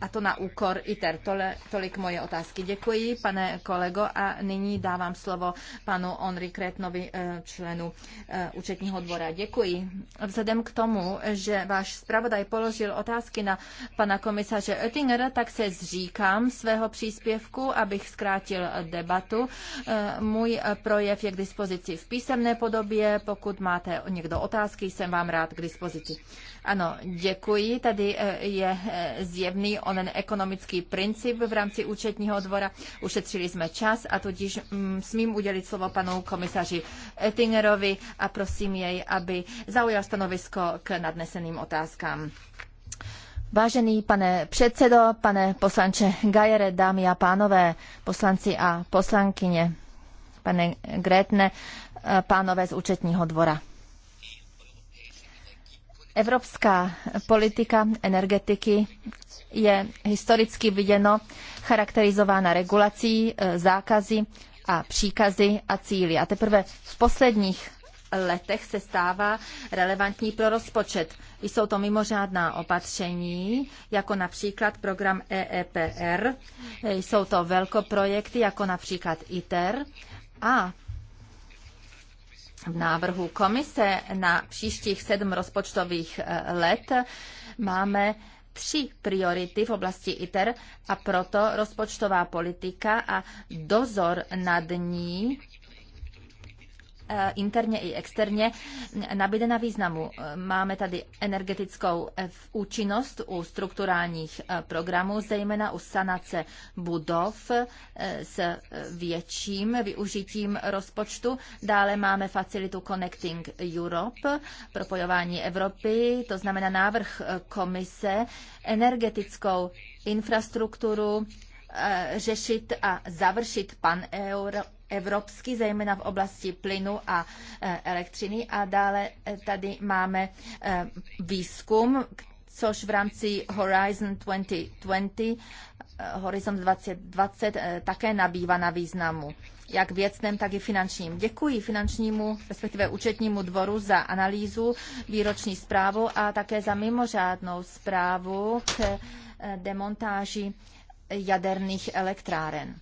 a to na úkor ITER. Tole, tolik moje otázky. Děkuji, pane kolego, a nyní dávám slovo panu Onri Kretnovi, členu účetního dvora. Děkuji. Vzhledem k tomu, že váš zpravodaj položil otázky na pana komisaře Oettingera, tak se zříkám svého příspěvku, abych zkrátil debatu. Můj projev je k dispozici v písemné podobě. Pokud máte někdo otázky jsem vám rád k dispozici. Ano, děkuji. Tady eh, je eh, zjevný onen ekonomický princip v rámci účetního dvora. Ušetřili jsme čas a tudíž mm, smím udělit slovo panu komisaři Ettingerovi a prosím jej, aby zaujal stanovisko k nadneseným otázkám. Vážený pane předsedo, pane poslanče Gajere, dámy a pánové, poslanci a poslankyně, pane Gretne, eh, pánové z účetního dvora. Evropská politika energetiky je historicky viděno charakterizována regulací, e, zákazy a příkazy a cíly. A teprve v posledních letech se stává relevantní pro rozpočet. Jsou to mimořádná opatření, jako například program EEPR, e, jsou to velkoprojekty, jako například ITER, a v návrhu komise na příštích sedm rozpočtových eh, let máme tři priority v oblasti ITER a proto rozpočtová politika a dozor nad ní Eh, interně i externě nabíde na významu. Máme tady energetickou eh, účinnost u strukturálních eh, programů, zejména u sanace budov s větším využitím rozpočtu. Dále máme facilitu Connecting Europe, propojování Evropy, to znamená návrh komise, energetickou infrastrukturu, Eh, řešit a završit pan euro evropský, zejména v oblasti plynu a eh, elektřiny. A dále eh, tady máme výzkum, což v rámci Horizon 2020, Horizon 2020 také nabývá na významu jak věcném, tak i finančním. Děkuji finančnímu, respektive účetnímu dvoru za analýzu, výroční zprávu a také za mimořádnou zprávu k demontáži jaderných elektráren.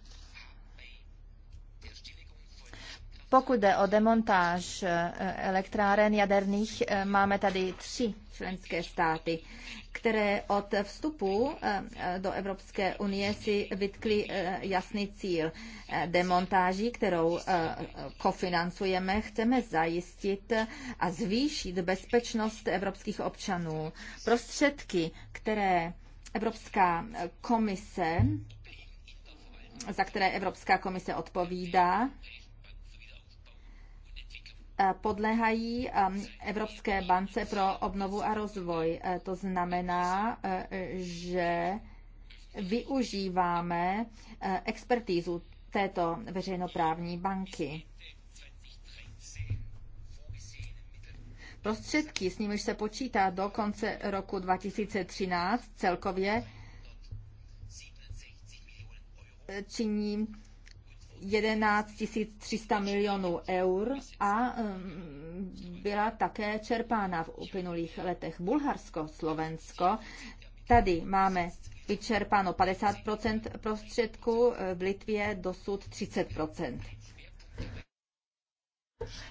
Pokud jde o demontáž eh, elektráren jaderných, eh, máme tady tři členské státy, které od vstupu eh, do Evropské unie si vytkly jasný cíl. Demontáží, kterou kofinancujeme, chceme zajistit a zvýšit bezpečnost evropských občanů. Prostředky, které Evropská komise, za které Evropská komise odpovídá, eh, podléhají eh, Evropské bance pro obnovu a rozvoj. Eh, to znamená, že využíváme expertízu této veřejnoprávní banky. Prostředky, s nimiž se počítá do konce roku 2013 celkově, činí 11 300 milionů eur a mm, byla také čerpána v uplynulých letech Bulharsko, Slovensko. Tady máme vyčerpáno 50 prostředků, v Litvě dosud 30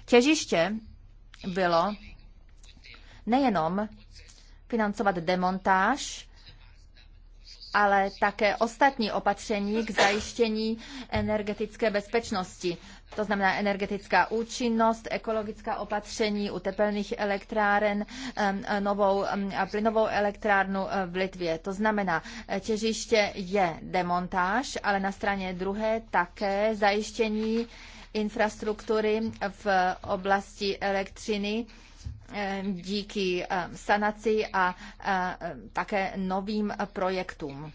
Těžiště bylo nejenom financovat demontáž, ale také ostatní opatření k zajištění energetické bezpečnosti. To znamená energetická účinnost, ekologická opatření u tepelných elektráren, novou plynovou elektrárnu eh, v Litvě. To znamená, eh, těžiště je demontáž, ale na straně druhé také zajištění infrastruktury v oblasti elektřiny Eh, díky eh, sanaci a eh, také novým projektům.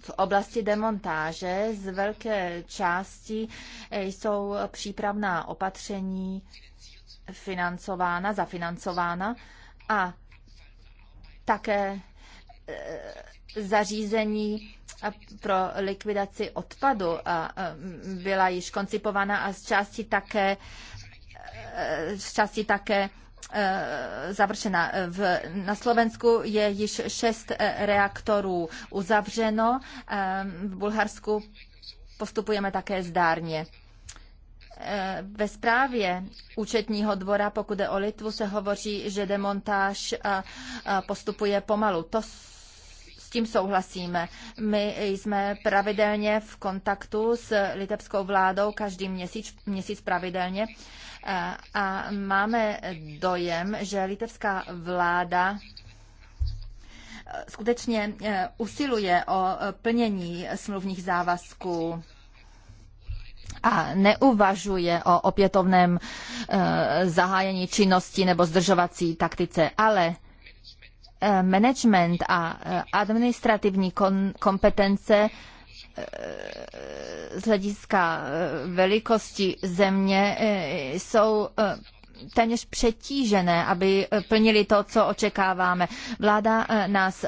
V oblasti demontáže z velké části jsou přípravná opatření financována, zafinancována a také zařízení pro likvidaci odpadu byla již koncipována a z části také z části také eh, završena. V, na Slovensku je již šest eh, reaktorů uzavřeno, eh, v Bulharsku postupujeme také zdárně. Ve zprávě účetního dvora, pokud je o Litvu, se hovoří, že demontáž postupuje pomalu. To s tím souhlasíme. My jsme pravidelně v kontaktu s litevskou vládou, každý měsíc, měsíc pravidelně a máme dojem, že litevská vláda e, skutečně e, usiluje o e, plnění smluvních závazků a neuvažuje o opětovném zahájení činnosti nebo zdržovací taktice, ale management a administrativní kompetence z hlediska eh, velikosti země eh, jsou eh, téměř přetížené, aby plnili to, co očekáváme. Vláda nás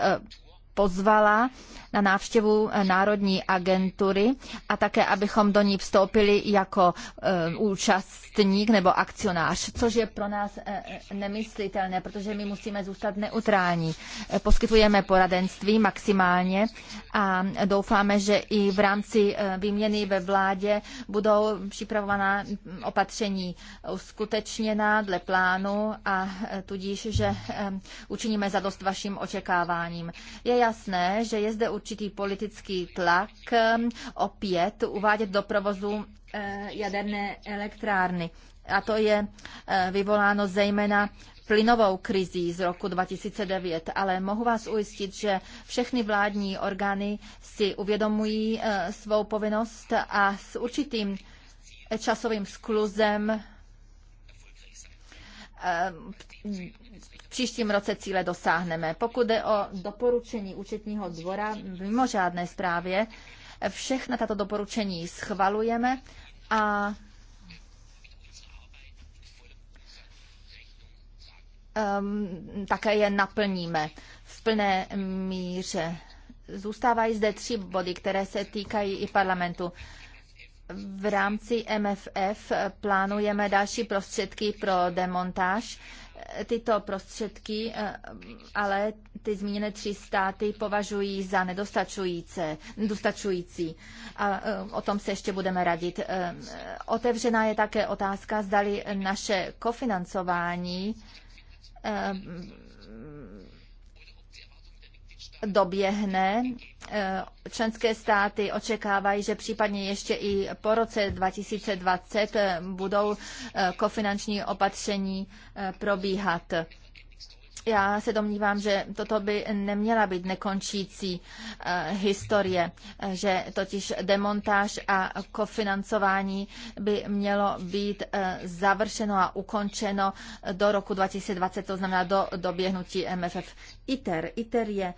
pozvala na návštěvu eh, Národní agentury a také, abychom do ní vstoupili jako eh, účastník nebo akcionář, což je pro nás eh, nemyslitelné, protože my musíme zůstat neutrální. Poskytujeme poradenství maximálně a doufáme, že i v rámci výměny ve vládě budou připravovaná mm, opatření uskutečněná dle plánu a tudíž, že učiníme zadost vašim očekáváním. Je jasné, že je zde určitě určitý politický tlak um, opět uvádět do provozu uh, jaderné elektrárny. A to je uh, vyvoláno zejména plynovou krizí z roku 2009, ale mohu vás ujistit, že všechny vládní orgány si uvědomují uh, svou povinnost a s určitým časovým skluzem příštím roce cíle dosáhneme. Pokud jde o doporučení účetního dvora v mimořádné zprávě, všechna tato doporučení schvalujeme a um, také je naplníme v plné míře. Zůstávají zde tři body, které se týkají i parlamentu. V rámci MFF plánujeme další prostředky pro demontáž tyto prostředky, eh, ale ty zmíněné tři státy považují za nedostačující. A eh, o tom se ještě budeme radit. Eh, otevřená je také otázka, zdali naše kofinancování doběhne. Eh, členské státy očekávají, že případně ještě i po roce 2020 eh, budou eh, kofinanční opatření probíhat. Já se domnívám, že toto by neměla být nekončící historie, že totiž demontáž a kofinancování by mělo být završeno a ukončeno do roku 2020, to znamená do doběhnutí MFF. ITER. ITER je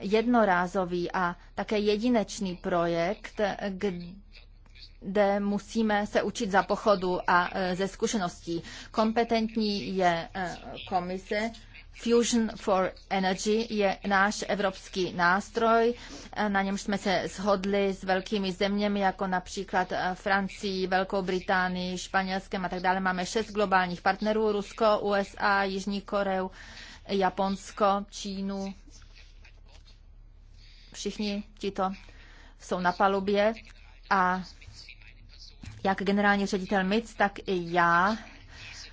jednorázový a také jedinečný projekt, kde musíme se učit za pochodu a e, ze zkušeností. Kompetentní je e, komise, Fusion for Energy je náš evropský nástroj, e, na němž jsme se shodli s velkými zeměmi, jako například Francii, Velkou Británii, Španělskem a tak dále. Máme šest globálních partnerů, Rusko, USA, Jižní Koreu, Japonsko, Čínu, Všichni tito jsou na palubě a jak generální ředitel MIC, tak i já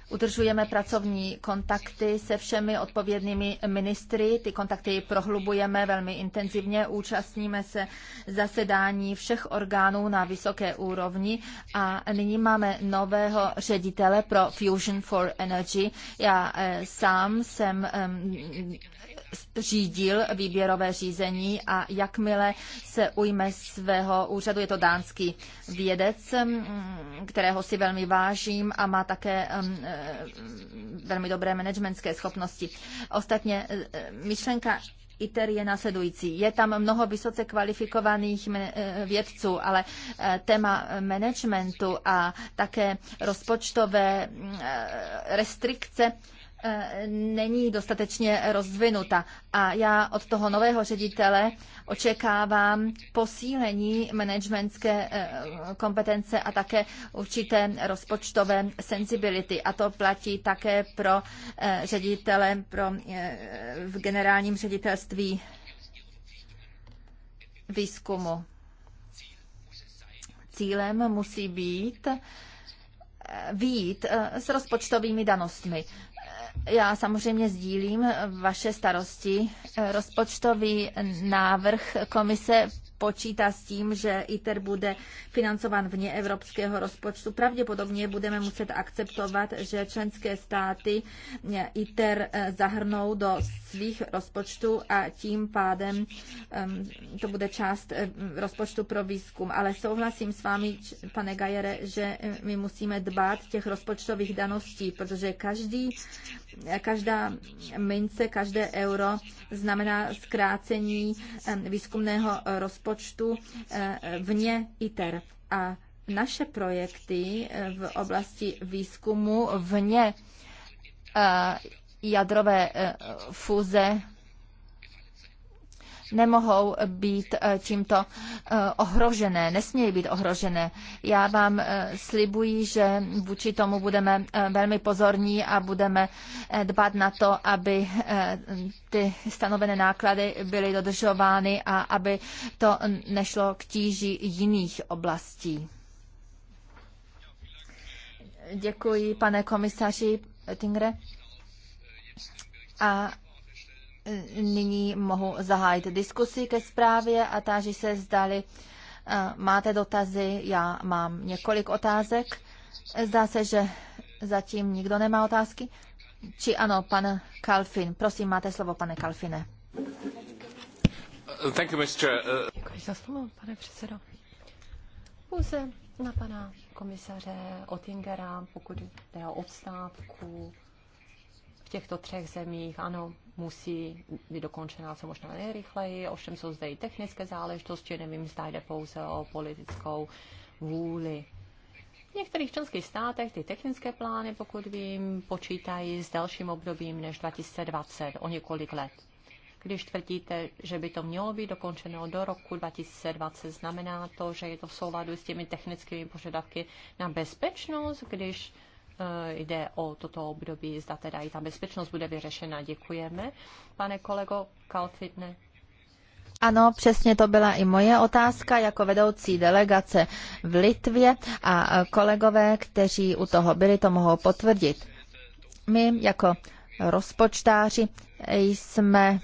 Udržujeme pracovní kontakty se všemi odpovědnými ministry. Ty kontakty prohlubujeme velmi intenzivně. Účastníme se zasedání všech orgánů na vysoké úrovni a nyní máme nového ředitele pro Fusion for Energy. Já eh, sám jsem řídil výběrové řízení a jakmile se ujme svého úřadu, je to dánský vědec, mm, kterého si velmi vážím a má také mm, eh, velmi dobré managementské schopnosti. Ostatně eh, eh, myšlenka ITER je následující. Je tam mnoho vysoce kvalifikovaných vědců, ale téma managementu a také rozpočtové mm, restrikce není dostatečně rozvinuta. A já od toho nového ředitele očekávám posílení managementské eh, kompetence a také určité rozpočtové sensibility. A to platí také pro eh, ředitele pro, eh, v generálním ředitelství výzkumu. Cílem musí být výjít s rozpočtovými danostmi. Já samozřejmě sdílím vaše starosti. Rozpočtový návrh komise počítá s tím, že ITER bude financován vně evropského rozpočtu. Pravděpodobně budeme muset akceptovat, že členské státy ITER zahrnou do svých rozpočtů a tím pádem to bude část rozpočtu pro výzkum. Ale souhlasím s vámi, pane Gajere, že my musíme dbát těch rozpočtových daností, protože každý, každá mince, každé euro znamená zkrácení výzkumného rozpočtu eh, vně ITER. A naše projekty eh, v oblasti výzkumu vně eh, jadrové eh, fuze nemohou být eh, tímto eh, ohrožené, nesmějí být ohrožené. Já vám slibuji, že vůči tomu budeme velmi pozorní a budeme dbat na to, aby ty stanovené náklady byly dodržovány a aby to nešlo k tíži jiných oblastí. Děkuji, pane komisaři Tingre. A e, nyní mohu zahájit diskusi ke zprávě a táži se, zdali e, máte dotazy. Já mám několik otázek. Zdá se, že zatím nikdo nemá otázky. Či ano, pan Kalfin. Prosím, máte slovo, pane Kalfine.
Thank you, Mr. Uh,
Děkuji
za slovo, pane předsedo. Pouze na pana komisaře Ottingera, pokud jde o odstávku těchto třech zemích, ano, musí být dokončena co možná nejrychleji, ovšem jsou zde i technické záležitosti, nevím, zda jde pouze o politickou vůli. V některých členských státech ty technické plány, pokud vím, počítají s dalším obdobím než 2020, o několik let. Když tvrdíte, že by to mělo být dokončeno do roku 2020, znamená to, že je to v souladu s těmi technickými požadavky na bezpečnost, když Eh, jde o toto období, zda teda i ta bezpečnost bude vyřešena. Děkujeme. Pane kolego Kalfitne,
ano, přesně to byla i moje otázka jako vedoucí delegace v Litvě a eh, kolegové, kteří u toho byli, to mohou potvrdit. My jako rozpočtáři jsme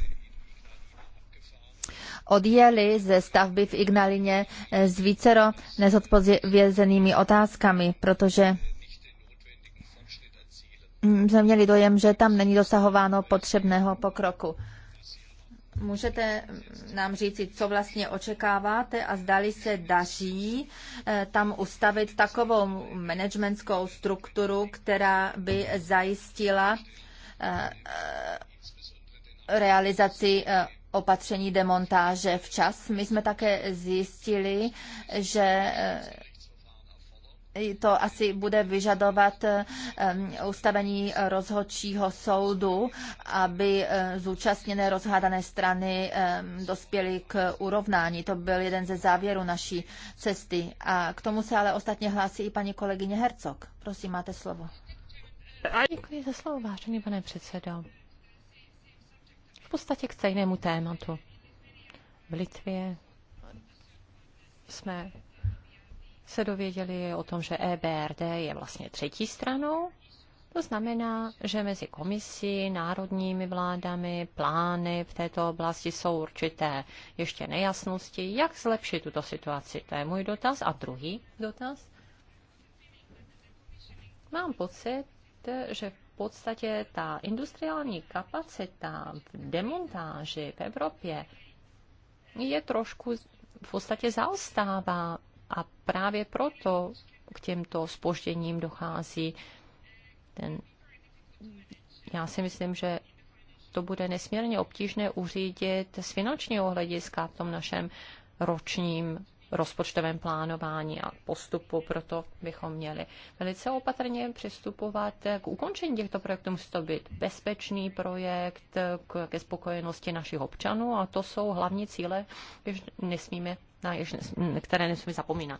odjeli ze stavby v Ignalině eh, s vícero nezodpovězenými otázkami, protože Mm, jsme měli dojem, že tam není dosahováno potřebného pokroku. Můžete nám říci, co vlastně očekáváte a zdali se daří eh, tam ustavit takovou managementskou strukturu, která by zajistila eh, eh, realizaci opatření demontáže včas. My jsme také zjistili, že to asi bude vyžadovat ehm, ustavení rozhodčího soudu, aby eh, zúčastněné rozhádané strany ehm, dospěly k urovnání. To byl jeden ze závěrů naší cesty. A k tomu se ale ostatně hlásí i paní kolegyně Hercog. Prosím, máte slovo.
Děkuji za slovo,
vážený pane předsedo. V podstatě k stejnému tématu. V Litvě jsme se dověděli o tom, že EBRD je vlastně třetí stranou. To znamená, že mezi komisí, národními vládami, plány v této oblasti jsou určité ještě nejasnosti. Jak zlepšit tuto situaci? To je můj dotaz. A druhý dotaz? Mám pocit, že v podstatě ta industriální kapacita v demontáži v Evropě je trošku v podstatě zaostává a právě proto k těmto spožděním dochází. Ten, já si myslím, že to bude nesmírně obtížné uřídit z finančního hlediska v tom našem ročním rozpočtovém plánování a postupu, proto bychom měli velice opatrně přistupovat k ukončení těchto projektů. Musí to být bezpečný projekt ke spokojenosti našich občanů a to jsou hlavní cíle, když nesmíme na jež, které nesmí zapomínat.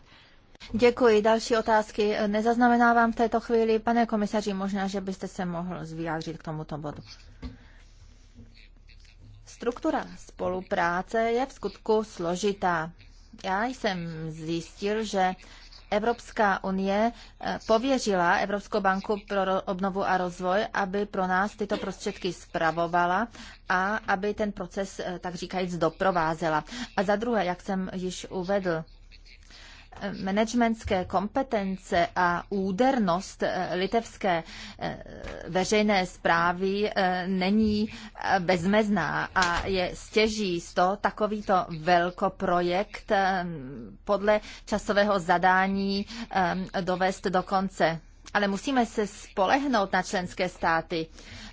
Děkuji. Další otázky nezaznamenávám v této chvíli. Pane komisaři, možná, že byste se mohl zvyjádřit k tomuto bodu. Struktura spolupráce je v skutku složitá. Já jsem zjistil, že Evropská unie eh, pověřila Evropskou banku pro obnovu a rozvoj, aby pro nás tyto prostředky spravovala a aby ten proces, eh, tak říkajíc, doprovázela. A za druhé, jak jsem již uvedl, managementské kompetence a údernost eh, litevské eh, veřejné zprávy eh, není bezmezná a je stěží z to takovýto velkoprojekt podle časového zadání dovést do konce ale musíme se spolehnout na členské státy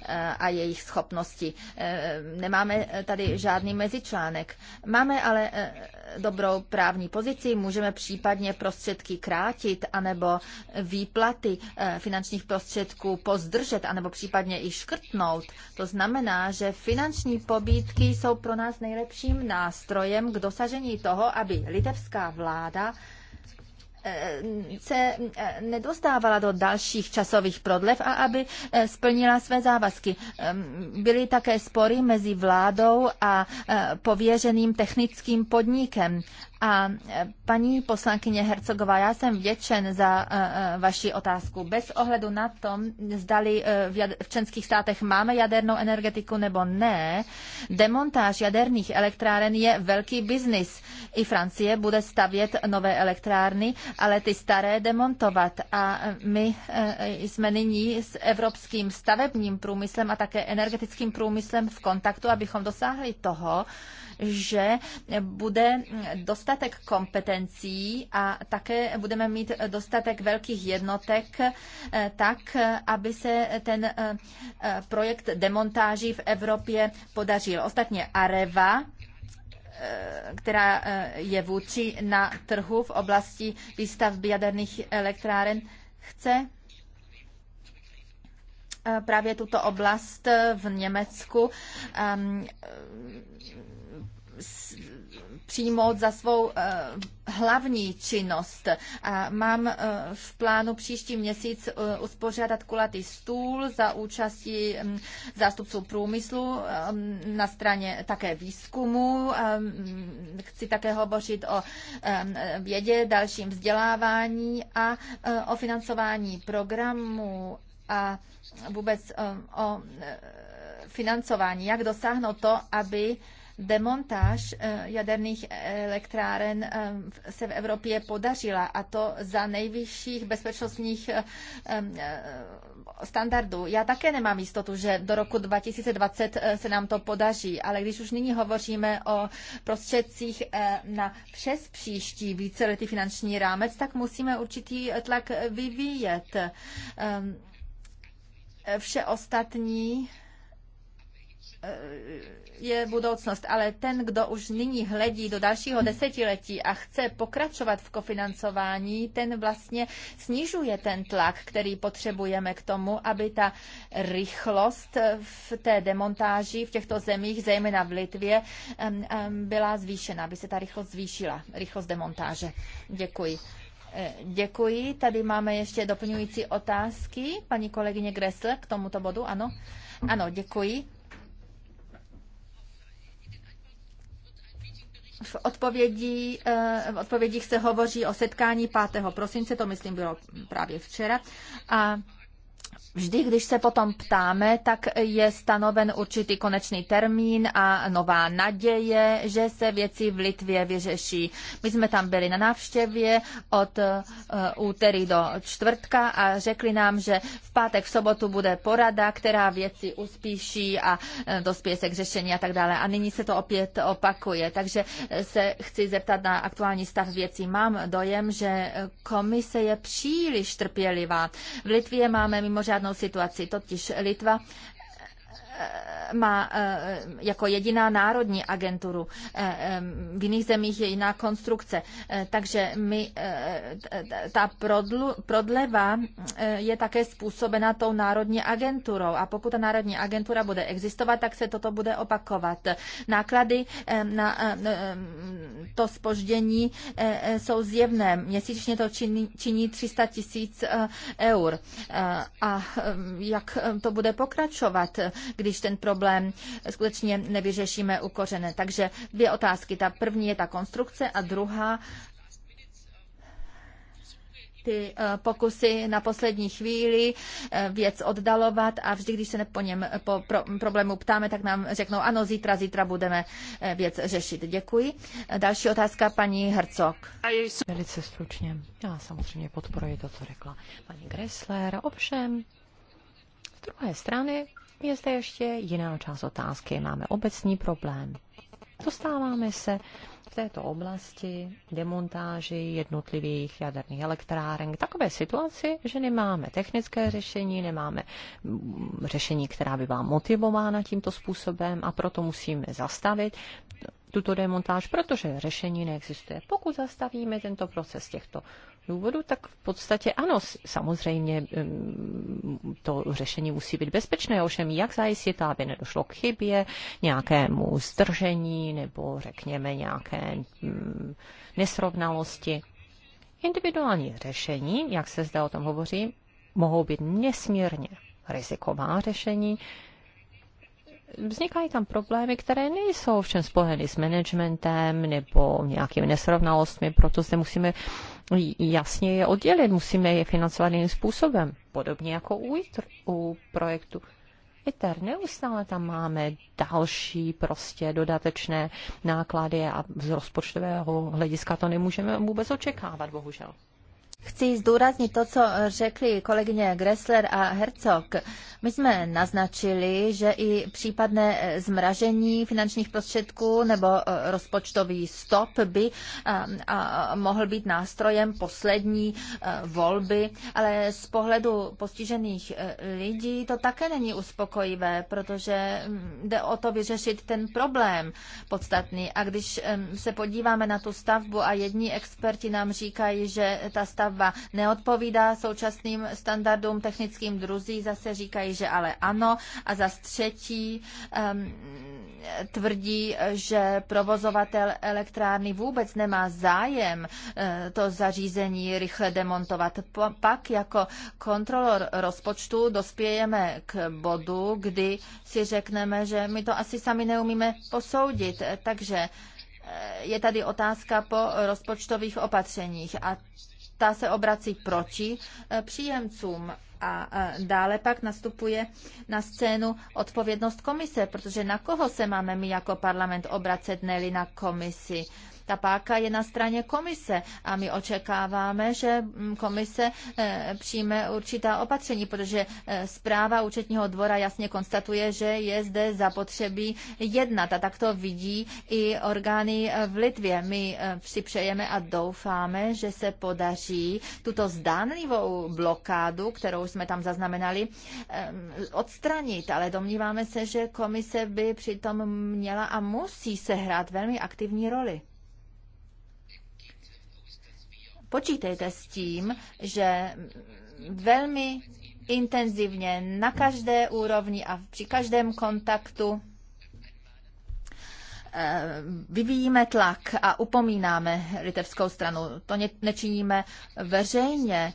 eh, a jejich schopnosti. Eh, nemáme tady žádný mezičlánek. Máme ale eh, dobrou právní pozici, můžeme případně prostředky krátit, anebo výplaty finančních prostředků pozdržet, anebo případně i škrtnout. To znamená, že finanční pobídky jsou pro nás nejlepším nástrojem k dosažení toho, aby litevská vláda se eh, nedostávala do dalších časových prodlev a aby eh, splnila své závazky. Ehm, byly také spory mezi vládou a eh, pověřeným technickým podnikem a e, paní poslankyně Hercogová, já jsem vděčen za e, e, vaši otázku. Bez ohledu na to, zdali v členských státech máme jadernou energetiku nebo ne, demontáž jaderných elektráren je velký biznis. I Francie bude stavět nové elektrárny, ale ty staré demontovat. A my jsme nyní s evropským stavebním průmyslem a také energetickým průmyslem v kontaktu, abychom dosáhli toho, že bude dostatek kompetencí a také budeme mít dostatek velkých jednotek eh, tak, aby se ten eh, eh, projekt demontáží v Evropě podařil. Ostatně Areva která je vůči na trhu v oblasti výstavby jaderných elektráren, chce právě tuto oblast v Německu ehm, přijmout za svou eh, hlavní činnost. A mám eh, v plánu příští měsíc eh, uspořádat kulatý stůl za účastí mm, zástupců průmyslu na straně také výzkumu. Mm, chci také hovořit o vědě, dalším vzdělávání a o financování programu a vůbec o financování, jak dosáhnout to, aby demontáž eh, jaderných elektráren eh, se v Evropě podařila a to za nejvyšších bezpečnostních eh, standardů. Já také nemám jistotu, že do roku 2020 se nám to podaří, ale když už nyní hovoříme o prostředcích na přes příští víceletý finanční rámec, tak musíme určitý tlak vyvíjet. Ehm, vše ostatní Eh, je budoucnost, ale ten, kdo už nyní hledí do dalšího desetiletí a chce pokračovat v kofinancování, ten vlastně snižuje ten tlak, který potřebujeme k tomu, aby ta rychlost v té demontáži v těchto zemích, zejména v Litvě, byla zvýšena, aby se ta rychlost zvýšila, rychlost demontáže. Děkuji. Eh, děkuji. Tady máme ještě doplňující otázky. Paní kolegyně Gressle k tomuto bodu, ano? Ano, děkuji. V, odpovědí, eh, v odpovědích se hovoří o setkání 5. prosince, to myslím bylo právě včera. A Vždy, když se potom ptáme, tak je stanoven určitý konečný termín a nová naděje, že se věci v Litvě vyřeší. My jsme tam byli na návštěvě od eh, úterý do čtvrtka a řekli nám, že v pátek, v sobotu bude porada, která věci uspíší a eh, dospěje se k řešení a tak dále. A nyní se to opět opakuje. Takže eh, se chci zeptat na aktuální stav věcí. Mám dojem, že komise je příliš trpělivá. V Litvě máme mimořádnou mimořádnou situaci, totiž Litva Eh, má eh, jako jediná národní agenturu. Eh, v jiných zemích je jiná konstrukce. Takže my, ta prodleva je také způsobena tou národní agenturou. A pokud ta národní agentura bude existovat, tak se toto bude opakovat. Náklady na to spoždění jsou zjevné. Měsíčně to činí, 300 tisíc eur. A jak to bude pokračovat, kdy když ten problém skutečně nevyřešíme u kořene. Takže dvě otázky. Ta první je ta konstrukce a druhá ty eh, pokusy na poslední chvíli eh, věc oddalovat a vždy, když se po něm po pro, problému ptáme, tak nám řeknou, ano, zítra, zítra budeme eh, věc řešit.
Děkuji. Další otázka paní Hercog. Velice stručně. Já samozřejmě podporuji to, co řekla paní Gressler. Ovšem, z druhé strany je zde ještě jiná část otázky. Máme obecný problém. Dostáváme se v této oblasti demontáži jednotlivých jaderných elektráren k takové situaci, že nemáme technické řešení, nemáme mm, řešení, která by byla motivována tímto způsobem a proto musíme zastavit tuto demontáž, protože řešení neexistuje. Pokud zastavíme tento proces těchto důvodu, tak v podstatě ano, samozřejmě mm, to řešení musí být bezpečné, ovšem jak zajistit, aby nedošlo k chybě, nějakému zdržení nebo řekněme nějaké mm, nesrovnalosti. Individuální řešení, jak se zde o tom hovoří, mohou být nesmírně riziková řešení, vznikají tam problémy, které nejsou všem spojeny s managementem nebo nějakými nesrovnalostmi, proto zde musíme jasně je oddělit, musíme je financovat jiným způsobem, podobně jako u, ITR, u projektu ITER. Neustále tam máme další prostě dodatečné náklady a z rozpočtového hlediska to nemůžeme vůbec očekávat, bohužel. Chci
zdůraznit to, co řekli kolegyně Gressler a Herzog. My jsme naznačili, že i případné eh, zmražení finančních prostředků nebo eh, rozpočtový stop by eh, mohl být nástrojem poslední volby, ale z pohledu postižených lidí to také není uspokojivé, protože mm, jde o to vyřešit ten problém podstatný. A když se podíváme na tu stavbu a jedni experti nám říkají, že ta stavba výstavba neodpovídá současným standardům technickým druzí, zase říkají, že ale ano. A za třetí um, tvrdí, že provozovatel elektrárny vůbec nemá zájem eh, to zařízení rychle demontovat. Pak jako kontrolor rozpočtu dospějeme k bodu, kdy si řekneme, že my to asi sami neumíme posoudit. Takže eh, je tady otázka po rozpočtových opatřeních a ta se obrací proti eh, příjemcům. A eh, dále pak nastupuje na scénu odpovědnost komise, protože na koho se máme my jako parlament obracet, ne na komisi. Ta páka je na straně komise a my očekáváme, že mm, komise eh, přijme určitá opatření, protože eh, zpráva účetního dvora jasně konstatuje, že je zde zapotřebí jednat a tak to vidí i orgány eh, v Litvě. My si přejeme a doufáme, že se podaří tuto zdánlivou blokádu, kterou jsme tam zaznamenali, odstranit, ale domníváme se, že komise by přitom měla a musí sehrát velmi aktivní roli počítejte s tím, že velmi intenzivně na každé úrovni a při každém kontaktu eh, vyvíjíme tlak a upomínáme litevskou stranu. To nečiníme veřejně,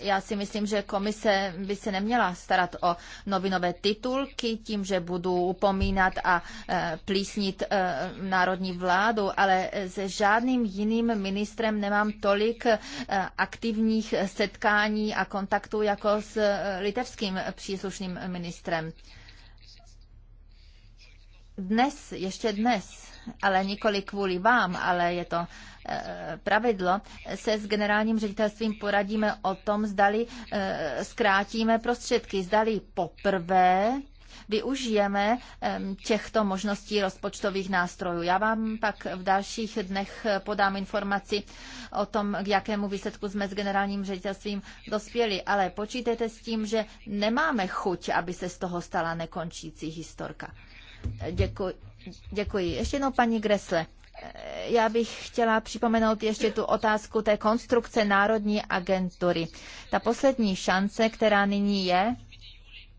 já si myslím, že komise by se neměla starat o novinové titulky tím, že budu upomínat a e, plísnit e, národní vládu, ale se žádným jiným ministrem nemám tolik e, aktivních setkání a kontaktů jako s litevským příslušným ministrem. Dnes, ještě dnes, ale nikoli kvůli vám, ale je to eh, pravidlo, se s generálním ředitelstvím poradíme o tom, zdali eh, zkrátíme prostředky, zdali poprvé využijeme těchto možností rozpočtových nástrojů. Já vám pak v dalších dnech podám informaci o tom, k jakému výsledku jsme s generálním ředitelstvím dospěli, ale počítejte s tím, že nemáme chuť, aby se z toho stala nekončící historka. Děkuji, Děkuji. Ještě jednou paní Gresle. Já bych chtěla připomenout ještě tu otázku té konstrukce Národní agentury. Ta poslední šance, která nyní je,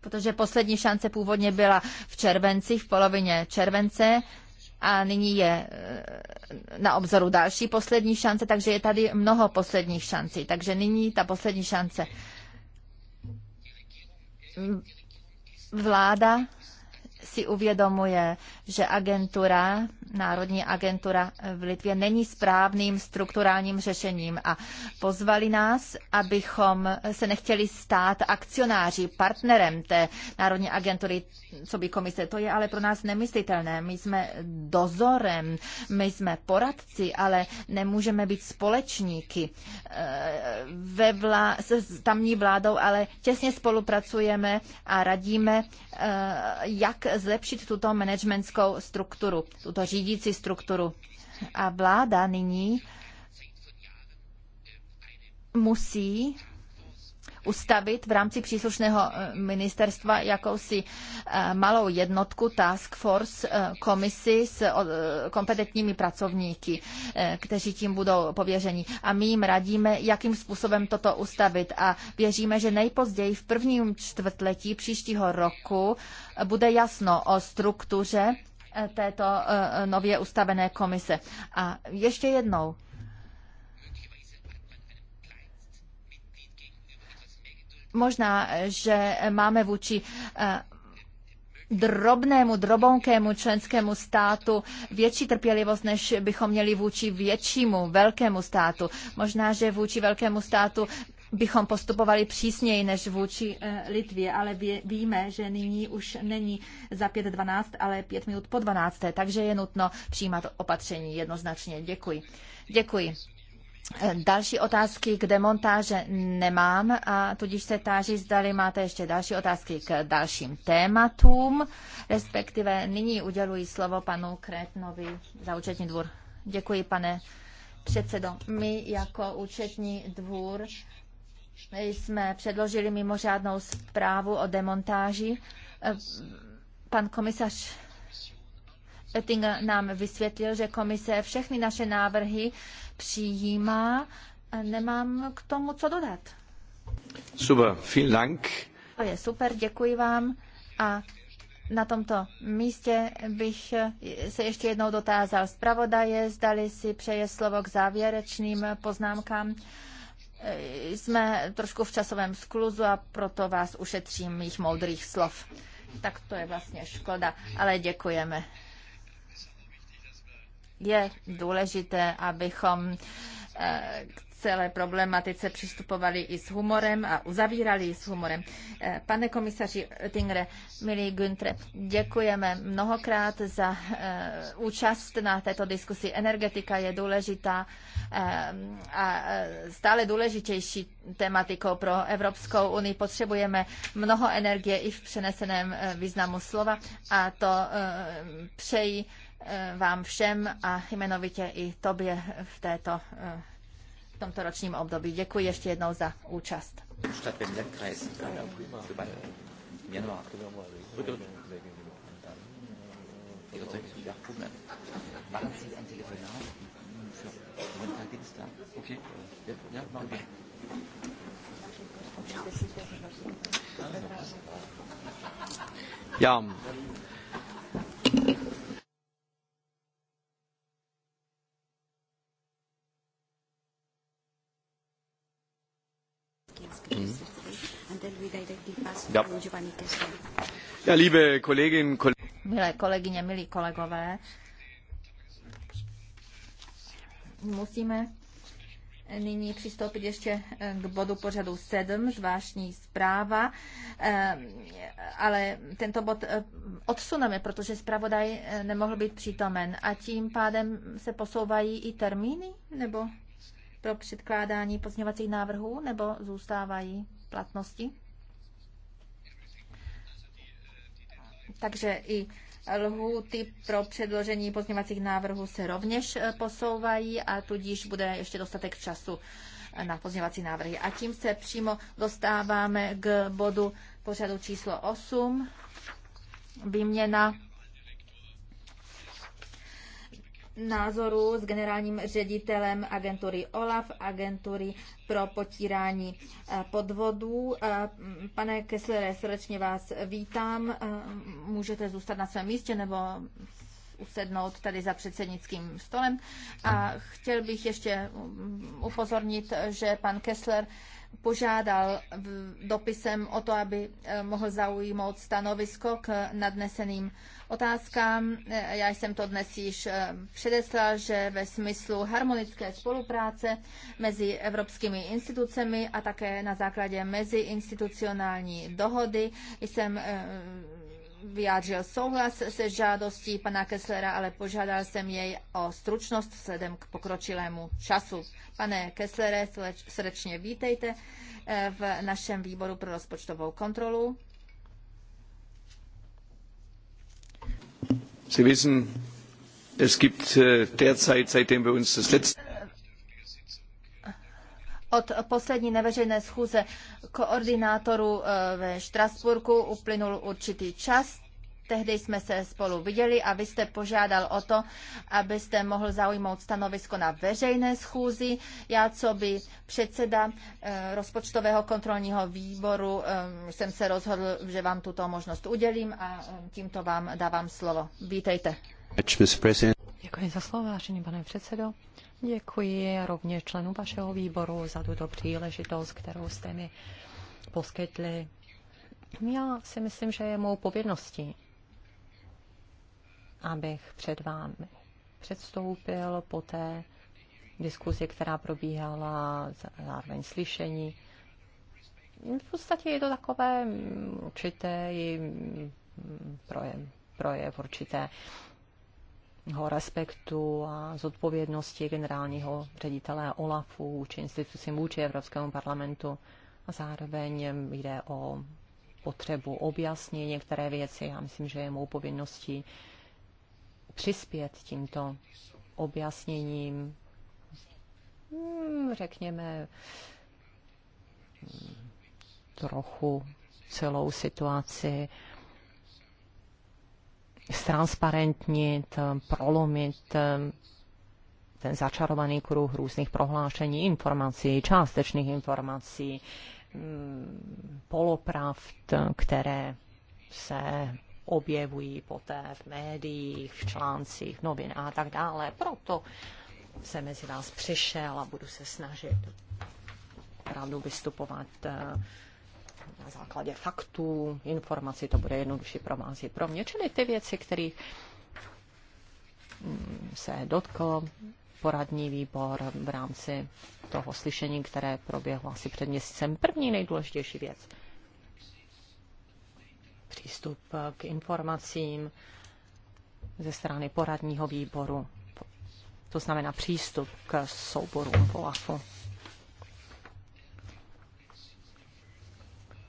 protože poslední šance původně byla v červenci, v polovině července, a nyní je eh, na obzoru další poslední šance, takže je tady mnoho posledních šancí. Takže nyní ta poslední šance. Vláda si uvědomuje, že agentura, Národní agentura v Litvě není správným strukturálním řešením a pozvali nás, abychom se nechtěli stát akcionáři, partnerem té Národní agentury, co by komise. To je ale pro nás nemyslitelné. My jsme dozorem, my jsme poradci, ale nemůžeme být společníky. Eh, ve vlá- s tamní vládou ale těsně spolupracujeme a radíme, eh, jak zlepšit tuto managementskou strukturu, tuto řídící strukturu. A vláda nyní musí ustavit v rámci příslušného eh, ministerstva jakousi eh, malou jednotku task force eh, komisi s kompetentními pracovníky, kteří tím budou pověřeni. A my jim radíme, jakým způsobem toto ustavit a věříme, že nejpozději v prvním čtvrtletí příštího roku bude jasno o struktuře této nově ustavené komise. A ještě jednou, Možná, že máme vůči eh, drobnému, drobonkému členskému státu větší trpělivost, než bychom měli vůči většímu, velkému státu. Možná, že vůči velkému státu bychom postupovali přísněji než vůči eh, Litvě, ale víme, že nyní už není za 5.12, ale 5 minut po 12. Takže je nutno přijímat opatření jednoznačně. Děkuji. Děkuji. Další otázky k demontáže nemám a tudíž se táží, zdali máte ještě další otázky k dalším tématům, respektive nyní uděluji slovo panu Kretnovi za účetní dvůr. Děkuji, pane předsedo. My jako účetní dvůr jsme předložili mimořádnou zprávu o demontáži. Pan komisař Oettinger nám vysvětlil, že komise všechny naše návrhy přijímá. Nemám k tomu co dodat.
Super, vielen Dank.
To je super, děkuji vám. A na tomto místě bych se ještě jednou dotázal zpravodaje, zdali si přeje slovo k závěrečným poznámkám. Jsme trošku v časovém skluzu a proto vás ušetřím mých moudrých slov. Tak to je vlastně škoda, ale děkujeme je důležité, abychom eh, k celé problematice přistupovali i s humorem a uzavírali s humorem. Eh, pane komisaři Tingre, milý Günther, děkujeme mnohokrát za eh, účast na této diskusi. Energetika je důležitá a stále důležitější tematikou pro Evropskou unii. Potřebujeme mnoho energie i v přeneseném významu slova a to přeji Eh, vám všem a jmenovitě i tobě v, této, eh, v tomto ročním období. Děkuji ještě jednou za účast.
Ja. Mhm.
Milé kolegyně, milí kolegové, musíme nyní přistoupit ještě eh, k bodu pořadu 7, zvláštní zpráva, eh, ale tento bod eh, odsuneme, protože zpravodaj nemohl být přítomen a tím pádem se posouvají i termíny, nebo pro předkládání pozměňovacích návrhů nebo zůstávají platnosti? Takže i lhůty pro předložení pozměňovacích návrhů se rovněž eh, posouvají a tudíž bude ještě dostatek času eh, na pozměňovací návrhy. A tím se přímo dostáváme k bodu pořadu číslo 8, výměna názoru s generálním ředitelem agentury OLAF, agentury pro potírání eh, podvodů. Eh, pane Kesslere, srdečně vás vítám. Eh, můžete zůstat na svém místě nebo usednout tady za předsednickým stolem. A chtěl bych ještě upozornit, že pan Kessler požádal dopisem o to, aby eh, mohl zaujmout stanovisko k nadneseným otázkám. Eh, já jsem to dnes již eh, předeslal, že ve smyslu harmonické spolupráce mezi evropskými institucemi a také na základě meziinstitucionální dohody jsem vyjádřil souhlas se žádostí pana Kesslera, ale požádal jsem jej o stručnost vzhledem k pokročilému času. Pane Kesslere, srdečně vítejte eh, v našem výboru pro rozpočtovou kontrolu.
Sie wissen, es gibt eh, derzeit, seitdem wir uns das letzte
od poslední neveřejné schůze koordinátorů eh, ve Štrasburku uplynul určitý čas. Tehdy jsme se spolu viděli a vy jste požádal o to, abyste mohl zaujmout stanovisko na veřejné schůzi. Já, co by předseda eh, rozpočtového kontrolního výboru, eh, jsem se rozhodl, že vám tuto možnost udělím
a tímto vám dávám slovo. Vítejte. Děkuji za slovo, vážený pane předsedo. Děkuji rovněž členům vašeho výboru za tuto příležitost, kterou jste mi poskytli. Já si myslím, že je mou povinností, abych před vámi předstoupil po té diskuzi, která probíhala, zároveň slyšení. V podstatě je to takové mm, určité mm, projev, projev určité respektu a zodpovědnosti generálního ředitele OLAFu vůči institucím, vůči Evropskému parlamentu. A zároveň jde o potřebu objasnit některé věci. Já myslím, že je mou povinností přispět tímto objasněním, hmm, řekněme, hmm, trochu celou situaci ztransparentnit, eh, prolomit eh, ten začarovaný kruh různých prohlášení, informací, částečných informací, mm, polopravd, které se objevují poté v médiích, v článcích, novinách a tak dále. Proto jsem mezi vás přišel a budu se snažit opravdu vystupovat eh, na základě faktů, informací, to bude jednodušší pro vás i pro mě. Čili ty věci, které mm, se dotkl poradní výbor v rámci toho slyšení, které proběhlo asi před měsícem. První nejdůležitější věc. Přístup k informacím ze strany poradního výboru. To znamená přístup k souborům OLAFu.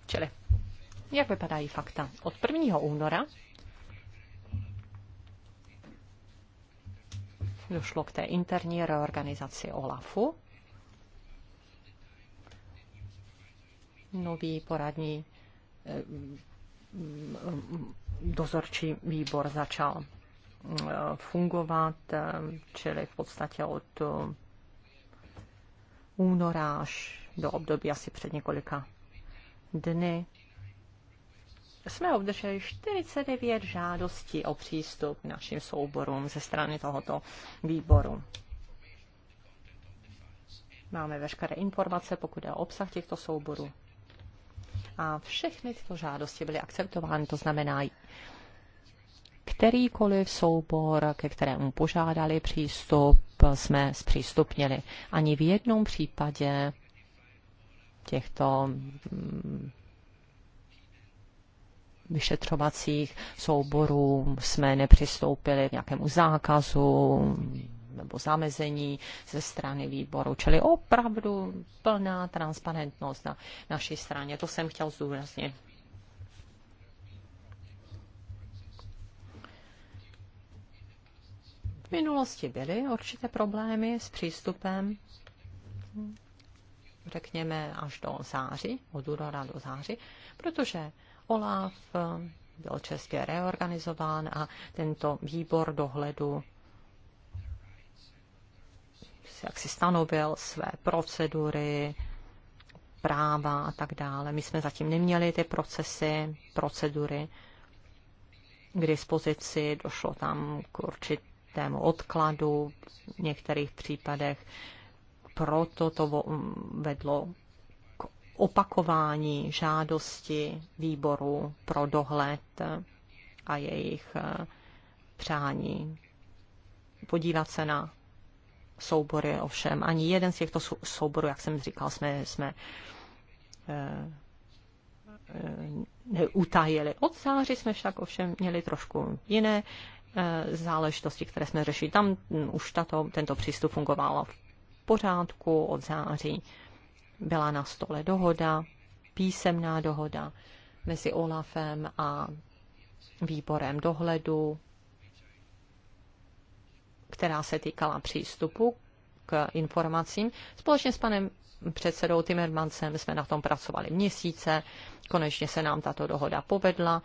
Čili jak vypadají fakta? Od 1. února došlo k té interní reorganizaci OLAFu. Nový poradní eh, dozorčí výbor začal eh, fungovat, eh, čili v podstatě od února až do období asi před několika dny jsme obdrželi 49 žádostí o přístup k našim souborům ze strany tohoto výboru. Máme veškeré informace, pokud je o obsah těchto souborů. A všechny tyto žádosti byly akceptovány, to znamená, kterýkoliv soubor, ke kterému požádali přístup, jsme zpřístupnili. Ani v jednom případě těchto mm, vyšetřovacích souborů jsme nepřistoupili k nějakému zákazu nebo zamezení ze strany výboru. Čili opravdu plná transparentnost na naší straně. To jsem chtěl zdůraznit. V minulosti byly určité problémy s přístupem řekněme, až do září, od února do září, protože OLAF eh, byl čestě reorganizován a tento výbor dohledu jak si stanovil své procedury, práva a tak dále. My jsme zatím neměli ty procesy, procedury k dispozici, došlo tam k určitému odkladu v některých případech proto to vedlo k opakování žádosti výboru pro dohled a jejich eh, přání podívat se na soubory, ovšem ani jeden z těchto souborů, jak jsem říkal, jsme, jsme eh, eh, neutajili. Od září jsme však ovšem měli trošku jiné záležitosti, které jsme řešili. Tam mm, už tato, tento přístup fungoval pořádku od září. Byla na stole dohoda, písemná dohoda mezi OLAFem a výborem dohledu, která se týkala přístupu k informacím. Společně s panem předsedou Timmermansem jsme na tom pracovali měsíce. Konečně se nám tato dohoda povedla.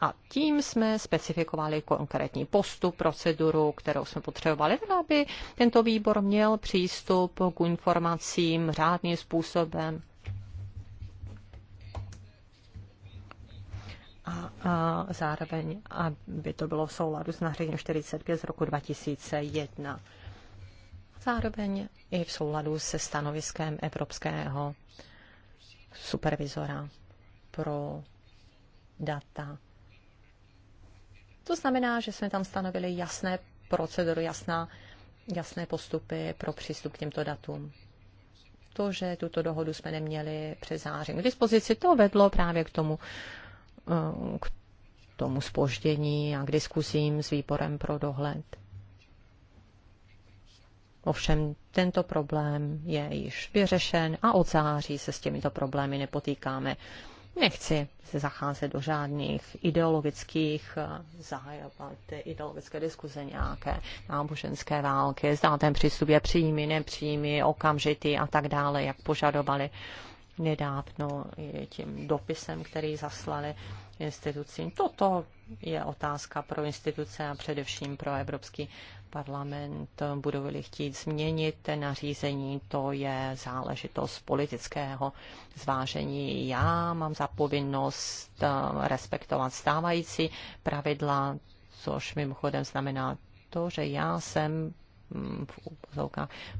A tím jsme specifikovali konkrétní postup, proceduru, kterou jsme potřebovali, aby tento výbor měl přístup k informacím řádným způsobem. A, a zároveň, aby to bylo v souladu s nařízením 45 z roku 2001. Zároveň i v souladu se stanoviskem Evropského supervizora pro data to znamená, že jsme tam stanovili jasné procedury, jasná, jasné postupy pro přístup k těmto datům. To, že tuto dohodu jsme neměli před zářím k dispozici, to vedlo právě k tomu, eh, k tomu spoždění a k diskusím s výborem pro dohled. Ovšem tento problém je již vyřešen a od září se s těmito problémy nepotýkáme. Nechci se zacházet do žádných ideologických eh, zahajobat, ideologické diskuze nějaké náboženské války, zda ten přístup je přímý, nepřímý, okamžitý a tak dále, jak požadovali nedávno tím dopisem, který zaslali institucím. Toto je otázka pro instituce a především pro Evropský parlament eh, budou-li chtít změnit ten nařízení, to je záležitost politického zvážení. Já mám za povinnost eh, respektovat stávající pravidla, což mimochodem znamená to, že já jsem mm,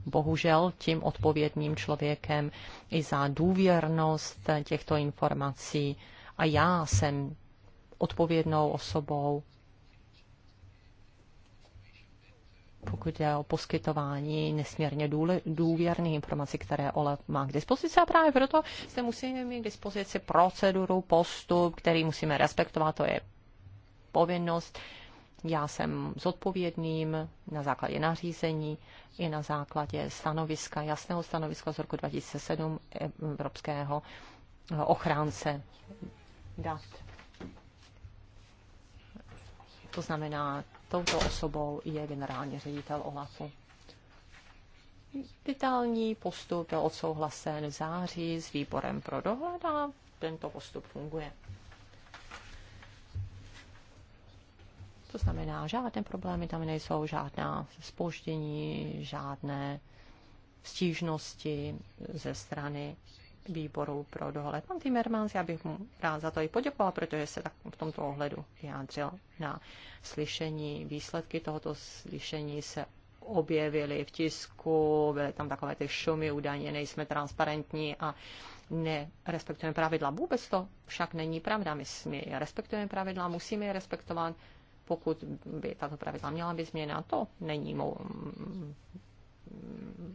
bohužel tím odpovědným člověkem i za důvěrnost těchto informací a já jsem odpovědnou osobou pokud jde o poskytování nesmírně důvěrných informací, které OLAF má k dispozici. A právě proto se musíme mít k dispozici proceduru, postup, který musíme respektovat, to je povinnost. Já jsem zodpovědným na základě nařízení i na základě stanoviska, jasného stanoviska z roku 2007 Evropského ochránce dat. To znamená, touto osobou je generální ředitel OLAFu. Vitální postup byl odsouhlasen v září s výborem pro dohled a tento postup funguje. To znamená, žádné problémy tam nejsou, žádná spoždění, žádné stížnosti ze strany výboru pro dohled. Pan Timmermans, já bych mu rád za to i poděkoval, protože se tak v tomto ohledu vyjádřil na slyšení. Výsledky tohoto slyšení se objevily v tisku, byly tam takové ty šumy, údajně nejsme transparentní a nerespektujeme pravidla. Vůbec to však není pravda. My, my respektujeme pravidla, musíme je respektovat. Pokud by tato pravidla měla být změna, to není mou,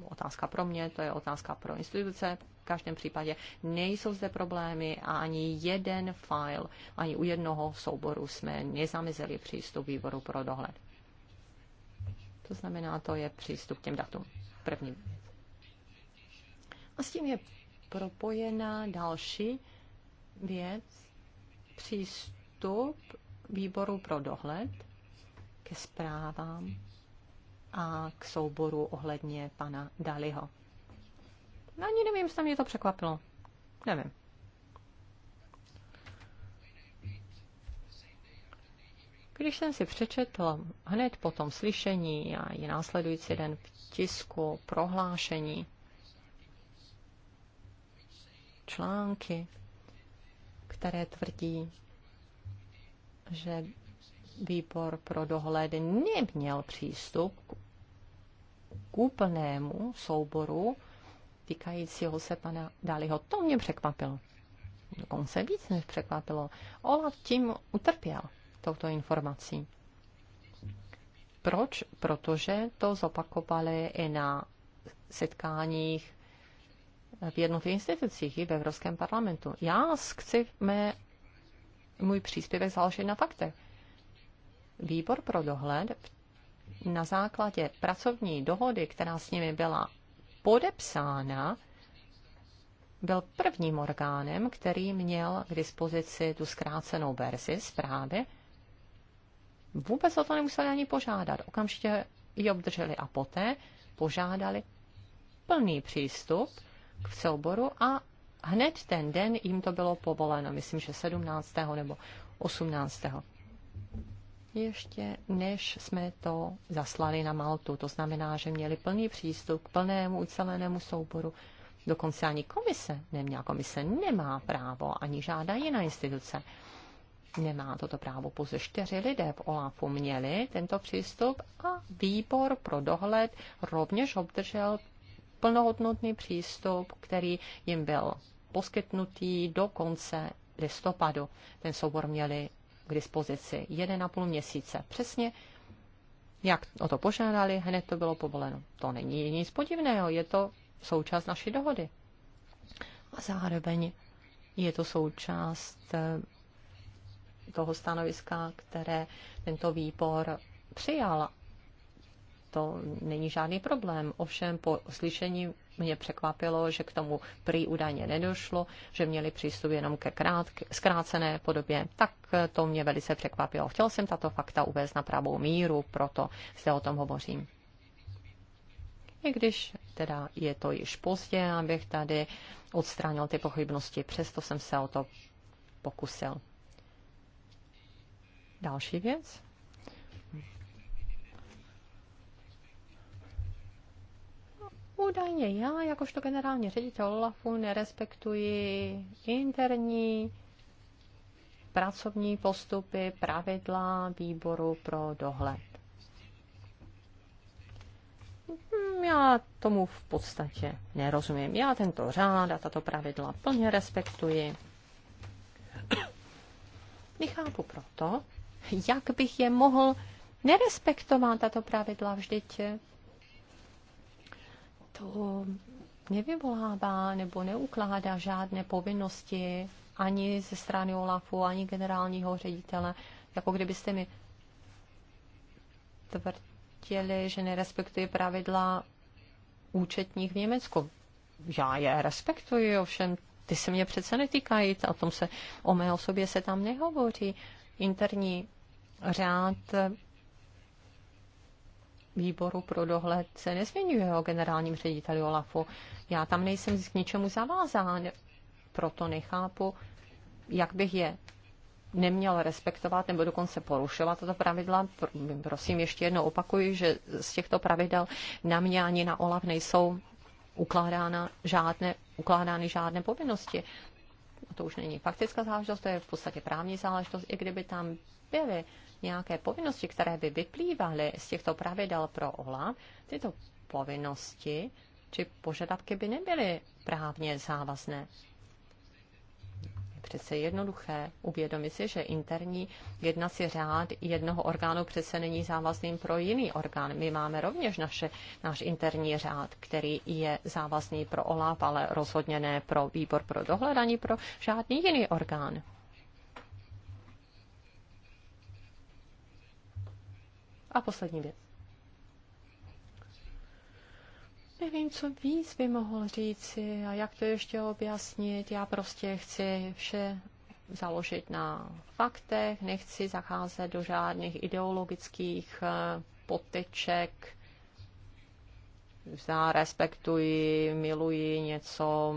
otázka pro mě, to je otázka pro instituce. V každém případě nejsou zde problémy a ani jeden file, ani u jednoho souboru jsme nezamizeli přístup výboru pro dohled. To znamená, to je přístup k těm datům. První. A s tím je propojená další věc, přístup výboru pro dohled ke zprávám a k souboru ohledně pana Daliho. No, ani nevím, jestli mě to překvapilo. Nevím. Když jsem si přečetl hned po tom slyšení a je následující den v tisku prohlášení, články, které tvrdí, že výbor pro dohled neměl přístup k k úplnému souboru týkajícího se pana Daliho. To mě překvapilo. Dokonce víc než překvapilo. Olaf tím utrpěl touto informací. Proč? Protože to zopakovali i na setkáních v jednotlivých institucích i v Evropském parlamentu. Já chci mé, můj příspěvek založit na faktech. Výbor pro dohled v na základě pracovní dohody, která s nimi byla podepsána, byl prvním orgánem, který měl k dispozici tu zkrácenou verzi zprávy. Vůbec o to nemuseli ani požádat. Okamžitě ji obdrželi a poté požádali plný přístup k souboru a hned ten den jim to bylo povoleno, myslím, že 17. nebo 18 ještě než jsme to zaslali na Maltu. To znamená, že měli plný přístup k plnému ucelenému souboru. Dokonce ani komise neměla. Komise nemá právo, ani žádná jiná instituce nemá toto právo. Pouze čtyři lidé v OLAFu měli tento přístup a výbor pro dohled rovněž obdržel plnohodnotný přístup, který jim byl poskytnutý do konce listopadu. Ten soubor měli k dispozici 1,5 měsíce. Přesně jak o to požádali, hned to bylo povoleno. To není nic podivného, je to součást naší dohody. A zároveň je to součást eh, toho stanoviska, které tento výbor přijal. To není žádný problém. Ovšem po slyšení mě překvapilo, že k tomu prý údajně nedošlo, že měli přístup jenom ke krátk, zkrácené podobě, tak eh, to mě velice překvapilo. Chtěl jsem tato fakta uvést na pravou míru, proto se o tom hovořím. I když teda je to již pozdě, abych tady odstranil ty pochybnosti, přesto jsem se o to pokusil. Další věc. údajně já, jakožto generální ředitel OLAFu, nerespektuji interní pracovní postupy, pravidla výboru pro dohled. Hmm, já tomu v podstatě nerozumím. Já tento řád a tato pravidla plně respektuji. Nechápu proto, jak bych je mohl nerespektovat tato pravidla vždyť to nevyvolává nebo neukládá žádné povinnosti ani ze strany OLAFu, ani generálního ředitele. Jako kdybyste mi tvrdili, že nerespektuji pravidla účetních v Německu. Já je respektuji, ovšem ty se mě přece netýkají, o tom se, o mé osobě se tam nehovoří. Interní řád výboru pro dohled se nezměňuje o generálním řediteli Olafu. Já tam nejsem k ničemu zavázán, proto nechápu, jak bych je neměl respektovat nebo dokonce porušovat tato pravidla. Prosím, ještě jednou opakuji, že z těchto pravidel na mě ani na Olaf nejsou ukládána žádné, ukládány žádné povinnosti to už není faktická záležitost, to je v podstatě právní záležitost, i kdyby tam byly nějaké povinnosti, které by vyplývaly z těchto pravidel pro ola tyto povinnosti či požadavky by nebyly právně závazné přece jednoduché uvědomit si, že interní si řád jednoho orgánu přece není závazným pro jiný orgán. My máme rovněž naše, náš interní řád, který je závazný pro OLAP, ale rozhodně ne pro výbor pro dohled ani pro žádný jiný orgán. A poslední věc. Nevím, co víc by mohl říci a jak to ještě objasnit. Já prostě chci vše založit na faktech, nechci zacházet do žádných ideologických eh, poteček. Já respektuji, miluji něco,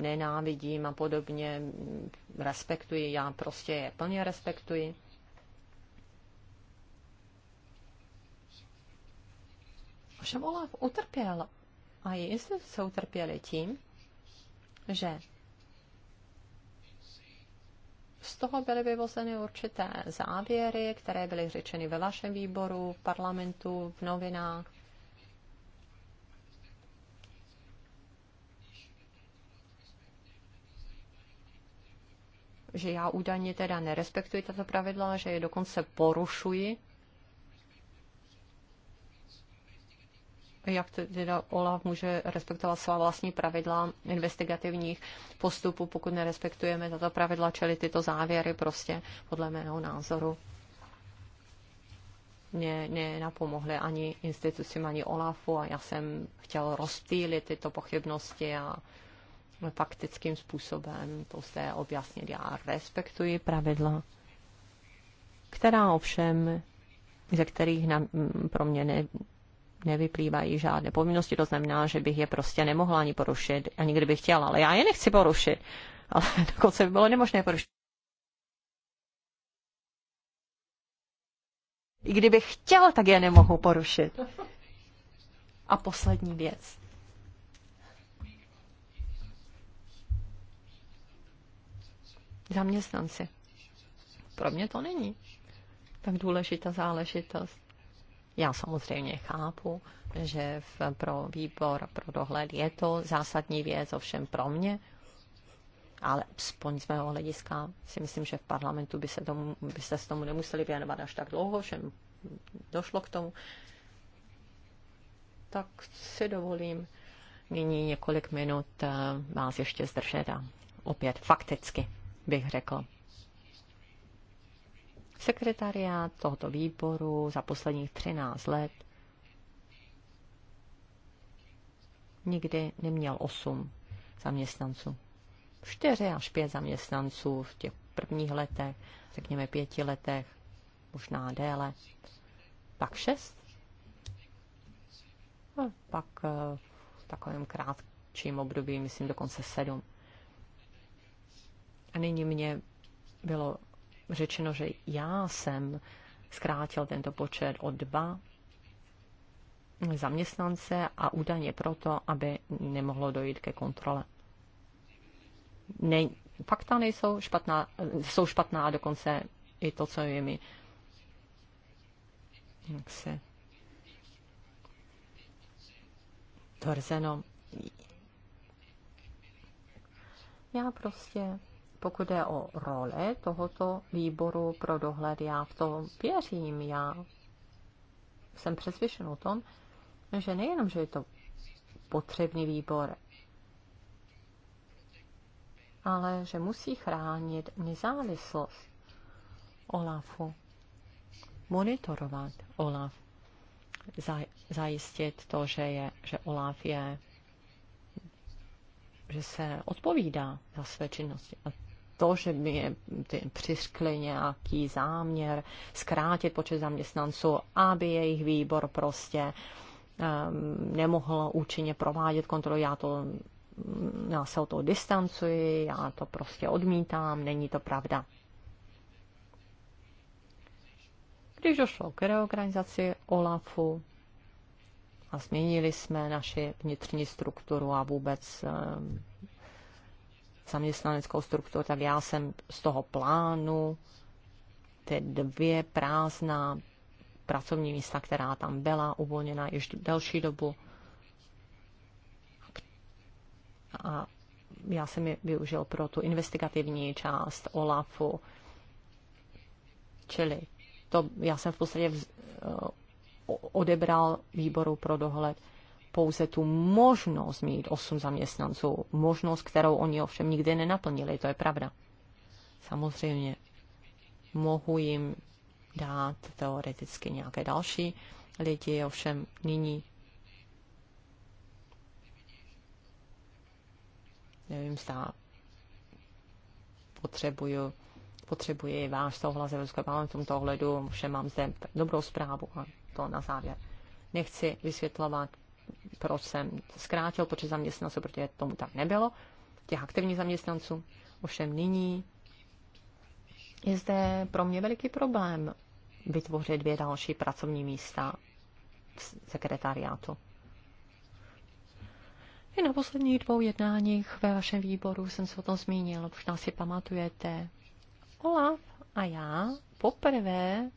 nenávidím a podobně. Respektuji, já prostě je plně respektuji. Že Olaf utrpěl a jestli instituce trpěli tím, že z toho byly vyvozeny určité závěry, které byly řečeny ve vašem výboru, v parlamentu, v novinách. že já údajně teda nerespektuji tato pravidla, že je dokonce porušuji, jak teda OLAF může respektovat svá vlastní pravidla investigativních postupů, pokud nerespektujeme tato pravidla, čili tyto závěry prostě podle mého názoru mě nenapomohly ani institucím, ani OLAFu a já jsem chtěl rozptýlit tyto pochybnosti a faktickým způsobem to prostě se objasnit. Já respektuji pravidla, která ovšem, ze kterých na, pro mě ne, nevyplývají žádné povinnosti, to znamená, že bych je prostě nemohla ani porušit, ani kdybych chtěla, ale já je nechci porušit, ale dokonce by bylo nemožné porušit. I kdybych chtěla, tak je nemohu porušit. A poslední věc. Zaměstnanci. Pro mě to není tak důležitá záležitost. Já samozřejmě chápu, že v, pro výbor, pro dohled je to zásadní věc, ovšem pro mě, ale aspoň z mého hlediska si myslím, že v parlamentu by se, tomu, by se s tomu nemuseli věnovat až tak dlouho, že došlo k tomu. Tak si dovolím nyní několik minut eh, vás ještě zdržet a opět fakticky bych řekl. Sekretariát tohoto výboru za posledních 13 let nikdy neměl 8 zaměstnanců. 4 až 5 zaměstnanců v těch prvních letech, řekněme pěti letech, možná déle. Pak 6. A pak eh, v takovém krátčím období, myslím dokonce 7. A nyní mě bylo řečeno, že já jsem zkrátil tento počet o dva zaměstnance a údajně proto, aby nemohlo dojít ke kontrole. Ne, fakta nejsou špatná, jsou špatná a dokonce i to, co je mi jak se tvrzeno. Já prostě pokud je o role tohoto výboru pro dohled, já v tom věřím. Já jsem přesvědčen o tom, že nejenom, že je to potřebný výbor, ale že musí chránit nezávislost Olafu, monitorovat Olaf, zajistit to, že, je, že Olaf je, že se odpovídá za své činnosti. A to, že by je přiškli nějaký záměr zkrátit počet zaměstnanců, aby jejich výbor prostě um, nemohl účinně provádět kontrolu. Já to mm, já se o to distancuji, já to prostě odmítám, není to pravda. Když došlo k reorganizaci OLAFu a změnili jsme naši vnitřní strukturu a vůbec um, zaměstnaneckou strukturu, tak já jsem z toho plánu ty dvě prázdná pracovní místa, která tam byla uvolněna již delší dobu. A já jsem je využil pro tu investigativní část OLAFu. Čili to já jsem v podstatě eh, odebral výboru pro dohled pouze tu možnost mít 8 zaměstnanců, možnost, kterou oni ovšem nikdy nenaplnili, to je pravda. Samozřejmě mohu jim dát teoreticky nějaké další lidi, ovšem nyní nevím, zda potřebuju, potřebuji váš souhlas Evropského v tomto ohledu, ovšem mám zde dobrou zprávu a to na závěr. Nechci vysvětlovat proč jsem zkrátil počet zaměstnanců, protože tomu tak nebylo, těch aktivních zaměstnanců. Ovšem nyní je zde pro mě veliký problém vytvořit dvě další pracovní místa v sekretariátu. I na posledních dvou jednáních ve vašem výboru jsem se o tom zmínil, možná si pamatujete. Olaf a já poprvé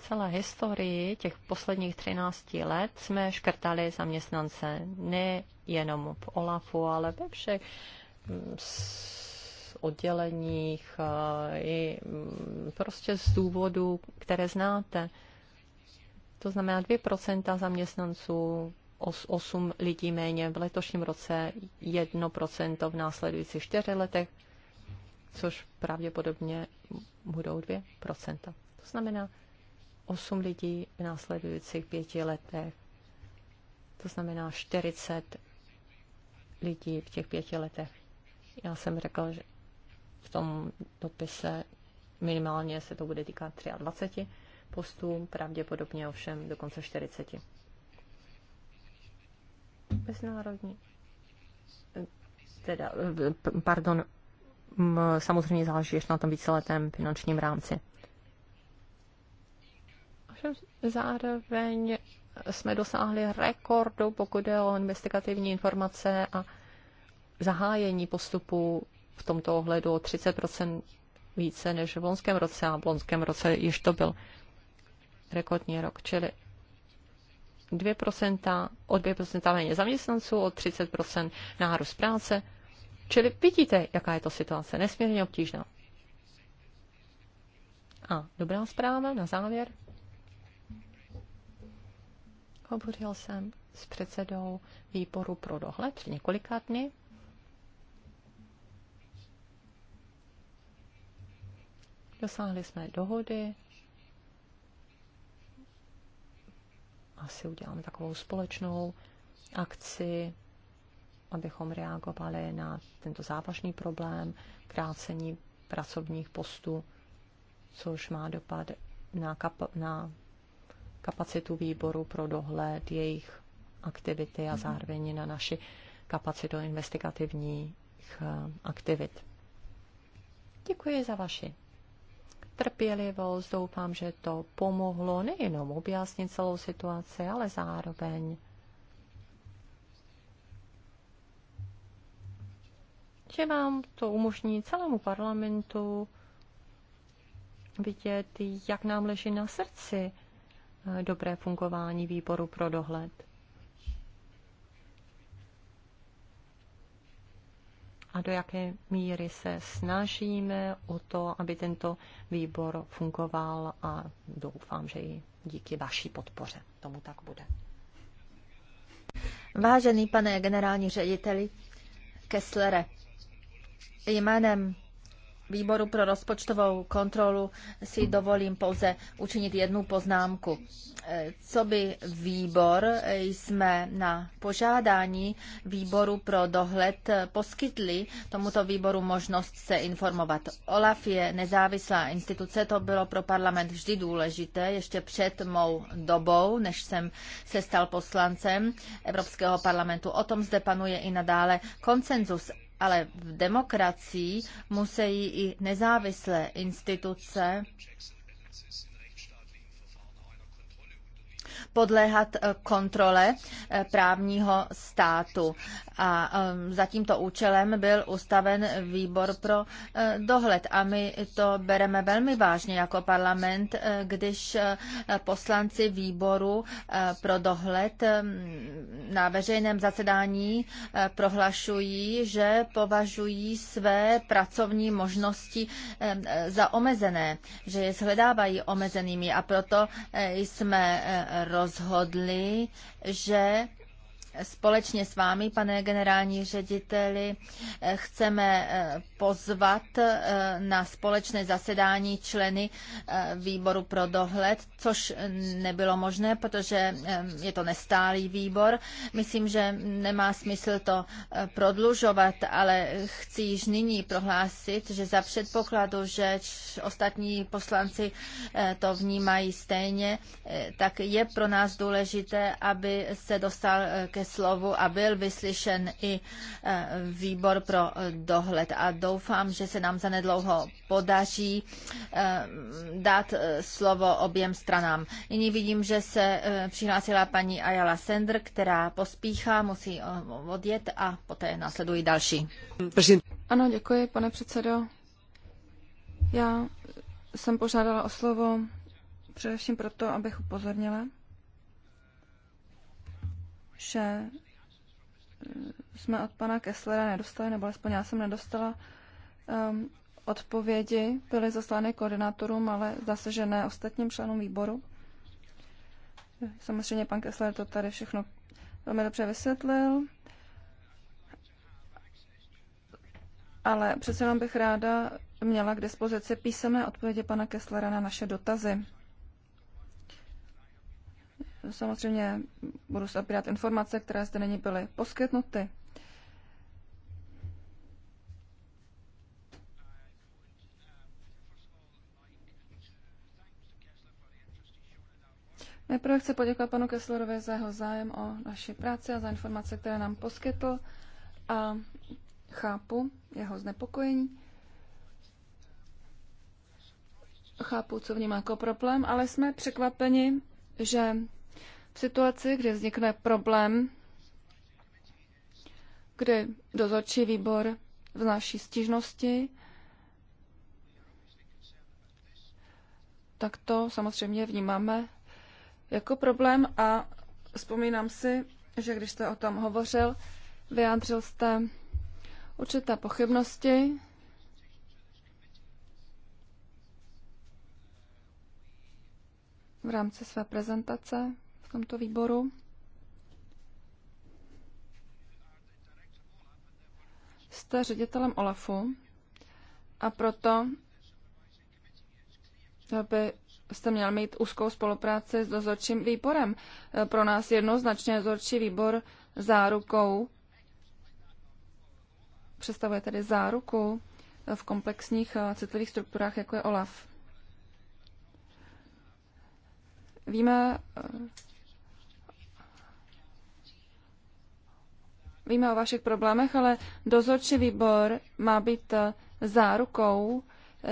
celé historii těch posledních 13 let jsme škrtali zaměstnance nejenom v OLAFu, ale ve všech mm, odděleních i mm, prostě z důvodů, které znáte. To znamená 2% zaměstnanců, 8 lidí méně v letošním roce, 1% v následujících 4 letech, což pravděpodobně budou 2%. To znamená 8 lidí v následujících pěti letech. To znamená 40 lidí v těch pěti letech. Já jsem řekl, že v tom dopise minimálně se to bude týkat 23 postů, pravděpodobně ovšem dokonce 40. Mezinárodní. Teda, eh, pardon, samozřejmě záleží ještě na tom víceletém finančním rámci. Zároveň jsme dosáhli rekordu, pokud je o investigativní informace a zahájení postupu v tomto ohledu o 30 více než v loňském roce a v loňském roce již to byl rekordní rok, čili 2%, o 2% méně zaměstnanců, o 30% nárůst práce. Čili vidíte, jaká je to situace, nesmírně obtížná. A dobrá zpráva na závěr. Hovořil jsem s předsedou výboru pro dohled před několika dny. Dosáhli jsme dohody. Asi uděláme takovou společnou akci, abychom reagovali na tento závažný problém krácení pracovních postů, což má dopad na, kap- na kapacitu výboru pro dohled, jejich aktivity a mhm. zároveň na naši kapacitu investigativních eh, aktivit. Děkuji za vaši trpělivost. Doufám, že to pomohlo nejenom objasnit celou situaci, ale zároveň že vám to umožní celému parlamentu vidět, jak nám leží na srdci dobré fungování výboru pro dohled. A do jaké míry se snažíme o to, aby tento výbor fungoval a doufám, že i díky vaší podpoře tomu tak bude.
Vážený pane generální řediteli Kesslere, jménem výboru pro rozpočtovou kontrolu si dovolím pouze učinit jednu poznámku. E, co by výbor e, jsme na požádání výboru pro dohled e, poskytli tomuto výboru možnost se informovat. OLAF je nezávislá instituce, to bylo pro parlament vždy důležité, ještě před mou dobou, než jsem se stal poslancem Evropského parlamentu. O tom zde panuje i nadále konsenzus ale v demokracii musí i nezávislé instituce podléhat eh, kontrole eh, právního státu. A eh, za tímto účelem byl ustaven výbor pro dohled. A my to bereme velmi vážně jako parlament, když poslanci výboru pro dohled na veřejném zasedání prohlašují, že považují své pracovní možnosti za omezené, že je shledávají omezenými a proto jsme rozhodli, že společně s vámi, pane generální řediteli, eh, chceme eh, pozvat eh, na společné zasedání členy výboru pro dohled, což nebylo možné, protože je to nestálý výbor. Myslím, že nemá smysl to prodlužovat, ale chci již nyní prohlásit, že za předpokladu, že ostatní poslanci to vnímají stejně, tak je pro nás důležité, aby se dostal ke ke slovu a byl vyslyšen i e, výbor pro dohled. A doufám, že se nám zanedlouho podaří e, dát e, slovo oběm stranám. Nyní vidím, že se přihlásila paní Ayala Sender, která pospíchá, musí odjet a poté následují další. Ano, děkuji, pane předsedo.
Já jsem požádala o slovo především proto, abych upozornila, že eh, jsme od pana Kesslera nedostali, nebo alespoň já jsem nedostala um, odpovědi, byly zaslány koordinátorům, ale zase, že ne ostatním členům výboru. Samozřejmě pan Kessler to tady všechno velmi dobře vysvětlil, ale přece jenom bych ráda měla k dispozici písemné odpovědi pana Kesslera na naše dotazy. Samozřejmě budu se opírat informace, které zde není byly poskytnuty. Nejprve chci poděkovat panu Kesslerovi za jeho zájem o naši práci a za informace, které nám poskytl a chápu jeho znepokojení. Chápu, co vnímá jako problém, ale jsme překvapeni, že situaci, kdy vznikne problém, kdy dozorčí výbor vznáší stížnosti, tak to samozřejmě vnímáme jako problém a vzpomínám si, že když jste o tom hovořil, vyjádřil jste určité pochybnosti. V rámci své prezentace tomto výboru. Jste ředitelem OLAFu a proto by jste měl mít úzkou spolupráci s dozorčím výborem. Pro nás jednoznačně dozorčí výbor zárukou představuje tedy záruku v komplexních a citlivých strukturách, jako je OLAF. Víme, Víme o vašich problémech, ale dozorčí výbor má být eh, zárukou,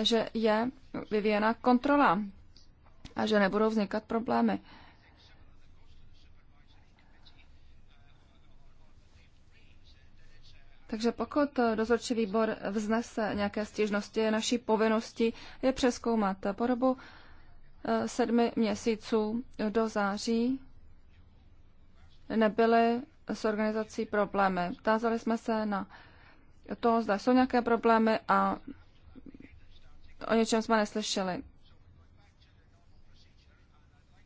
že je vyvíjena kontrola a že nebudou vznikat problémy. Takže pokud eh, dozorčí výbor vznese nějaké stížnosti, je naší povinností je přeskoumat po dobu eh, sedmi měsíců do září nebyly s organizací problémy. Tázali jsme se na to, zda jsou nějaké problémy a o něčem jsme neslyšeli.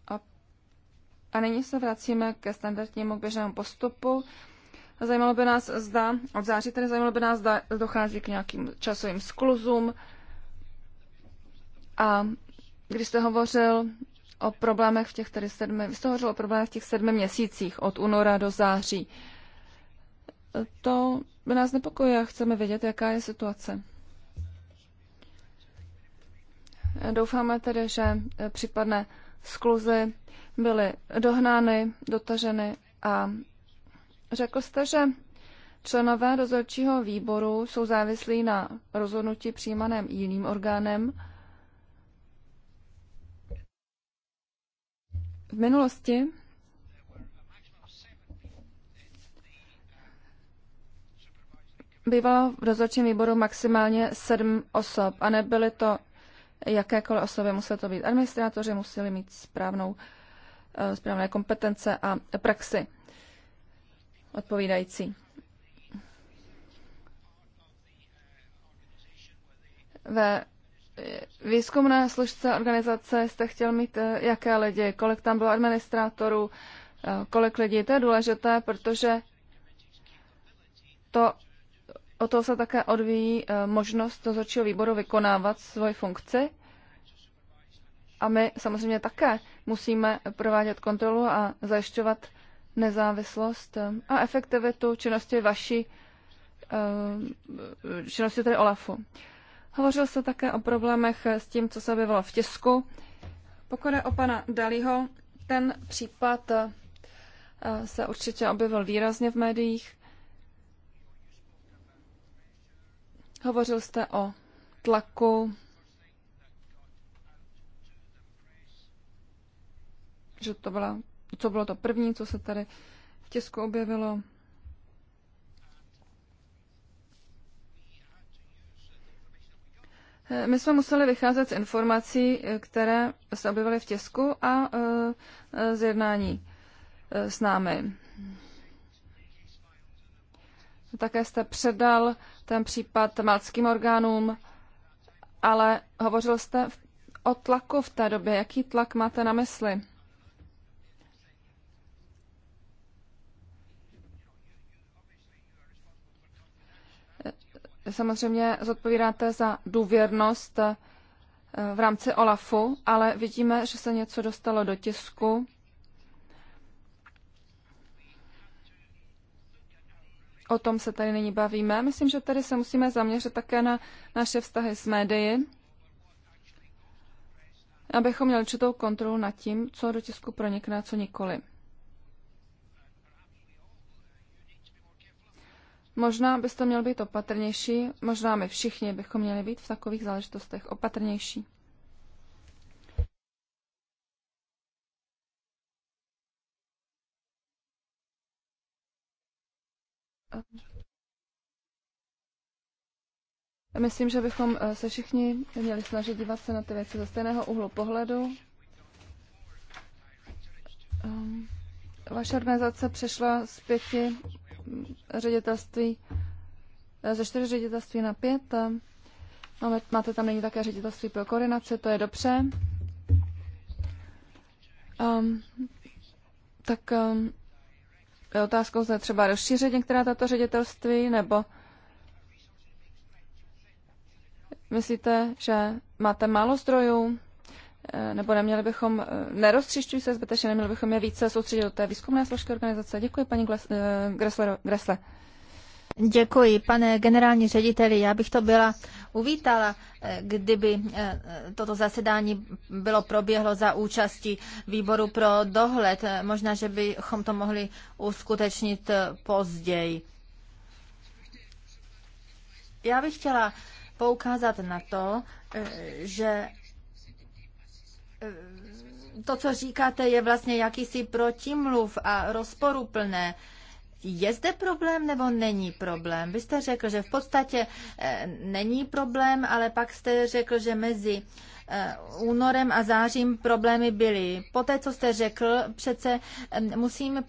A, a nyní se vracíme ke standardnímu běžnému postupu. Zajímalo by nás, zda, od září tedy zajímalo by nás, zda dochází k nějakým časovým skluzům. A když jste hovořil o problémech v těch tedy sedmi, vy jste hovořil o problémech v těch sedmi měsících od února do září. To by nás nepokojí a chceme vědět, jaká je situace. Doufáme tedy, že případné skluzy byly dohnány, dotaženy a řekl jste, že členové dozorčího výboru jsou závislí na rozhodnutí přijímaném jiným orgánem. V minulosti bývalo v dozorčím výboru maximálně sedm osob a nebyly to jakékoliv osoby, museli to být administrátoři, museli mít správnou, eh, správné kompetence a praxi odpovídající. Ve výzkumné složce organizace jste chtěl mít eh, jaké lidi, kolik tam bylo administrátorů, eh, kolik lidí. To je důležité, protože to, o to se také odvíjí eh, možnost dozorčího výboru vykonávat svoji funkci. A my samozřejmě také musíme provádět kontrolu a zajišťovat nezávislost a efektivitu činnosti vaší činnosti tedy OLAFu. Hovořil se také o problémech s tím, co se objevilo v tisku. Pokud je o pana Dalího, ten případ eh, se určitě objevil výrazně v médiích. Hovořil jste o tlaku, že to byla, co bylo to první, co se tady v tisku objevilo. Eh, my jsme museli vycházet z informací, eh, které se objevily v tisku a eh, z jednání s námi. Také jste předal ten případ malckým orgánům, ale hovořil jste o tlaku v té době. Jaký tlak máte na mysli? samozřejmě zodpovídáte za důvěrnost eh, v rámci OLAFu, ale vidíme, že se něco dostalo do tisku. O tom se tady nyní bavíme. Myslím, že tady se musíme zaměřit také na naše vztahy s médii, abychom měli určitou kontrolu nad tím, co do tisku pronikne a co nikoli. Možná byste měl být opatrnější, možná my všichni bychom měli být v takových záležitostech opatrnější. Myslím, že bychom eh, se všichni měli snažit dívat se na ty věci ze stejného úhlu pohledu. Ehm, vaše organizace přešla z pěti ředitelství, eh, ze čtyř ředitelství na pět. Eh, máme, máte tam nyní také ředitelství pro koordinaci, to je dobře. Um, tak um, je otázkou, zda třeba rozšířit některá tato ředitelství, nebo myslíte, že máte málo zdrojů? Eh, nebo neměli bychom, eh, neroztřišťují se zbytečně, neměli bychom je více soustředit do té výzkumné složky organizace. Děkuji, paní eh, Gresle.
Děkuji, pane generální řediteli. Já bych to byla
uvítala,
kdyby toto zasedání bylo proběhlo za účasti výboru pro dohled. Možná, že bychom to mohli uskutečnit později. Já bych chtěla poukázat na to, že to, co říkáte, je vlastně jakýsi protimluv a rozporuplné. Je zde problém nebo není problém? Vy jste řekl, že v podstatě eh, není problém, ale pak jste řekl, že mezi eh, únorem a zářím problémy byly. Poté, co jste řekl, přece eh, musím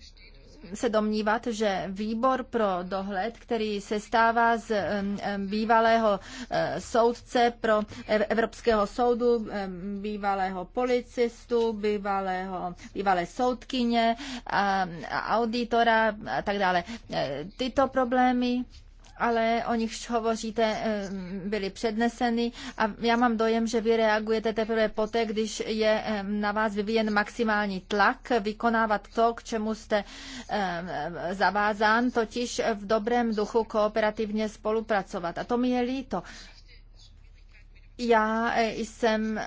se domnívat, že výbor pro dohled, který se stává z bývalého e, soudce pro Evropského soudu, bývalého policistu, bývalého, bývalé soudkyně, auditora a tak dále. E, tyto problémy ale o nich hovoříte, eh, byly předneseny a já mám dojem, že vy reagujete teprve poté, když je eh, na vás vyvíjen maximální tlak vykonávat to, k čemu jste eh, zavázán, totiž v dobrém duchu kooperativně spolupracovat. A to mi je líto. Já jsem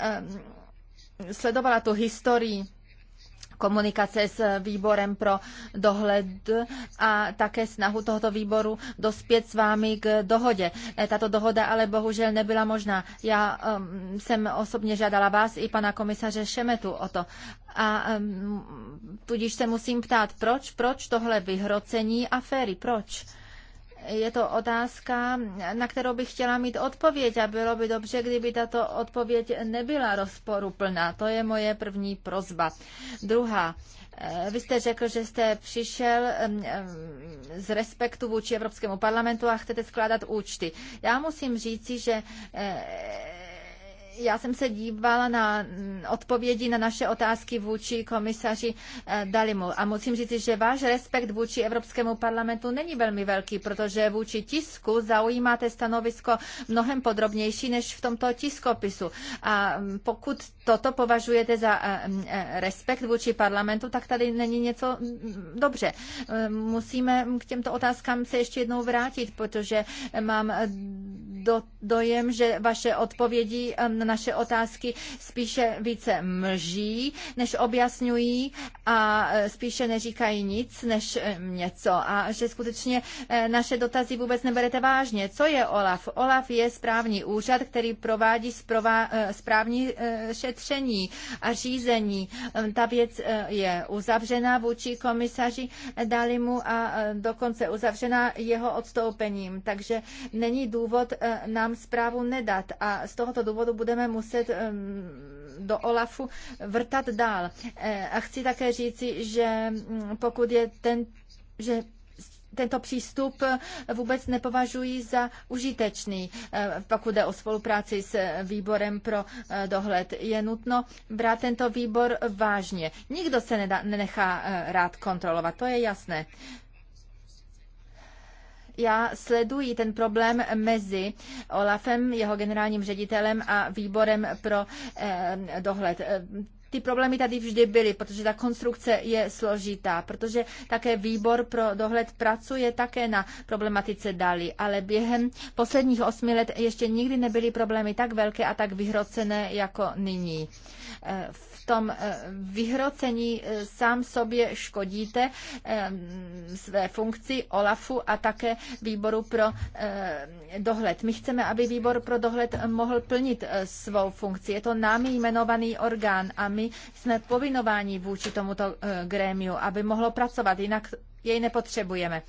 sledovala tu historii komunikace s výborem pro dohled a také snahu tohoto výboru dospět s vámi k dohodě. E, tato dohoda ale bohužel nebyla možná. Já um, jsem osobně žádala vás i pana komisaře Šemetu o to. A um, tudíž se musím ptát, proč, proč tohle vyhrocení aféry, proč? Je to otázka, na kterou bych chtěla mít odpověď a bylo by dobře, kdyby tato odpověď nebyla rozporuplná. To je moje první prozba. Druhá. Eh, vy jste řekl, že jste přišel z respektu vůči Evropskému parlamentu a chcete skládat účty. Já musím říci, že eh, já jsem se dívala na mm, odpovědi na naše otázky vůči komisaři eh, Dalimu a musím říct, že váš respekt vůči Evropskému parlamentu není velmi velký, protože vůči tisku zaujímáte stanovisko mnohem podrobnější než v tomto tiskopisu. A mm, pokud toto považujete za eh, mm, eh, respekt vůči parlamentu, tak tady není něco dobře. Musíme k těmto otázkám se ještě jednou vrátit, protože mám do, dojem, že vaše odpovědi naše otázky spíše více mlží, než objasňují a e, spíše neříkají nic, než e, něco. A že skutečně e, naše dotazy vůbec neberete vážně. Co je OLAF? OLAF je správní úřad, který provádí zprová, správní šetření a řízení. Ta věc je uzavřená vůči komisaři Dalimu a dokonce uzavřená jeho odstoupením. Takže není důvod nám zprávu nedat a z tohoto důvodu budeme budeme muset do OLAFu vrtat dál. E, a chci také říci, že mm, pokud je ten, že tento přístup vůbec nepovažuji za užitečný, e, pokud jde o spolupráci s výborem pro e, dohled. Je nutno brát tento výbor vážně. Nikdo se nenechá rád kontrolovat, to je jasné já sleduji ten problém mezi Olafem, jeho generálním ředitelem a výborem pro eh, dohled eh, ty problémy tady vždy byly, protože ta konstrukce je složitá, protože také výbor pro dohled pracuje také na problematice Dali, ale během posledních osmi let ještě nikdy nebyly problémy tak velké a tak vyhrocené jako nyní v tom eh, vyhrocení eh, sám sobě škodíte eh, své funkci OLAFu a také výboru pro dohled. My chceme, aby výbor pro dohled mohl plnit svou funkci. Je to námi jmenovaný orgán a my jsme povinováni vůči tomuto grémiu, aby mohlo pracovat, jinak jej nepotřebujeme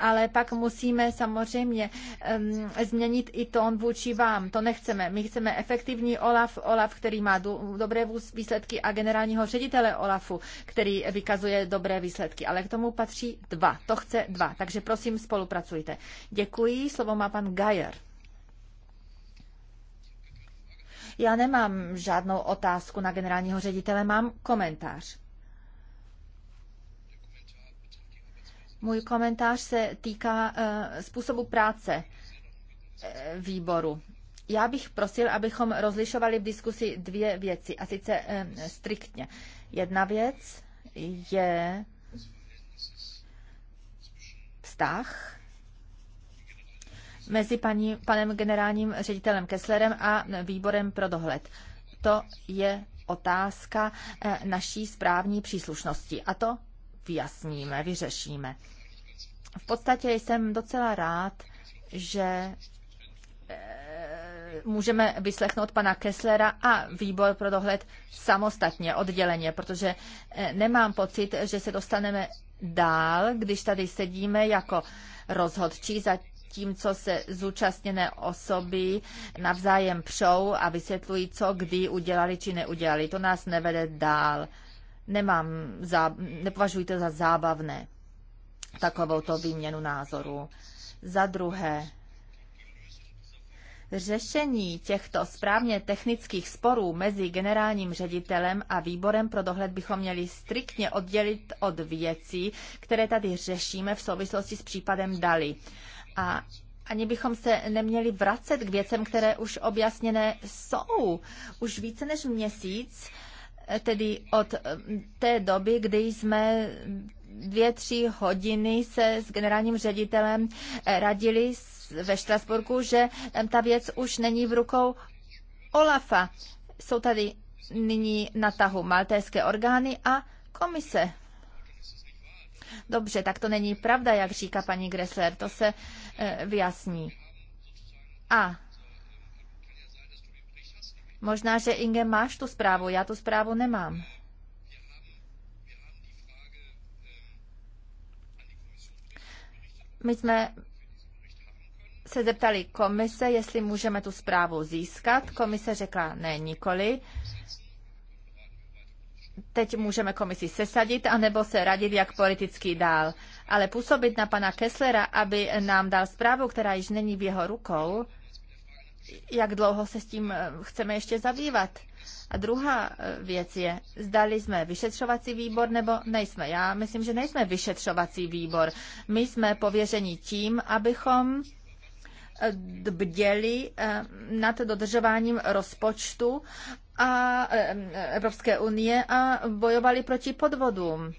ale pak musíme samozřejmě um, změnit i tón vůči vám. To nechceme. My chceme efektivní OLAF, OLAF, který má dobré výsledky a generálního ředitele OLAFu, který vykazuje dobré výsledky. Ale k tomu patří dva. To chce dva. Takže prosím, spolupracujte. Děkuji. Slovo má pan Gajer. Já nemám žádnou otázku na generálního ředitele, mám komentář. Můj komentář se týká eh, způsobu práce eh, výboru. Já bych prosil, abychom rozlišovali v diskusi dvě věci, a sice eh, striktně. Jedna věc je vztah mezi paní, panem generálním ředitelem Kesslerem a výborem pro dohled. To je otázka naší správní příslušnosti. A to vyjasníme, vyřešíme. V podstatě jsem docela rád, že eh, můžeme vyslechnout pana Kesslera a výbor pro dohled samostatně, odděleně, protože eh, nemám pocit, že se dostaneme dál, když tady sedíme jako rozhodčí, zatímco se zúčastněné osoby navzájem přou a vysvětlují, co kdy udělali či neudělali. To nás nevede dál nemám, zá, nepovažuji to za zábavné, to výměnu názoru. Za druhé, Řešení těchto správně technických sporů mezi generálním ředitelem a výborem pro dohled bychom měli striktně oddělit od věcí, které tady řešíme v souvislosti s případem Dali. A ani bychom se neměli vracet k věcem, které už objasněné jsou. Už více než měsíc tedy od té doby, kdy jsme dvě, tři hodiny se s generálním ředitelem eh, radili ve Štrasburku, že ta věc už není v rukou Olafa. Jsou tady nyní na tahu maltéské orgány a komise. Dobře, tak to není pravda, jak říká paní Gressler, to se eh, vyjasní. A Možná, že Inge máš tu zprávu, já tu zprávu nemám. My jsme se zeptali komise, jestli můžeme tu zprávu získat. Komise řekla ne, nikoli. Teď můžeme komisi sesadit, anebo se radit, jak politicky dál. Ale působit na pana Kesslera, aby nám dal zprávu, která již není v jeho rukou, jak dlouho se s tím eh, chceme ještě zabývat. A druhá eh, věc je, zdali jsme vyšetřovací výbor nebo nejsme. Já myslím, že nejsme vyšetřovací výbor. My jsme pověřeni tím, abychom eh, bděli nad dodržováním rozpočtu a Evropské unie a bojovali proti podvodům.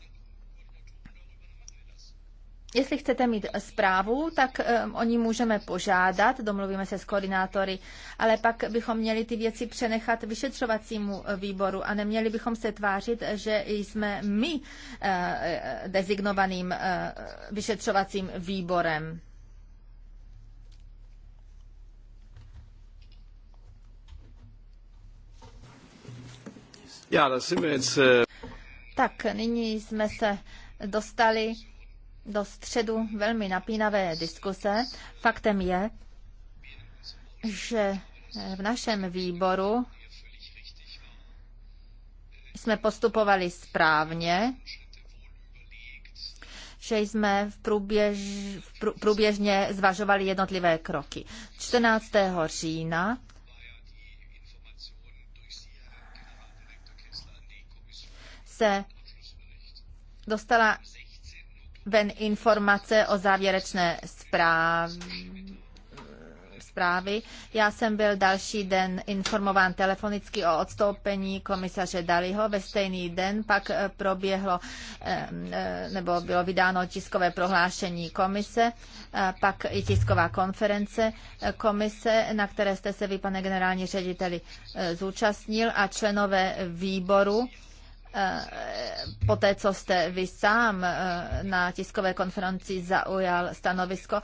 Jestli chcete mít zprávu, tak um, o ní můžeme požádat, domluvíme se s koordinátory, ale pak bychom měli ty věci přenechat vyšetřovacímu eh, výboru a neměli bychom se tvářit, že jsme my uh, designovaným uh, vyšetřovacím výborem. Já, Tak, nyní jsme se dostali do středu velmi napínavé diskuse. Faktem je, že v našem výboru jsme postupovali správně, že jsme v průběž, v průběžně zvažovali jednotlivé kroky. 14. října se dostala ven informace o závěrečné zprávě zprávy. Já jsem byl další den informován telefonicky o odstoupení komisaře Daliho. Ve stejný den pak eh, proběhlo eh, nebo bylo vydáno tiskové prohlášení komise, eh, pak i tisková konference komise, na které jste se vy, pane generální řediteli, zúčastnil a členové výboru Eh, po té, co jste vy sám eh, na tiskové konferenci zaujal stanovisko,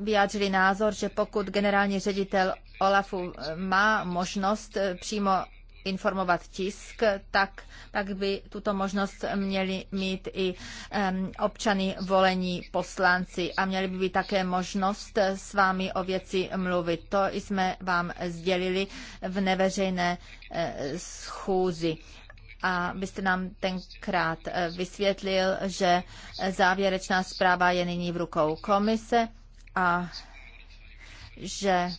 vyjádřili názor, že pokud generální ředitel Olafu eh, má možnost přímo informovat tisk, tak, tak by tuto možnost měli mít i um, občany volení poslanci a měli by být také možnost s vámi o věci mluvit. To jsme vám sdělili v neveřejné uh, schůzi a byste nám tenkrát eh, vysvětlil, že závěrečná zpráva je nyní v rukou komise a že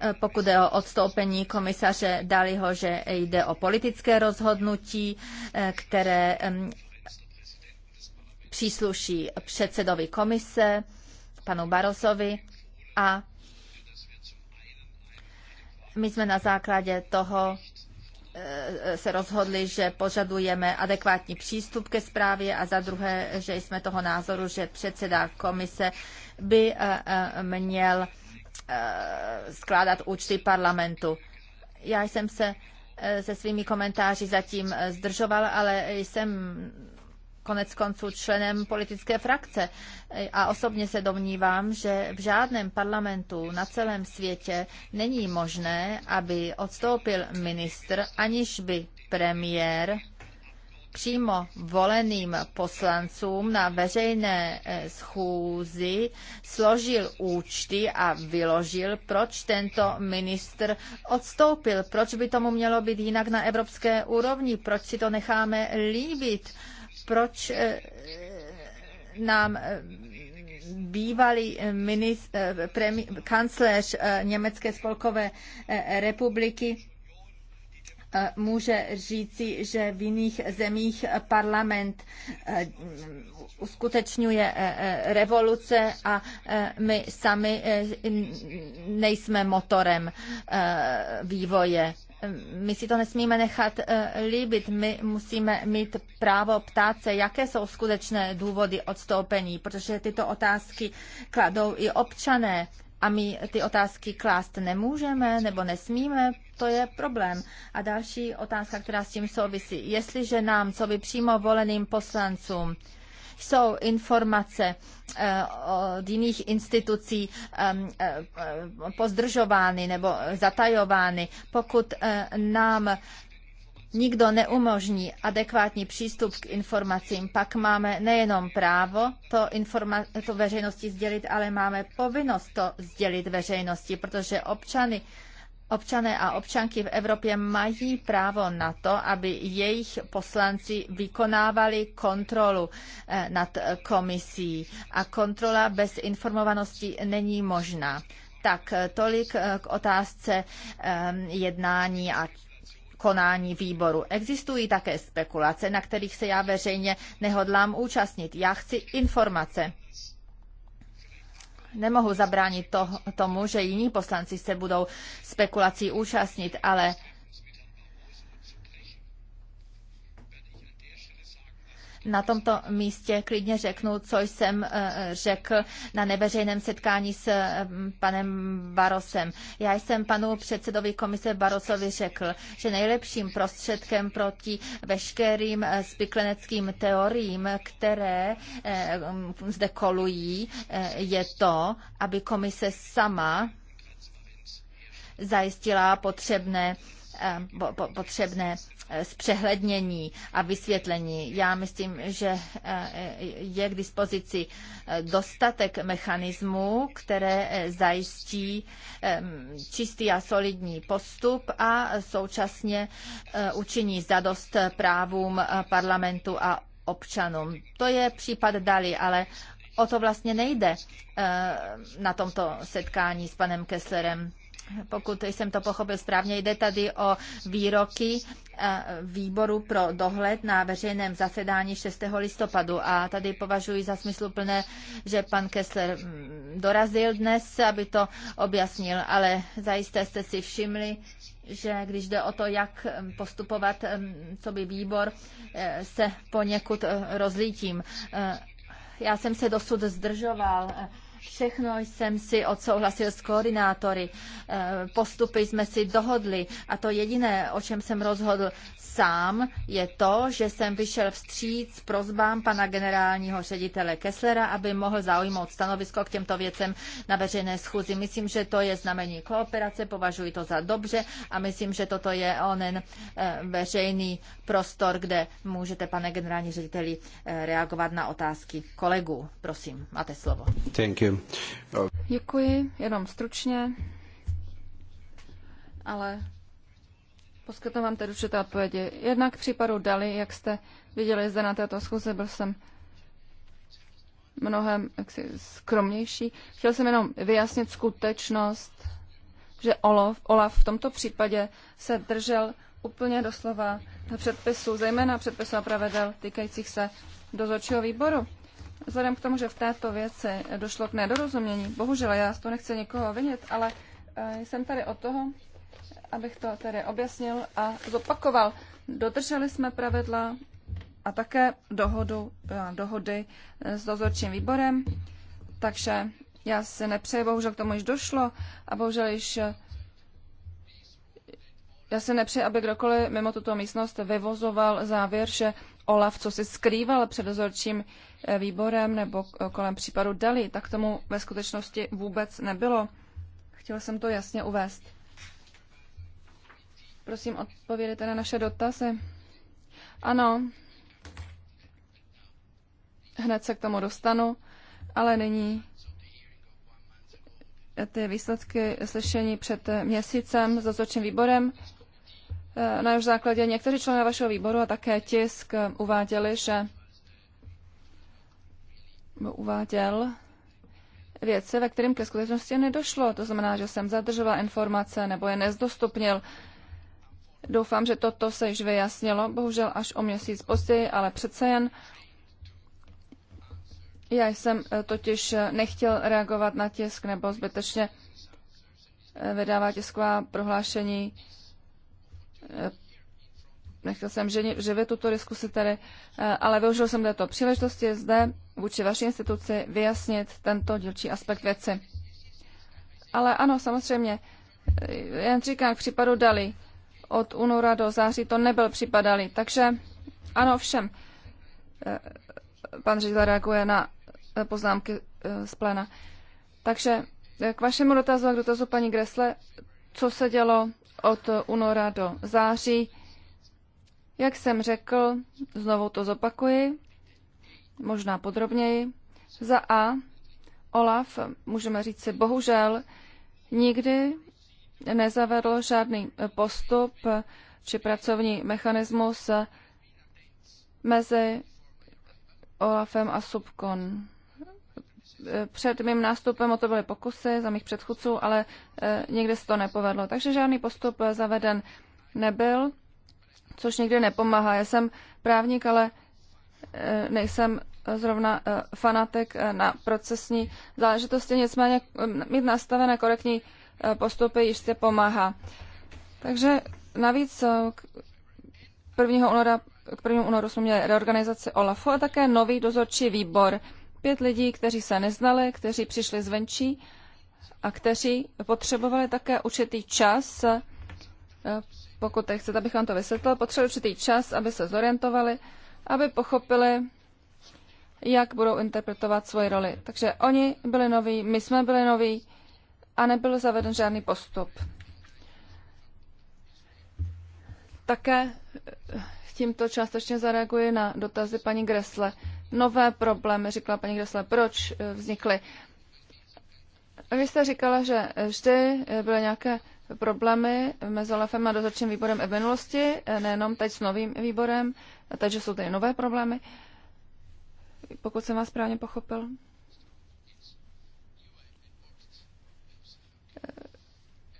Eh, pokud je o odstoupení komisaře Daliho, že jde o politické rozhodnutí, eh, které přísluší předsedovi komise, panu Barosovi a my jsme na základě toho eh, se rozhodli, že požadujeme adekvátní přístup ke zprávě a za druhé, že jsme toho názoru, že předseda komise by měl Eh, skládat účty parlamentu. Já jsem se eh, se svými komentáři zatím eh, zdržoval, ale jsem konec konců členem politické frakce a osobně se domnívám, že v žádném parlamentu na celém světě není možné, aby odstoupil ministr, aniž by premiér přímo voleným poslancům na veřejné eh, schůzi složil účty a vyložil, proč tento ministr odstoupil, proč by tomu mělo být jinak na evropské úrovni, proč si to necháme líbit, proč eh, nám eh, bývalý kancléř Německé spolkové republiky E, může říci, že v jiných zemích parlament e, uskutečňuje e, revoluce a my sami nejsme motorem vývoje my si to nesmíme nechat líbit. My musíme mít právo ptát se, jaké jsou skutečné důvody odstoupení, protože tyto otázky kladou i občané a my ty otázky klást nemůžeme nebo nesmíme, to je problém. A další otázka, která s tím souvisí. Jestliže nám, co by přímo voleným poslancům, jsou informace eh, od jiných institucí eh, eh, pozdržovány nebo zatajovány. Pokud nám nikdo neumožní adekvátní přístup k informacím, pak máme nejenom právo to, informa- to veřejnosti sdělit, ale máme povinnost to sdělit veřejnosti, protože občany Občané a občanky v Evropě mají právo na to, aby jejich poslanci vykonávali kontrolu eh, nad komisí a kontrola bez informovanosti není možná. Tak eh, tolik eh, k otázce jednání a konání výboru. Existují také spekulace, na kterých se já veřejně nehodlám účastnit. Já chci informace nemohu zabránit to, tomu, že jiní poslanci se budou spekulací účastnit, ale na tomto místě klidně řeknu, co jsem eh, řekl na neveřejném setkání s eh, panem Barosem. Já jsem panu předsedovi komise Barosovi řekl, že nejlepším prostředkem proti veškerým eh, spikleneckým teoriím, které zde kolují, je to, aby komise sama zajistila potřebné potřebné Eh, zpřehlednění a vysvětlení. Já myslím, že eh, je k dispozici eh, dostatek mechanismů, které zajistí čistý a solidní postup a současně učiní zadost právům parlamentu a občanům. To je případ Dali, ale o to vlastně nejde na tomto setkání s panem Kesslerem. Pokud jsem to pochopil správně, jde tady o výroky eh, výboru pro dohled na veřejném zasedání 6. listopadu. A tady považuji za smysluplné, že pan Kessler mm, dorazil dnes, aby to objasnil, ale zajisté jste si všimli, že když jde o to, jak mm, postupovat, mm, co by výbor, eh, se poněkud eh, rozlítím. Já jsem se dosud zdržoval Všechno jsem si odsouhlasil s koordinátory. Eh, postupy jsme si dohodli a to jediné, o čem jsem rozhodl, sám, je to, že jsem vyšel vstříc prozbám pana generálního ředitele Kesslera, aby mohl zaujmout stanovisko k těmto věcem na veřejné schůzi. Myslím, že to je znamení kooperace, považuji to za dobře a myslím, že toto je onen eh, veřejný prostor, kde můžete, pane generální řediteli, eh, reagovat na otázky kolegů. Prosím, máte slovo.
Thank you.
Děkuji, jenom stručně, ale Poskytnu vám tedy určité odpovědi. Jednak v případu Dali, jak jste viděli zde na této schůze, byl jsem mnohem jaksi, skromnější. Chtěl jsem jenom vyjasnit skutečnost, že Olaf, Olaf v tomto případě se držel úplně doslova předpisů, zejména předpisů a pravidel týkajících se dozorčího výboru. Vzhledem k tomu, že v této věci došlo k nedorozumění, bohužel já z toho nechci nikoho vinit, ale eh, jsem tady od toho, abych to tedy objasnil a zopakoval. Dodrželi jsme pravidla a také dohodu, eh, dohody s dozorčím výborem, takže já se nepřeji, bohužel k tomu již došlo a bohužel již eh, já se nepřeji, aby kdokoliv mimo tuto místnost vyvozoval závěr, že Olaf, co si skrýval před dozorčím eh, výborem nebo kolem případu Dali, tak tomu ve skutečnosti vůbec nebylo. Chtěl jsem to jasně uvést. Prosím, odpovědete na naše dotazy. Ano, hned se k tomu dostanu, ale nyní ty výsledky slyšení před měsícem s dozorčím výborem. Eh, na jeho základě někteří členové vašeho výboru a také tisk uváděli, že uváděl věci, ve kterým ke skutečnosti nedošlo. To znamená, že jsem zadržoval informace nebo je nezdostupnil. Doufám, že toto se již vyjasnilo, bohužel až o měsíc později, ale přece jen. Já jsem eh, totiž eh, nechtěl reagovat na tisk nebo zbytečně eh, vydávat tisková prohlášení. Nechtěl jsem živit tuto diskusi tady, ale využil jsem této příležitosti zde vůči vaší instituci vyjasnit tento dílčí aspekt věci. Ale ano, samozřejmě, jen říkám k případu Dali od února do září to nebyl připadalý. Takže ano, všem. Eh, pan ředitel reaguje na eh, poznámky eh, z pléna. Takže k vašemu dotazu a k dotazu paní Gresle, co se dělo od února do září. Jak jsem řekl, znovu to zopakuji, možná podrobněji. Za A, Olaf, můžeme říct si bohužel, nikdy nezavedl žádný postup či pracovní mechanismus mezi Olafem a Subkon. Před mým nástupem o to byly pokusy za mých předchůdců, ale eh, nikdy se to nepovedlo. Takže žádný postup zaveden nebyl, což nikdy nepomáhá. Já jsem právník, ale eh, nejsem zrovna eh, fanatik na procesní záležitosti, nicméně mm, mít nastavené korektní Eh, postupy se pomáhá. Takže navíc eh, k 1. února k 1. únoru jsme měli reorganizaci OLAFu a také nový dozorčí výbor. Pět lidí, kteří se neznali, kteří přišli zvenčí a kteří potřebovali také určitý čas, eh, pokud chcete, abych vám to vysvětlil, potřebovali určitý čas, aby se zorientovali, aby pochopili, jak budou interpretovat svoji roli. Takže oni byli noví, my jsme byli noví, a nebyl zaveden žádný postup. Také eh, tímto částečně zareaguji na dotazy paní Gresle. Nové problémy, říkala paní Gresle, proč eh, vznikly? Vy jste říkala, že vždy eh, byly nějaké problémy mezi LFM a dozorčím výborem v minulosti, nejenom teď s novým výborem, takže jsou tady nové problémy, pokud jsem vás správně pochopil.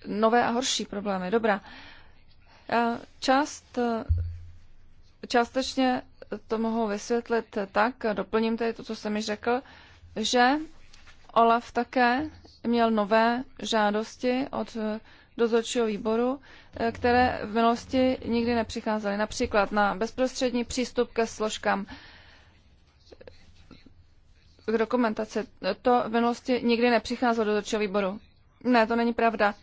nové a horší problémy. Dobrá. Část, částečně to mohu vysvětlit tak, doplním tady to, co jsem mi řekl, že Olaf také měl nové žádosti od dozorčího výboru, e, které v minulosti nikdy nepřicházely. Například na bezprostřední přístup ke složkám k dokumentaci. To v minulosti nikdy nepřicházelo do dozorčího výboru. Ne, to není pravda.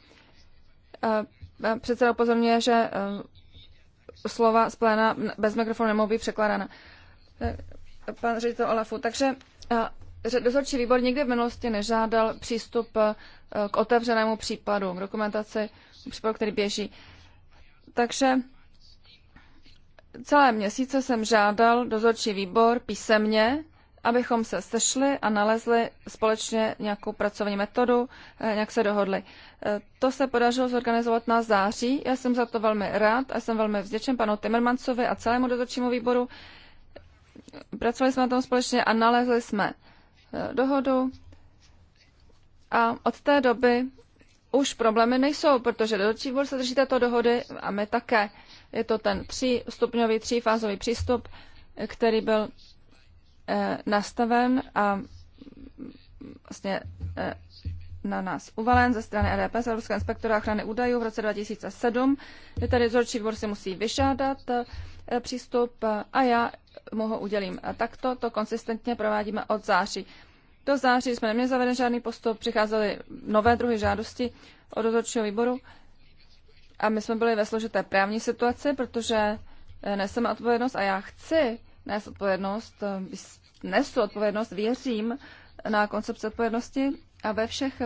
Eh, eh, předseda upozorňuje, že eh, slova z pléna bez mikrofonu nemohou být překládána. Pan ředitel Olafu, takže dozorčí výbor nikdy v minulosti nežádal přístup k otevřenému případu, k dokumentaci případu, který běží. Takže celé měsíce jsem žádal dozorčí výbor písemně abychom se sešli a nalezli společně nějakou pracovní metodu, eh, nějak se dohodli. Eh, to se podařilo zorganizovat na září. Já jsem za to velmi rád a jsem velmi vděčen panu Timmermansovi a celému dozorčímu výboru. Pracovali jsme na tom společně a nalezli jsme eh, dohodu. A od té doby už problémy nejsou, protože dozorčí výbor se drží této dohody a my také. Je to ten třístupňový, třífázový přístup, který byl Eh, nastaven a vlastně eh, na nás uvalen ze strany EDP, z Evropského inspektora ochrany údajů v roce 2007, kdy tady dozorčí výbor si musí vyžádat eh, přístup a já mu ho udělím. A takto to konsistentně provádíme od září. Do září jsme neměli zaveden žádný postup, přicházely nové druhy žádosti od dozorčího výboru a my jsme byli ve složité právní situaci, protože neseme odpovědnost a já chci nést odpovědnost, eh, nesu odpovědnost, věřím na koncepci odpovědnosti a ve všech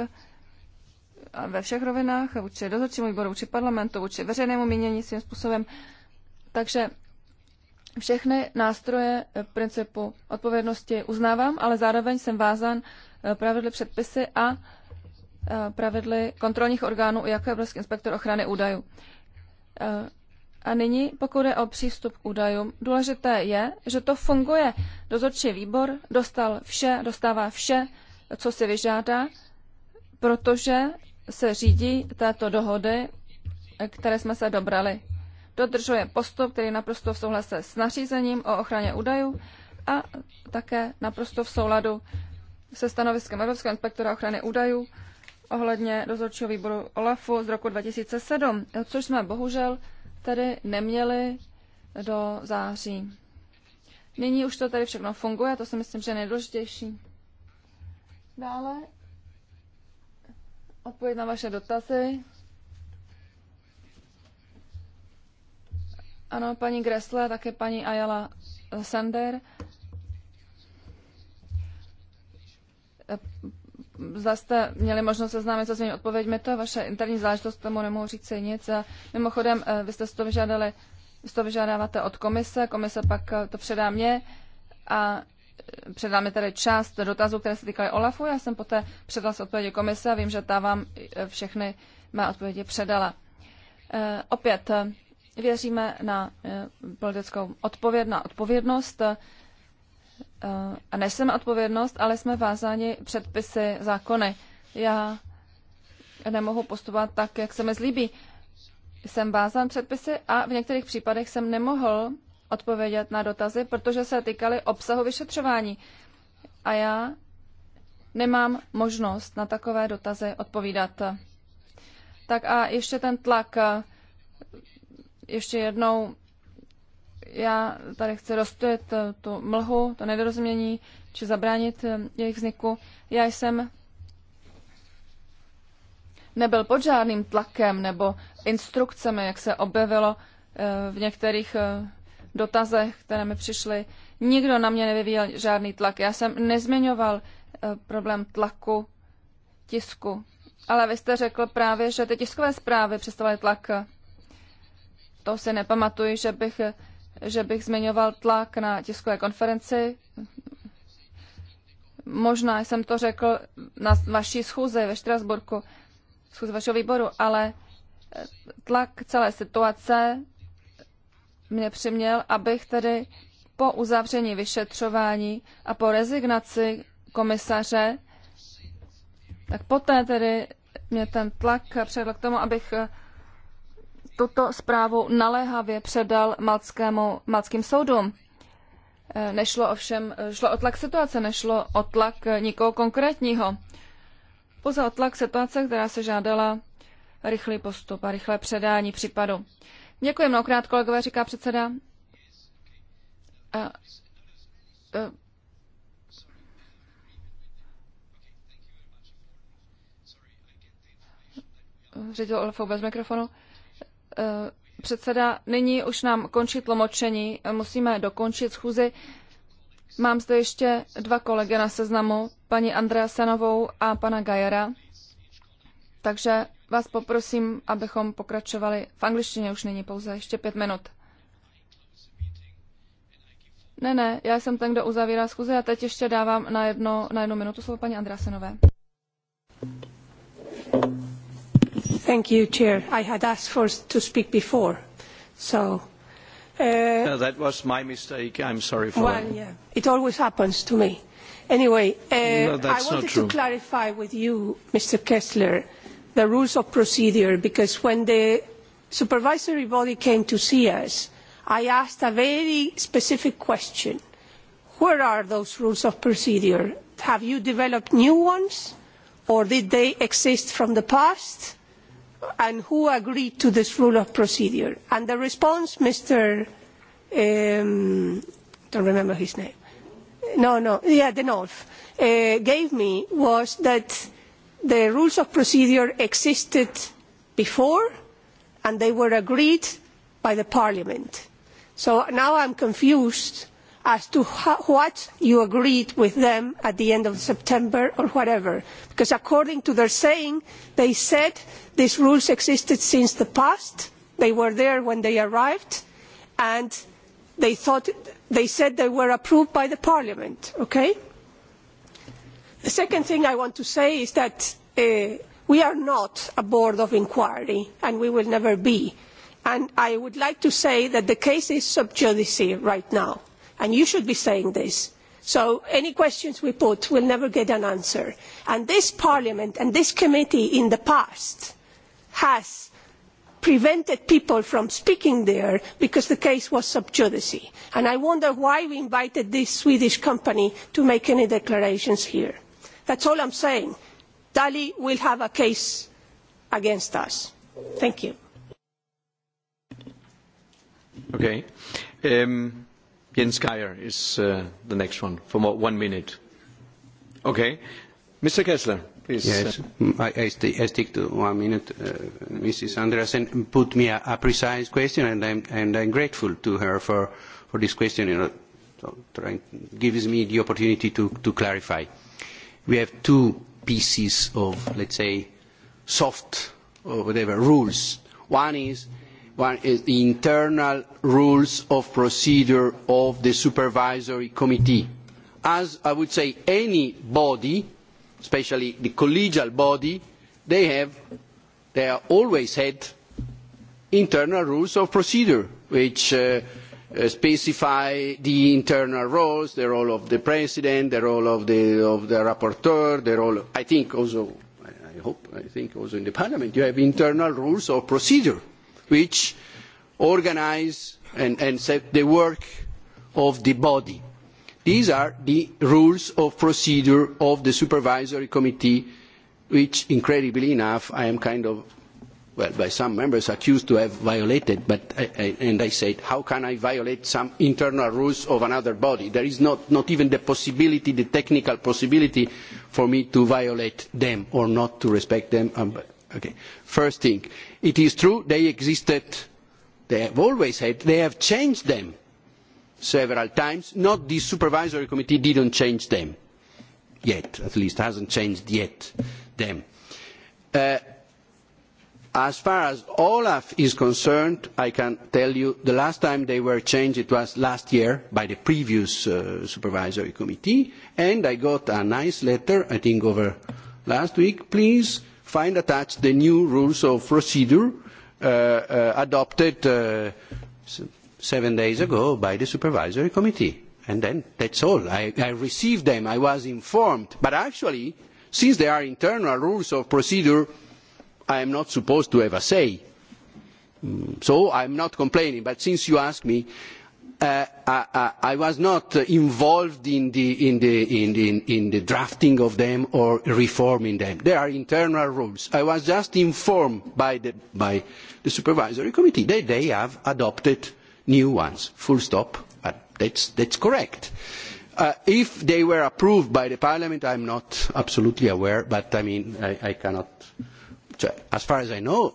a ve všech rovinách, vůči dozorčímu výboru, vůči parlamentu, vůči veřejnému mínění svým způsobem. Takže všechny nástroje eh, principu odpovědnosti uznávám, ale zároveň jsem vázan eh, pravidly předpisy a pravidly kontrolních orgánů, jako je Evropský inspektor ochrany údajů. A nyní, pokud je o přístup k údajům, důležité je, že to funguje. Dozorčí výbor dostal vše, dostává vše, co si vyžádá, protože se řídí této dohody, které jsme se dobrali. Dodržuje postup, který naprosto v souhlase s nařízením o ochraně údajů a také naprosto v souladu se stanoviskem Evropského inspektora ochrany údajů ohledně dozorčího výboru OLAFu z roku 2007, což jsme bohužel tedy neměli do září. Nyní už to tady všechno funguje, to si myslím, že je nejdůležitější. Dále odpověď na vaše dotazy. Ano, paní Gressle, také paní Ayala Sander. Zda jste měli možnost seznámit se svými odpověďmi, to je vaše interní záležitost, tomu nemohu říct si nic. A mimochodem, eh, vy jste to vyžádali, vy to vyžádáváte od komise, komise pak eh, to předá mě a eh, předá mi tady část dotazů, které se týkaly OLAFu. Já jsem poté předala se odpovědi komise a vím, že ta vám všechny má odpovědi předala. Opět věříme na politickou odpověd, na odpovědnost. Eh, a neseme odpovědnost, ale jsme vázáni předpisy, zákony. Já nemohu postupovat tak, jak se mi zlíbí. Jsem vázán předpisy a v některých případech jsem nemohl odpovědět na dotazy, protože se týkaly obsahu vyšetřování. A já nemám možnost na takové dotazy odpovídat. Tak a ještě ten tlak. Ještě jednou já tady chci rozptýlit eh, tu mlhu, to nedorozumění, či zabránit eh, jejich vzniku. Já jsem nebyl pod žádným tlakem nebo instrukcemi, jak se objevilo eh, v některých dotazech, které mi přišly. Nikdo na mě nevyvíjel žádný tlak. Já jsem nezmiňoval problém tlaku tisku. Ale vy jste řekl právě, že ty tiskové zprávy představily tlak. To si nepamatuji, že bych že bych zmiňoval tlak na tiskové konferenci. Možná jsem to řekl na vaší schůzi ve Štrasburku, schůze vašeho výboru, ale eh, tlak celé situace mě přiměl, abych tedy po uzavření vyšetřování a po rezignaci komisaře, tak poté tedy mě ten tlak přivedl k tomu, abych eh, tuto zprávu naléhavě předal malckému, malckým soudům. E, nešlo ovšem, e, šlo o tlak situace, nešlo o tlak e, nikoho konkrétního. Pouze o tlak situace, která se žádala rychlý postup a rychlé předání případu. Děkuji mnohokrát, kolegové, říká předseda. A, a, ředitel Olafou bez mikrofonu. Eh, předseda, nyní už nám končí tlumočení, eh, musíme dokončit schůzi. Mám zde ještě dva kolegy na seznamu, paní Andrea Senovou a pana Gajera. Takže vás poprosím, abychom pokračovali v angličtině už není pouze ještě pět minut. Ne, ne, já jsem ten, kdo uzavírá schůze a teď ještě dávám na, jedno, na jednu minutu slovo paní Andrasenové.
Thank you. Thank you, Chair. I had asked for to speak before, so. Uh,
no, that was my mistake. I'm sorry for well, that. Well,
yeah, it always happens to me. Anyway, uh, no, I wanted to clarify with you, Mr. Kessler, the rules of procedure because when the supervisory body came to see us, I asked a very specific question. Where are those rules of procedure? Have you developed new ones or did they exist from the past? and who agreed to this rule of procedure? And the response, Mr. Um, don't remember his name. No, no, yeah, Denolf uh, gave me was that the rules of procedure existed before and they were agreed by the parliament. So now I'm confused as to how, what you agreed with them at the end of September or whatever. Because according to their saying, they said these rules existed since the past. They were there when they arrived, and they thought they said they were approved by the Parliament. Okay. The second thing I want to say is that uh, we are not a board of inquiry, and we will never be. And I would like to say that the case is sub judice right now and you should be saying this. So any questions we put will never get an answer. And this Parliament and this committee in the past has prevented people from speaking there because the case was sub judice. And I wonder why we invited this Swedish company to make any declarations here. That's all I'm saying. Dali will have a case against us. Thank you.
Okay. Um Jens Geier is uh, the next
one for more, one minute. Okay. Mr. Kessler, please. Yes, I, I, st I stick to one minute. Uh, Mrs. Andreasen put me a, a precise question, and I'm, and I'm grateful to her for, for this question. You know, so trying, gives me the opportunity to, to clarify. We have two pieces of, let's say, soft or whatever rules. One is the internal rules of procedure of the supervisory committee. As I would say, any body, especially the collegial body, they have, they always had internal rules of procedure, which uh, Uh, specify the internal roles, the role of the president, the role of the, of the rapporteur, the role. I think also, I, I hope, I think also in the parliament, you have internal rules of procedure which organise and, and set the work of the body. These are the rules of procedure of the supervisory committee, which, incredibly enough, I am kind of, well, by some members accused to have violated, but I, I, and I said, how can I violate some internal rules of another body? There is not, not even the possibility, the technical possibility for me to violate them or not to respect them. Um, okay. First thing it is true they existed they have always had they have changed them several times not the supervisory committee didn't change them yet at least hasn't changed yet them uh, as far as olaf is concerned i can tell you the last time they were changed it was last year by the previous uh, supervisory committee and i got a nice letter i think over last week please find attached the new rules of procedure uh, uh, adopted uh, seven days ago by the supervisory committee. And then that's all. I, I received them. I was informed. But actually, since they are internal rules of procedure, I am not supposed to have a say. Mm, so I'm not complaining. But since you ask me, Uh, I, uh, uh, I was not involved in the, in, the, in, the, in the drafting of them or reforming them. There are internal rules. I was just informed by the, by the supervisory committee that they have adopted new ones. Full stop. Uh, that's, that's correct. Uh, if they were approved by the parliament, I'm not absolutely aware, but I mean, I, I cannot. As far as I know,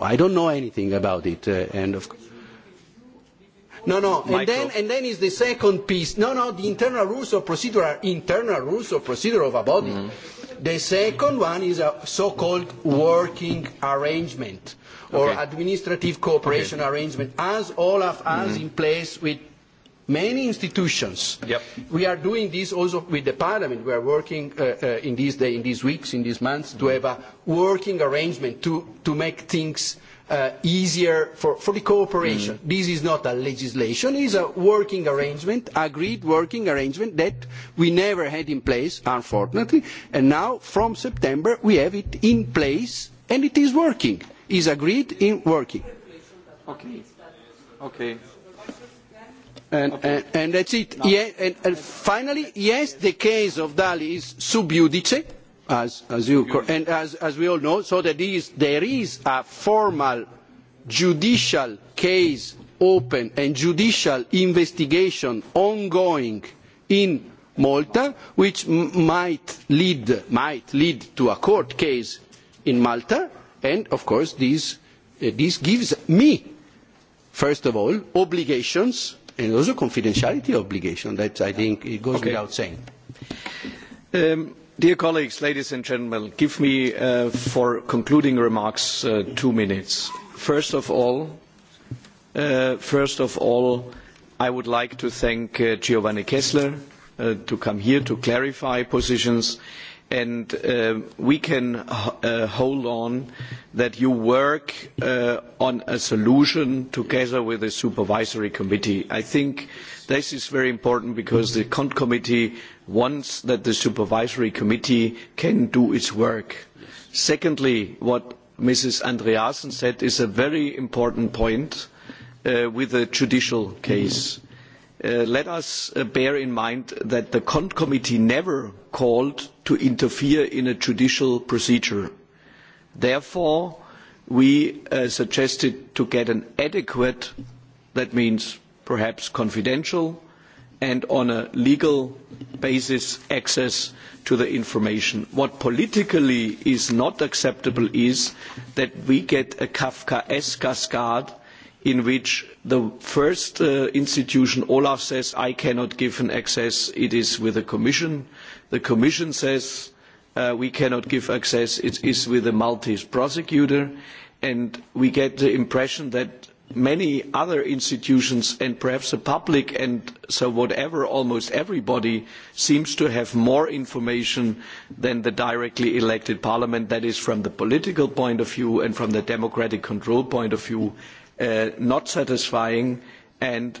I don't know anything about it. Uh, and of course, No, no, and then, and then is the second piece. No, no, the internal rules of procedure are internal rules of procedure of a body. Mm-hmm. The second one is a so-called working arrangement or okay. administrative cooperation okay. arrangement, as all of us mm-hmm. in place with many institutions. Yep. We are doing this also with the Parliament. We are working uh, uh, in these days, in these weeks, in these months, mm-hmm. to have a working arrangement to, to make things – uh, easier for, for the cooperation. Mm. This is not a legislation, it is a working arrangement, agreed working arrangement that we never had in place, unfortunately, and now from September we have it in place and it is working, is agreed in working. Okay. Okay. And, okay. and, and that's it. No. Yeah, and, and finally, yes, the case of Dali is sub judice As, as you, and as, as we all know, so that is, there is a formal judicial case open and judicial investigation ongoing in Malta, which might lead, might lead to a court case in Malta, and of course this, uh, this gives me, first of all, obligations and also confidentiality obligation that I think it goes okay. without saying.
Um, Dear colleagues, ladies and gentlemen, give me uh, for concluding remarks uh, two minutes. First of all, uh, first of all, I would like to thank uh, Giovanni Kessler uh, to come here to clarify positions. Uh, and uh, we can uh, hold on that you work uh, on a solution together with the supervisory committee. I think this is very important because the CONT committee wants that the supervisory committee can do its work. Secondly, what Mrs. Andreasen said is a very important point uh, with the judicial case. Uh, let us uh, bear in mind that the CONT committee never called to interfere in a judicial procedure. Therefore, we uh, suggested to get an adequate, that means perhaps confidential, and on a legal basis access to the information. What politically is not acceptable is that we get a Kafkaesque cascade in which the first uh, institution, Olaf, says, I cannot give an access, it is with the Commission. Uh, The Commission says uh, we cannot give access. It is with the Maltese prosecutor. And we get the impression that many other institutions and perhaps the public and so whatever almost everybody seems to have more information than the directly elected parliament that is from the political point of view and from the democratic control point of view uh, not satisfying and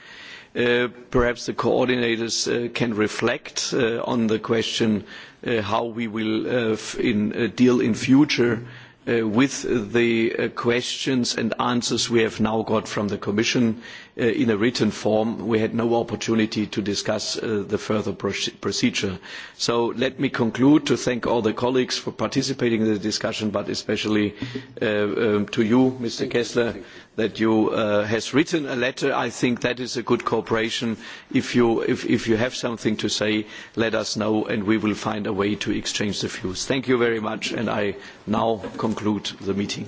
Uh, perhaps the coordinators uh, can reflect uh, on the question uh, how we will uh, in, deal in future with the questions and answers we have now got from the Commission Uh, in a written form, we had no opportunity to discuss uh, the further procedure. So let me conclude to thank all the colleagues for participating in the discussion, but especially uh, um, to you, Mr. Thank Kessler, you. that you uh, has written a letter. I think that is a good cooperation. If you, if, if you have something to say, let us know, and we will find a way to exchange the views. Thank you very much, and I now conclude the meeting.